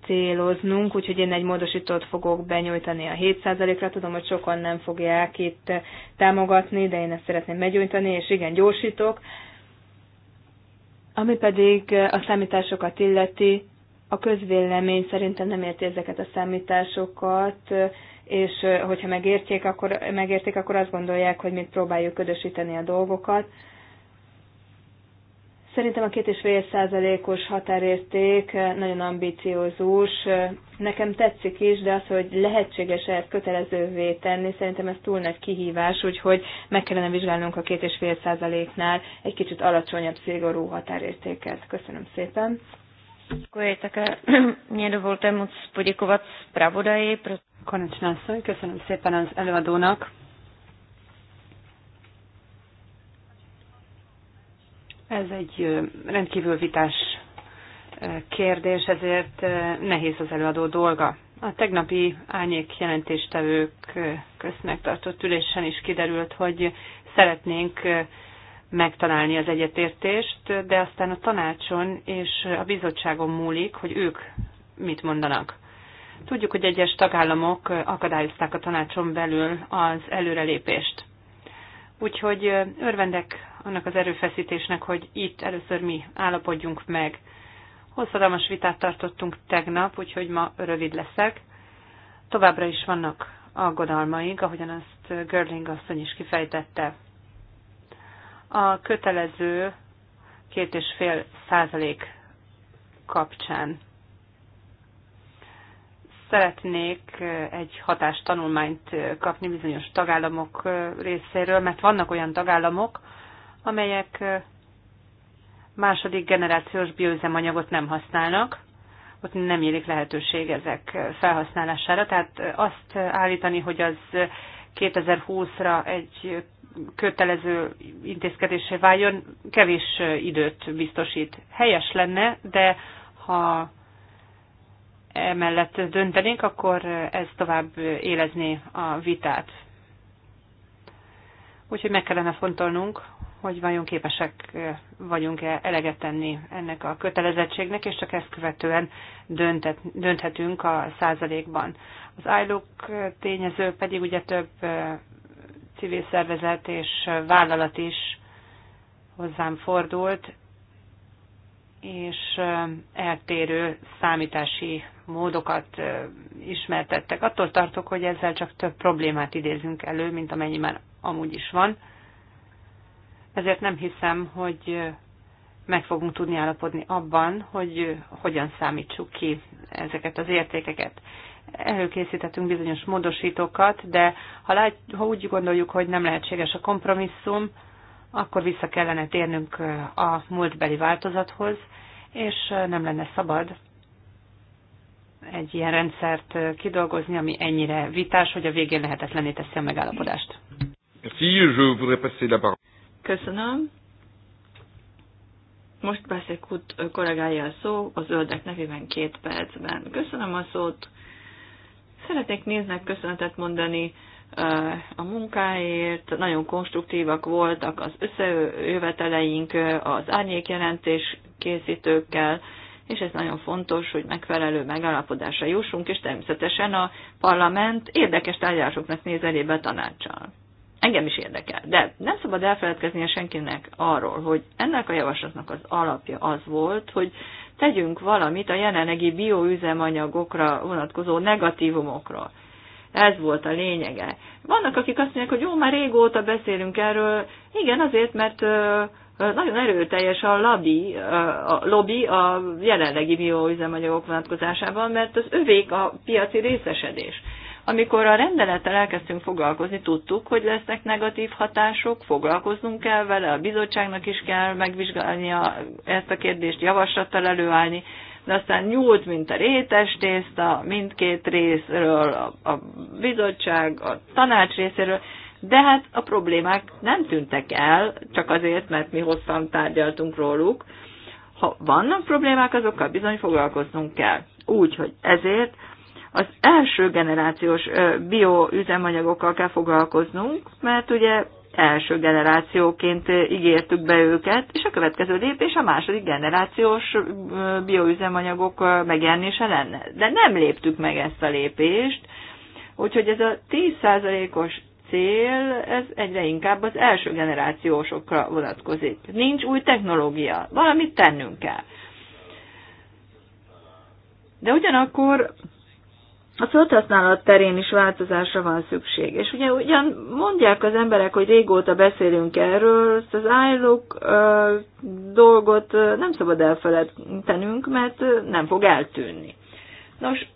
céloznunk, úgyhogy én egy módosítót fogok benyújtani a 7%-ra. Tudom, hogy sokan nem fogják itt támogatni, de én ezt szeretném meggyújtani, és igen, gyorsítok. Ami pedig a számításokat illeti, a közvélemény szerintem nem érti ezeket a számításokat, és hogyha megértjék, akkor, megértik, akkor azt gondolják, hogy mit próbáljuk ködösíteni a dolgokat. Szerintem a két és fél százalékos határérték nagyon ambiciózus. Nekem tetszik is, de az, hogy lehetséges ezt kötelezővé tenni, szerintem ez túl nagy kihívás, úgyhogy meg kellene vizsgálnunk a két és fél százaléknál egy kicsit alacsonyabb szigorú határértéket. Köszönöm szépen. Děkuji. Také eh, [CLEARS THROAT] mě dovolte moc poděkovat zpravodaji. Konečná köszönöm szépen az előadónak. Ez egy rendkívül vitás kérdés, ezért nehéz az előadó dolga. A tegnapi árnyék jelentéstevők közt megtartott ülésen is kiderült, hogy szeretnénk megtalálni az egyetértést, de aztán a tanácson és a bizottságon múlik, hogy ők mit mondanak. Tudjuk, hogy egyes tagállamok akadályozták a tanácson belül az előrelépést. Úgyhogy örvendek annak az erőfeszítésnek, hogy itt először mi állapodjunk meg. Hosszadalmas vitát tartottunk tegnap, úgyhogy ma rövid leszek. Továbbra is vannak aggodalmaink, ahogyan azt Görling asszony is kifejtette. A kötelező két és fél százalék kapcsán szeretnék egy hatástanulmányt kapni bizonyos tagállamok részéről, mert vannak olyan tagállamok, amelyek második generációs bioüzemanyagot nem használnak, ott nem élik lehetőség ezek felhasználására. Tehát azt állítani, hogy az 2020-ra egy kötelező intézkedésé váljon, kevés időt biztosít. Helyes lenne, de ha emellett döntenénk, akkor ez tovább élezné a vitát. Úgyhogy meg kellene fontolnunk, hogy vajon képesek vagyunk-e eleget tenni ennek a kötelezettségnek, és csak ezt követően döntet, dönthetünk a százalékban. Az ILOC tényező pedig ugye több civil szervezet és vállalat is hozzám fordult, és eltérő számítási módokat ismertettek. Attól tartok, hogy ezzel csak több problémát idézünk elő, mint amennyi már amúgy is van. Ezért nem hiszem, hogy meg fogunk tudni állapodni abban, hogy hogyan számítsuk ki ezeket az értékeket. Előkészítettünk bizonyos módosítókat, de ha, lágy, ha úgy gondoljuk, hogy nem lehetséges a kompromisszum, akkor vissza kellene térnünk a múltbeli változathoz, és nem lenne szabad egy ilyen rendszert kidolgozni, ami ennyire vitás, hogy a végén lehetetlené teszi a megállapodást. Merci, je voudrais passer la Köszönöm. Most beszélek út kollégája a szó, a zöldek nevében két percben. Köszönöm a szót. Szeretnék néznek köszönetet mondani a munkáért, nagyon konstruktívak voltak az összejöveteleink az árnyékjelentés készítőkkel, és ez nagyon fontos, hogy megfelelő megállapodásra jussunk, és természetesen a parlament érdekes tárgyalásoknak néz elébe tanácsal engem is érdekel. De nem szabad elfeledkeznie senkinek arról, hogy ennek a javaslatnak az alapja az volt, hogy tegyünk valamit a jelenlegi bioüzemanyagokra vonatkozó negatívumokra. Ez volt a lényege. Vannak, akik azt mondják, hogy jó, már régóta beszélünk erről. Igen, azért, mert nagyon erőteljes a lobby, a, lobby a jelenlegi bioüzemanyagok vonatkozásában, mert az övék a piaci részesedés. Amikor a rendelettel elkezdtünk foglalkozni, tudtuk, hogy lesznek negatív hatások, foglalkoznunk kell vele, a bizottságnak is kell megvizsgálnia ezt a kérdést, javaslattal előállni, de aztán nyúlt, mint a rétes tészta, mindkét részről, a, a bizottság, a tanács részéről, de hát a problémák nem tűntek el, csak azért, mert mi hosszan tárgyaltunk róluk. Ha vannak problémák, azokkal bizony foglalkoznunk kell. Úgy, hogy ezért az első generációs bioüzemanyagokkal kell foglalkoznunk, mert ugye első generációként ígértük be őket, és a következő lépés a második generációs bioüzemanyagok megjelenése lenne. De nem léptük meg ezt a lépést, úgyhogy ez a 10%-os cél, ez egyre inkább az első generációsokra vonatkozik. Nincs új technológia, valamit tennünk kell. De ugyanakkor a földhasználat terén is változásra van szükség. És ugye ugyan mondják az emberek, hogy régóta beszélünk erről, ezt az állók dolgot nem szabad elfelejtenünk, mert nem fog eltűnni. Nos,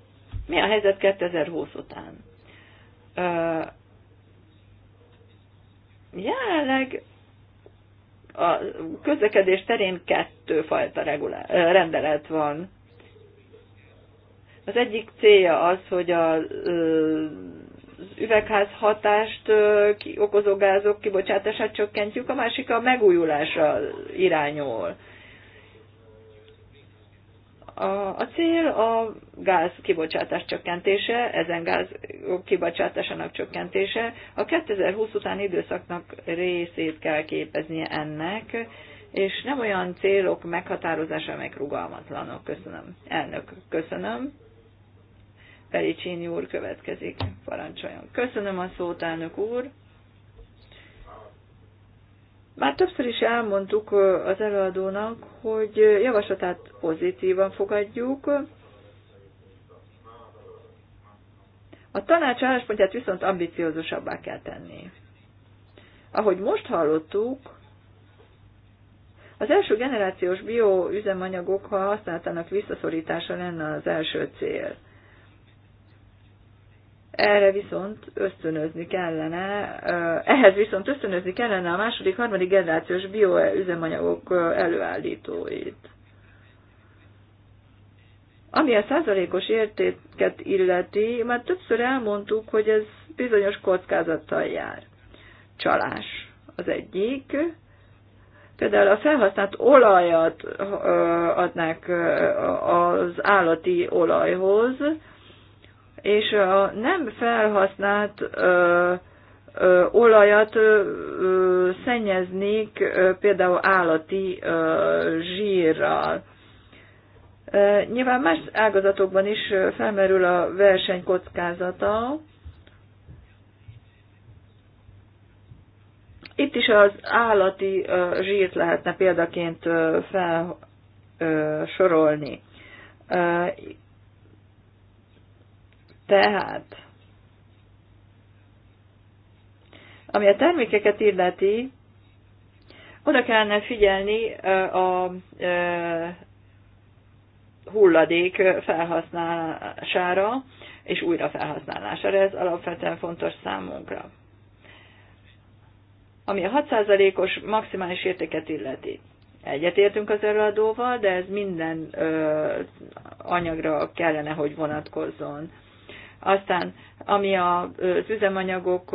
mi a helyzet 2020 után? Ö, jelenleg a közlekedés terén kettőfajta regulá- rendelet van. Az egyik célja az, hogy a, az üvegház hatást okozó gázok kibocsátását csökkentjük, a másik a megújulásra irányol. A, a cél a gáz kibocsátás csökkentése, ezen gáz kibocsátásának csökkentése. A 2020 utáni időszaknak részét kell képeznie ennek, és nem olyan célok meghatározása, amelyek rugalmatlanok. Köszönöm. Elnök, köszönöm. Pericini úr következik. Parancsoljon. Köszönöm a szót, elnök úr. Már többször is elmondtuk az előadónak, hogy javaslatát pozitívan fogadjuk. A tanács álláspontját viszont ambiciózusabbá kell tenni. Ahogy most hallottuk, az első generációs bioüzemanyagok használatának visszaszorítása lenne az első cél. Erre viszont ösztönözni kellene, ehhez viszont ösztönözni kellene a második, harmadik generációs bioüzemanyagok előállítóit. Ami a százalékos értéket illeti, már többször elmondtuk, hogy ez bizonyos kockázattal jár. Csalás az egyik. Például a felhasznált olajat adnák az állati olajhoz, és a nem felhasznált ö, ö, olajat ö, szennyeznék ö, például állati ö, zsírral. E, nyilván más ágazatokban is felmerül a verseny kockázata. Itt is az állati ö, zsírt lehetne példaként felsorolni tehát, ami a termékeket illeti, oda kellene figyelni a hulladék felhasználására és újrafelhasználására. Ez alapvetően fontos számunkra. Ami a 6%-os maximális értéket illeti. Egyetértünk az előadóval, de ez minden ö, anyagra kellene, hogy vonatkozzon. Aztán ami az üzemanyagok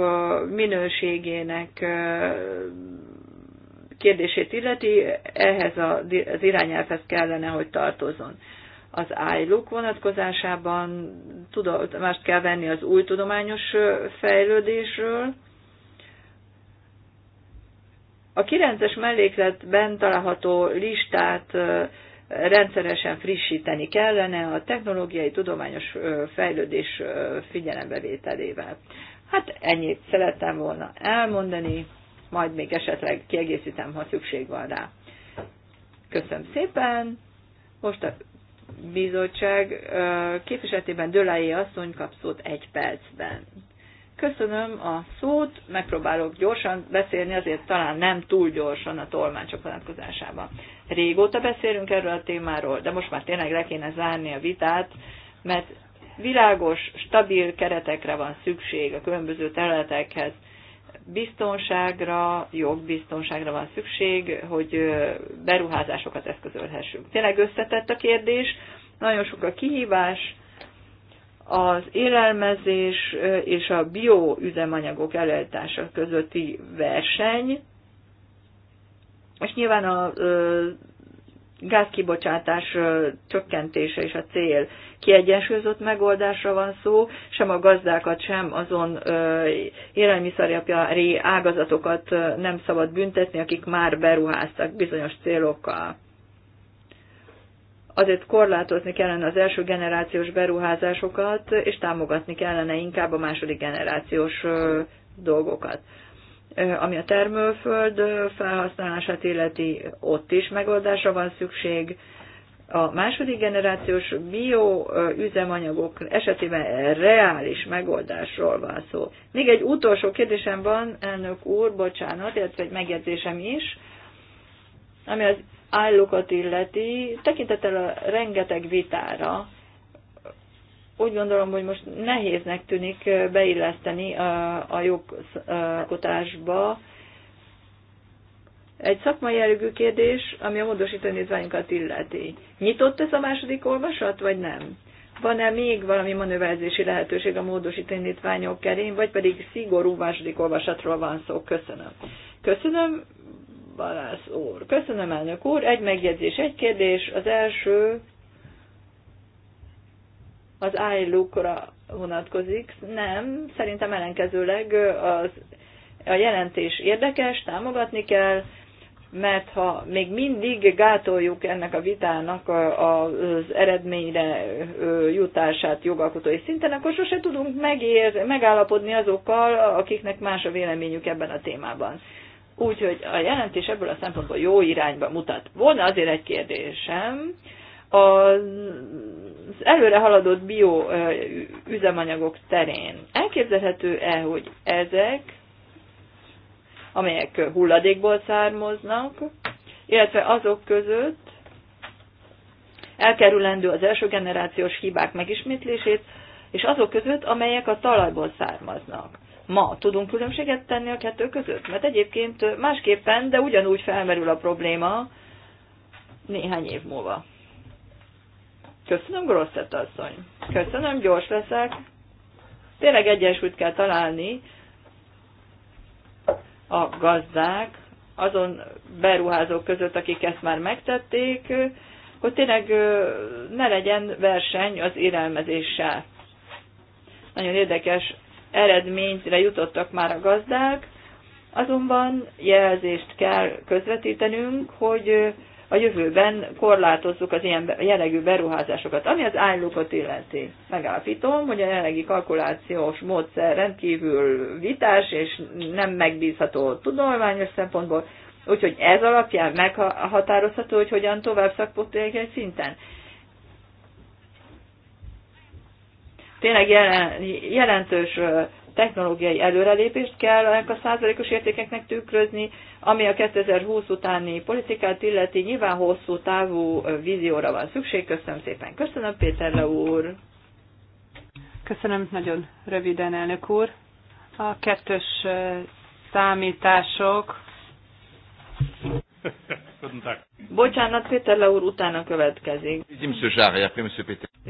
minőségének kérdését illeti, ehhez az irányelvhez kellene, hogy tartozon. Az ájluk vonatkozásában Mást kell venni az új tudományos fejlődésről. A 9-es mellékletben található listát rendszeresen frissíteni kellene a technológiai tudományos fejlődés figyelembevételével. Hát ennyit szerettem volna elmondani, majd még esetleg kiegészítem, ha szükség van rá. Köszönöm szépen. Most a bizottság képviseletében Dölei asszony kap szót egy percben. Köszönöm a szót, megpróbálok gyorsan beszélni, azért talán nem túl gyorsan a tolmácsok vonatkozásában. Régóta beszélünk erről a témáról, de most már tényleg le kéne zárni a vitát, mert világos, stabil keretekre van szükség a különböző területekhez. Biztonságra, jogbiztonságra van szükség, hogy beruházásokat eszközölhessünk. Tényleg összetett a kérdés, nagyon sok a kihívás, az élelmezés és a bioüzemanyagok előállítása közötti verseny, és nyilván a gázkibocsátás csökkentése és a cél kiegyensúlyozott megoldásra van szó, sem a gazdákat, sem azon élelmiszerjapjári ágazatokat nem szabad büntetni, akik már beruháztak bizonyos célokkal azért korlátozni kellene az első generációs beruházásokat, és támogatni kellene inkább a második generációs dolgokat. Ami a termőföld felhasználását illeti, ott is megoldásra van szükség. A második generációs bioüzemanyagok esetében reális megoldásról van szó. Még egy utolsó kérdésem van, elnök úr, bocsánat, illetve egy megjegyzésem is, ami az állókat illeti, tekintettel a rengeteg vitára, úgy gondolom, hogy most nehéznek tűnik beilleszteni a, a jogkotásba egy szakmai jellegű kérdés, ami a módosító indítványokat illeti. Nyitott ez a második olvasat, vagy nem? Van-e még valami manőverzési lehetőség a módosító indítványok kerén, vagy pedig szigorú második olvasatról van szó? Köszönöm. Köszönöm, Balász úr. Köszönöm, elnök úr. Egy megjegyzés, egy kérdés. Az első az iLook-ra vonatkozik. Nem, szerintem ellenkezőleg az, a jelentés érdekes, támogatni kell, mert ha még mindig gátoljuk ennek a vitának az eredményre jutását jogalkotói szinten, akkor sose tudunk megér, megállapodni azokkal, akiknek más a véleményük ebben a témában. Úgyhogy a jelentés ebből a szempontból jó irányba mutat. Volna azért egy kérdésem, az előre haladott bio üzemanyagok terén elképzelhető-e, hogy ezek, amelyek hulladékból származnak, illetve azok között elkerülendő az első generációs hibák megismétlését, és azok között, amelyek a talajból származnak ma tudunk különbséget tenni a kettő között? Mert egyébként másképpen, de ugyanúgy felmerül a probléma néhány év múlva. Köszönöm, Grosszett asszony. Köszönöm, gyors leszek. Tényleg egyensúlyt kell találni a gazdák, azon beruházók között, akik ezt már megtették, hogy tényleg ne legyen verseny az élelmezéssel. Nagyon érdekes eredményre jutottak már a gazdák, azonban jelzést kell közvetítenünk, hogy a jövőben korlátozzuk az ilyen jellegű beruházásokat. Ami az állókat illeti, megállapítom, hogy a jelenlegi kalkulációs módszer rendkívül vitás és nem megbízható tudományos szempontból, úgyhogy ez alapján meghatározható, hogy hogyan tovább egy szinten. tényleg jelentős technológiai előrelépést kell ennek a százalékos értékeknek tükrözni, ami a 2020 utáni politikát illeti, nyilván hosszú távú vízióra van szükség. Köszönöm szépen. Köszönöm Péter Le úr. Köszönöm nagyon röviden, elnök úr. A kettős számítások. Bocsánat, Péter Le úr utána következik.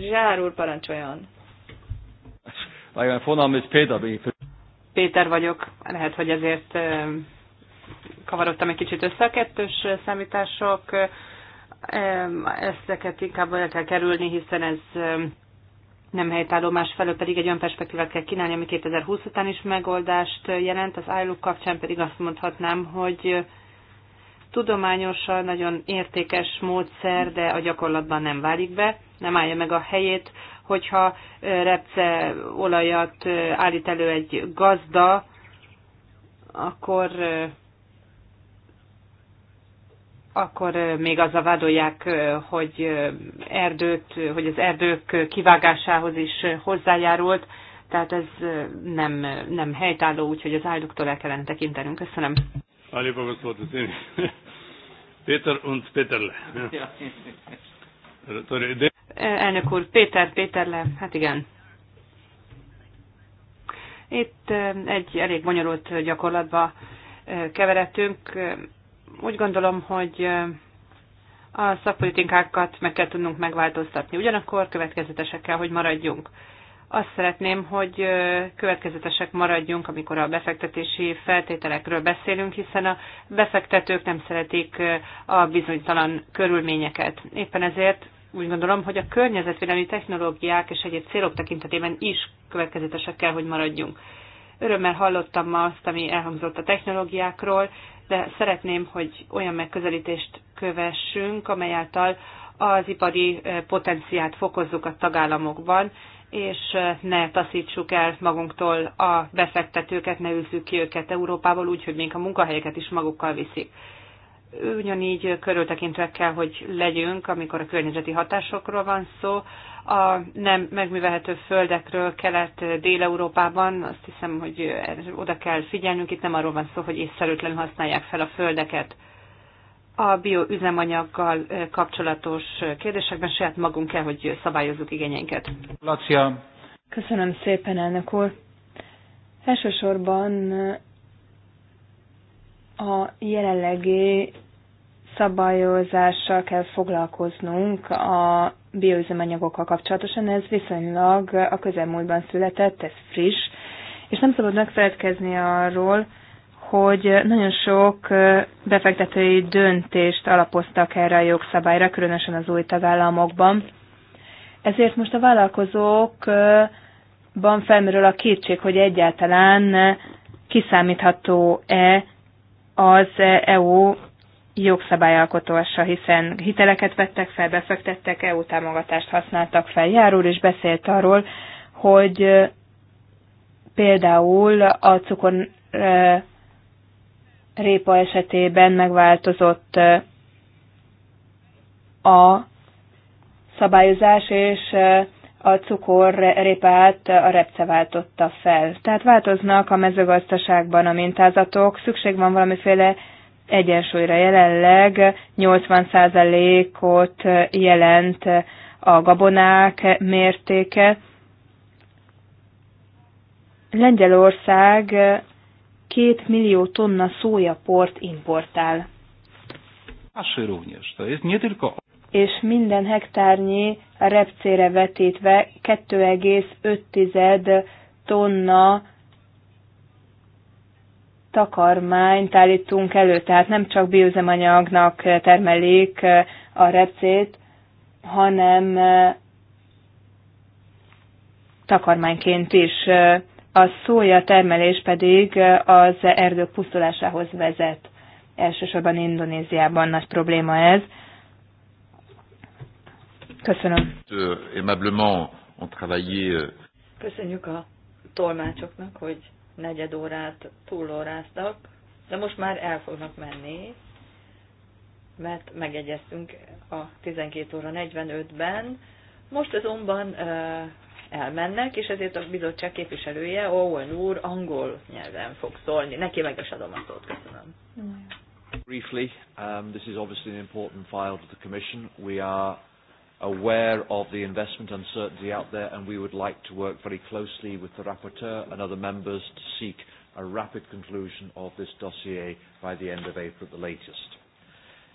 Zsár úr parancsoljon. Mein Vorname ist Peter Péter vagyok, lehet, hogy ezért kavarodtam egy kicsit össze a kettős számítások. Ezeket inkább el kell kerülni, hiszen ez nem helytálló, másfelől pedig egy olyan perspektívát kell kínálni, ami 2020 után is megoldást jelent. Az ILUK kapcsán pedig azt mondhatnám, hogy tudományosan nagyon értékes módszer, de a gyakorlatban nem válik be, nem állja meg a helyét hogyha repce olajat állít elő egy gazda, akkor akkor még az a vádolják, hogy erdőt, hogy az erdők kivágásához is hozzájárult, tehát ez nem, nem helytálló, úgyhogy az áldoktól el kellene tekintenünk. Köszönöm. az én Péter und Péterle. Elnök úr, Péter, Péter le, hát igen. Itt egy elég bonyolult gyakorlatba keveredtünk. Úgy gondolom, hogy a szakpolitikákat meg kell tudnunk megváltoztatni. Ugyanakkor következetesek kell, hogy maradjunk. Azt szeretném, hogy következetesek maradjunk, amikor a befektetési feltételekről beszélünk, hiszen a befektetők nem szeretik a bizonytalan körülményeket. Éppen ezért úgy gondolom, hogy a környezetvédelmi technológiák és egyéb célok tekintetében is következetesek kell, hogy maradjunk. Örömmel hallottam ma azt, ami elhangzott a technológiákról, de szeretném, hogy olyan megközelítést kövessünk, amely által az ipari potenciát fokozzuk a tagállamokban, és eh, ne taszítsuk el magunktól a befektetőket, ne űzzük ki őket Európából úgy, hogy még a munkahelyeket is magukkal viszik. Ugyanígy körültekintve kell, hogy legyünk, amikor a környezeti hatásokról van szó. A nem megművelhető földekről kelet-dél-európában azt hiszem, hogy oda kell figyelnünk, itt nem arról van szó, hogy észszerűtlenül használják fel a földeket a bioüzemanyaggal kapcsolatos kérdésekben saját magunk kell, hogy szabályozzuk igényeinket. Lacia. Köszönöm szépen, elnök úr. Elsősorban a jelenlegi szabályozással kell foglalkoznunk a bioüzemanyagokkal kapcsolatosan. Ez viszonylag a közelmúltban született, ez friss, és nem szabad megfeledkezni arról, hogy nagyon sok befektetői döntést alapoztak erre a jogszabályra, különösen az új tagállamokban. Ezért most a vállalkozókban felmerül a kétség, hogy egyáltalán kiszámítható-e az EU jogszabályalkotása, hiszen hiteleket vettek fel, befektettek, EU támogatást használtak fel. Járul is beszélt arról, hogy például a cukor répa esetében megváltozott a szabályozás, és a cukorrépát a repce váltotta fel. Tehát változnak a mezőgazdaságban a mintázatok, szükség van valamiféle egyensúlyra. Jelenleg 80%-ot jelent a gabonák mértéke. Lengyelország két millió tonna szójaport importál. És minden hektárnyi repcére vetítve 2,5 tonna takarmányt állítunk elő, tehát nem csak bioüzemanyagnak termelik a repcét, hanem takarmányként is a szója termelés pedig az erdők pusztulásához vezet. Elsősorban Indonéziában nagy probléma ez. Köszönöm. Euh, Köszönjük a tolmácsoknak, hogy negyed órát túlóráztak, de most már el fognak menni, mert megegyeztünk a 12 óra 45-ben. Most azonban elmennek, és ezért a bizottság képviselője Owen úr angol nyelven fog szólni. Neki meg is adom a szót. Köszönöm. Briefly, um, this is obviously an important file to the Commission. We are aware of the investment uncertainty out there and we would like to work very closely with the rapporteur and other members to seek a rapid conclusion of this dossier by the end of April at the latest.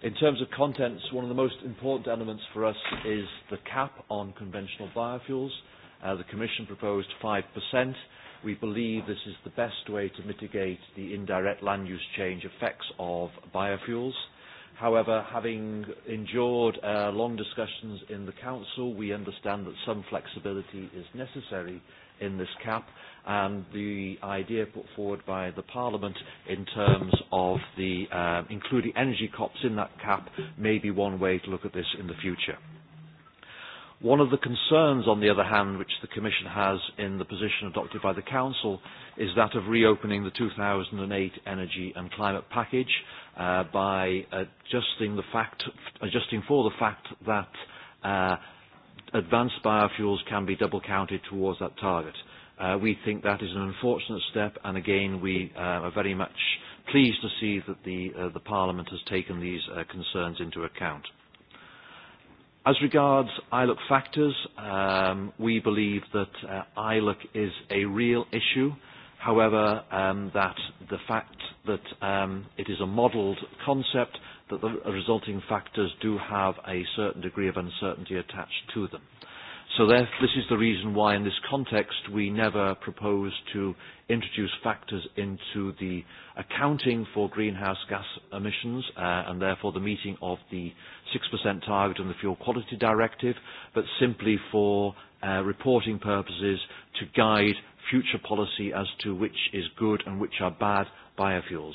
In terms of contents, one of the most important elements for us is the cap on conventional biofuels. Uh, the Commission proposed 5%. We believe this is the best way to mitigate the indirect land use change effects of biofuels. However, having endured uh, long discussions in the Council, we understand that some flexibility is necessary in this cap and the idea put forward by the Parliament in terms of the, uh, including energy COPs in that cap may be one way to look at this in the future. One of the concerns, on the other hand, which the Commission has in the position adopted by the Council is that of reopening the 2008 Energy and Climate Package uh, by adjusting, the fact, adjusting for the fact that uh, advanced biofuels can be double counted towards that target. Uh, we think that is an unfortunate step, and again, we uh, are very much pleased to see that the, uh, the Parliament has taken these uh, concerns into account. As regards ILUC factors, um, we believe that uh, ILUC is a real issue. However, um, that the fact that um, it is a modelled concept, that the resulting factors do have a certain degree of uncertainty attached to them. So there, this is the reason why in this context we never propose to introduce factors into the accounting for greenhouse gas emissions uh, and therefore the meeting of the 6% target and the Fuel Quality Directive, but simply for uh, reporting purposes to guide future policy as to which is good and which are bad biofuels.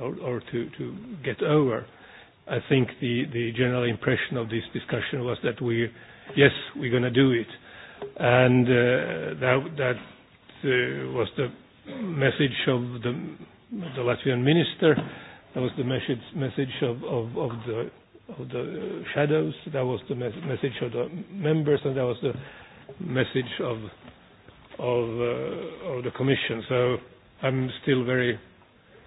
or, or to, to get over. I think the, the general impression of this discussion was that we, yes, we're going to do it. And uh, that, that uh, was the message of the, the Latvian minister. That was the message, message of, of, of the of the shadows. That was the mes- message of the members, and that was the message of of, uh, of the commission. So I'm still very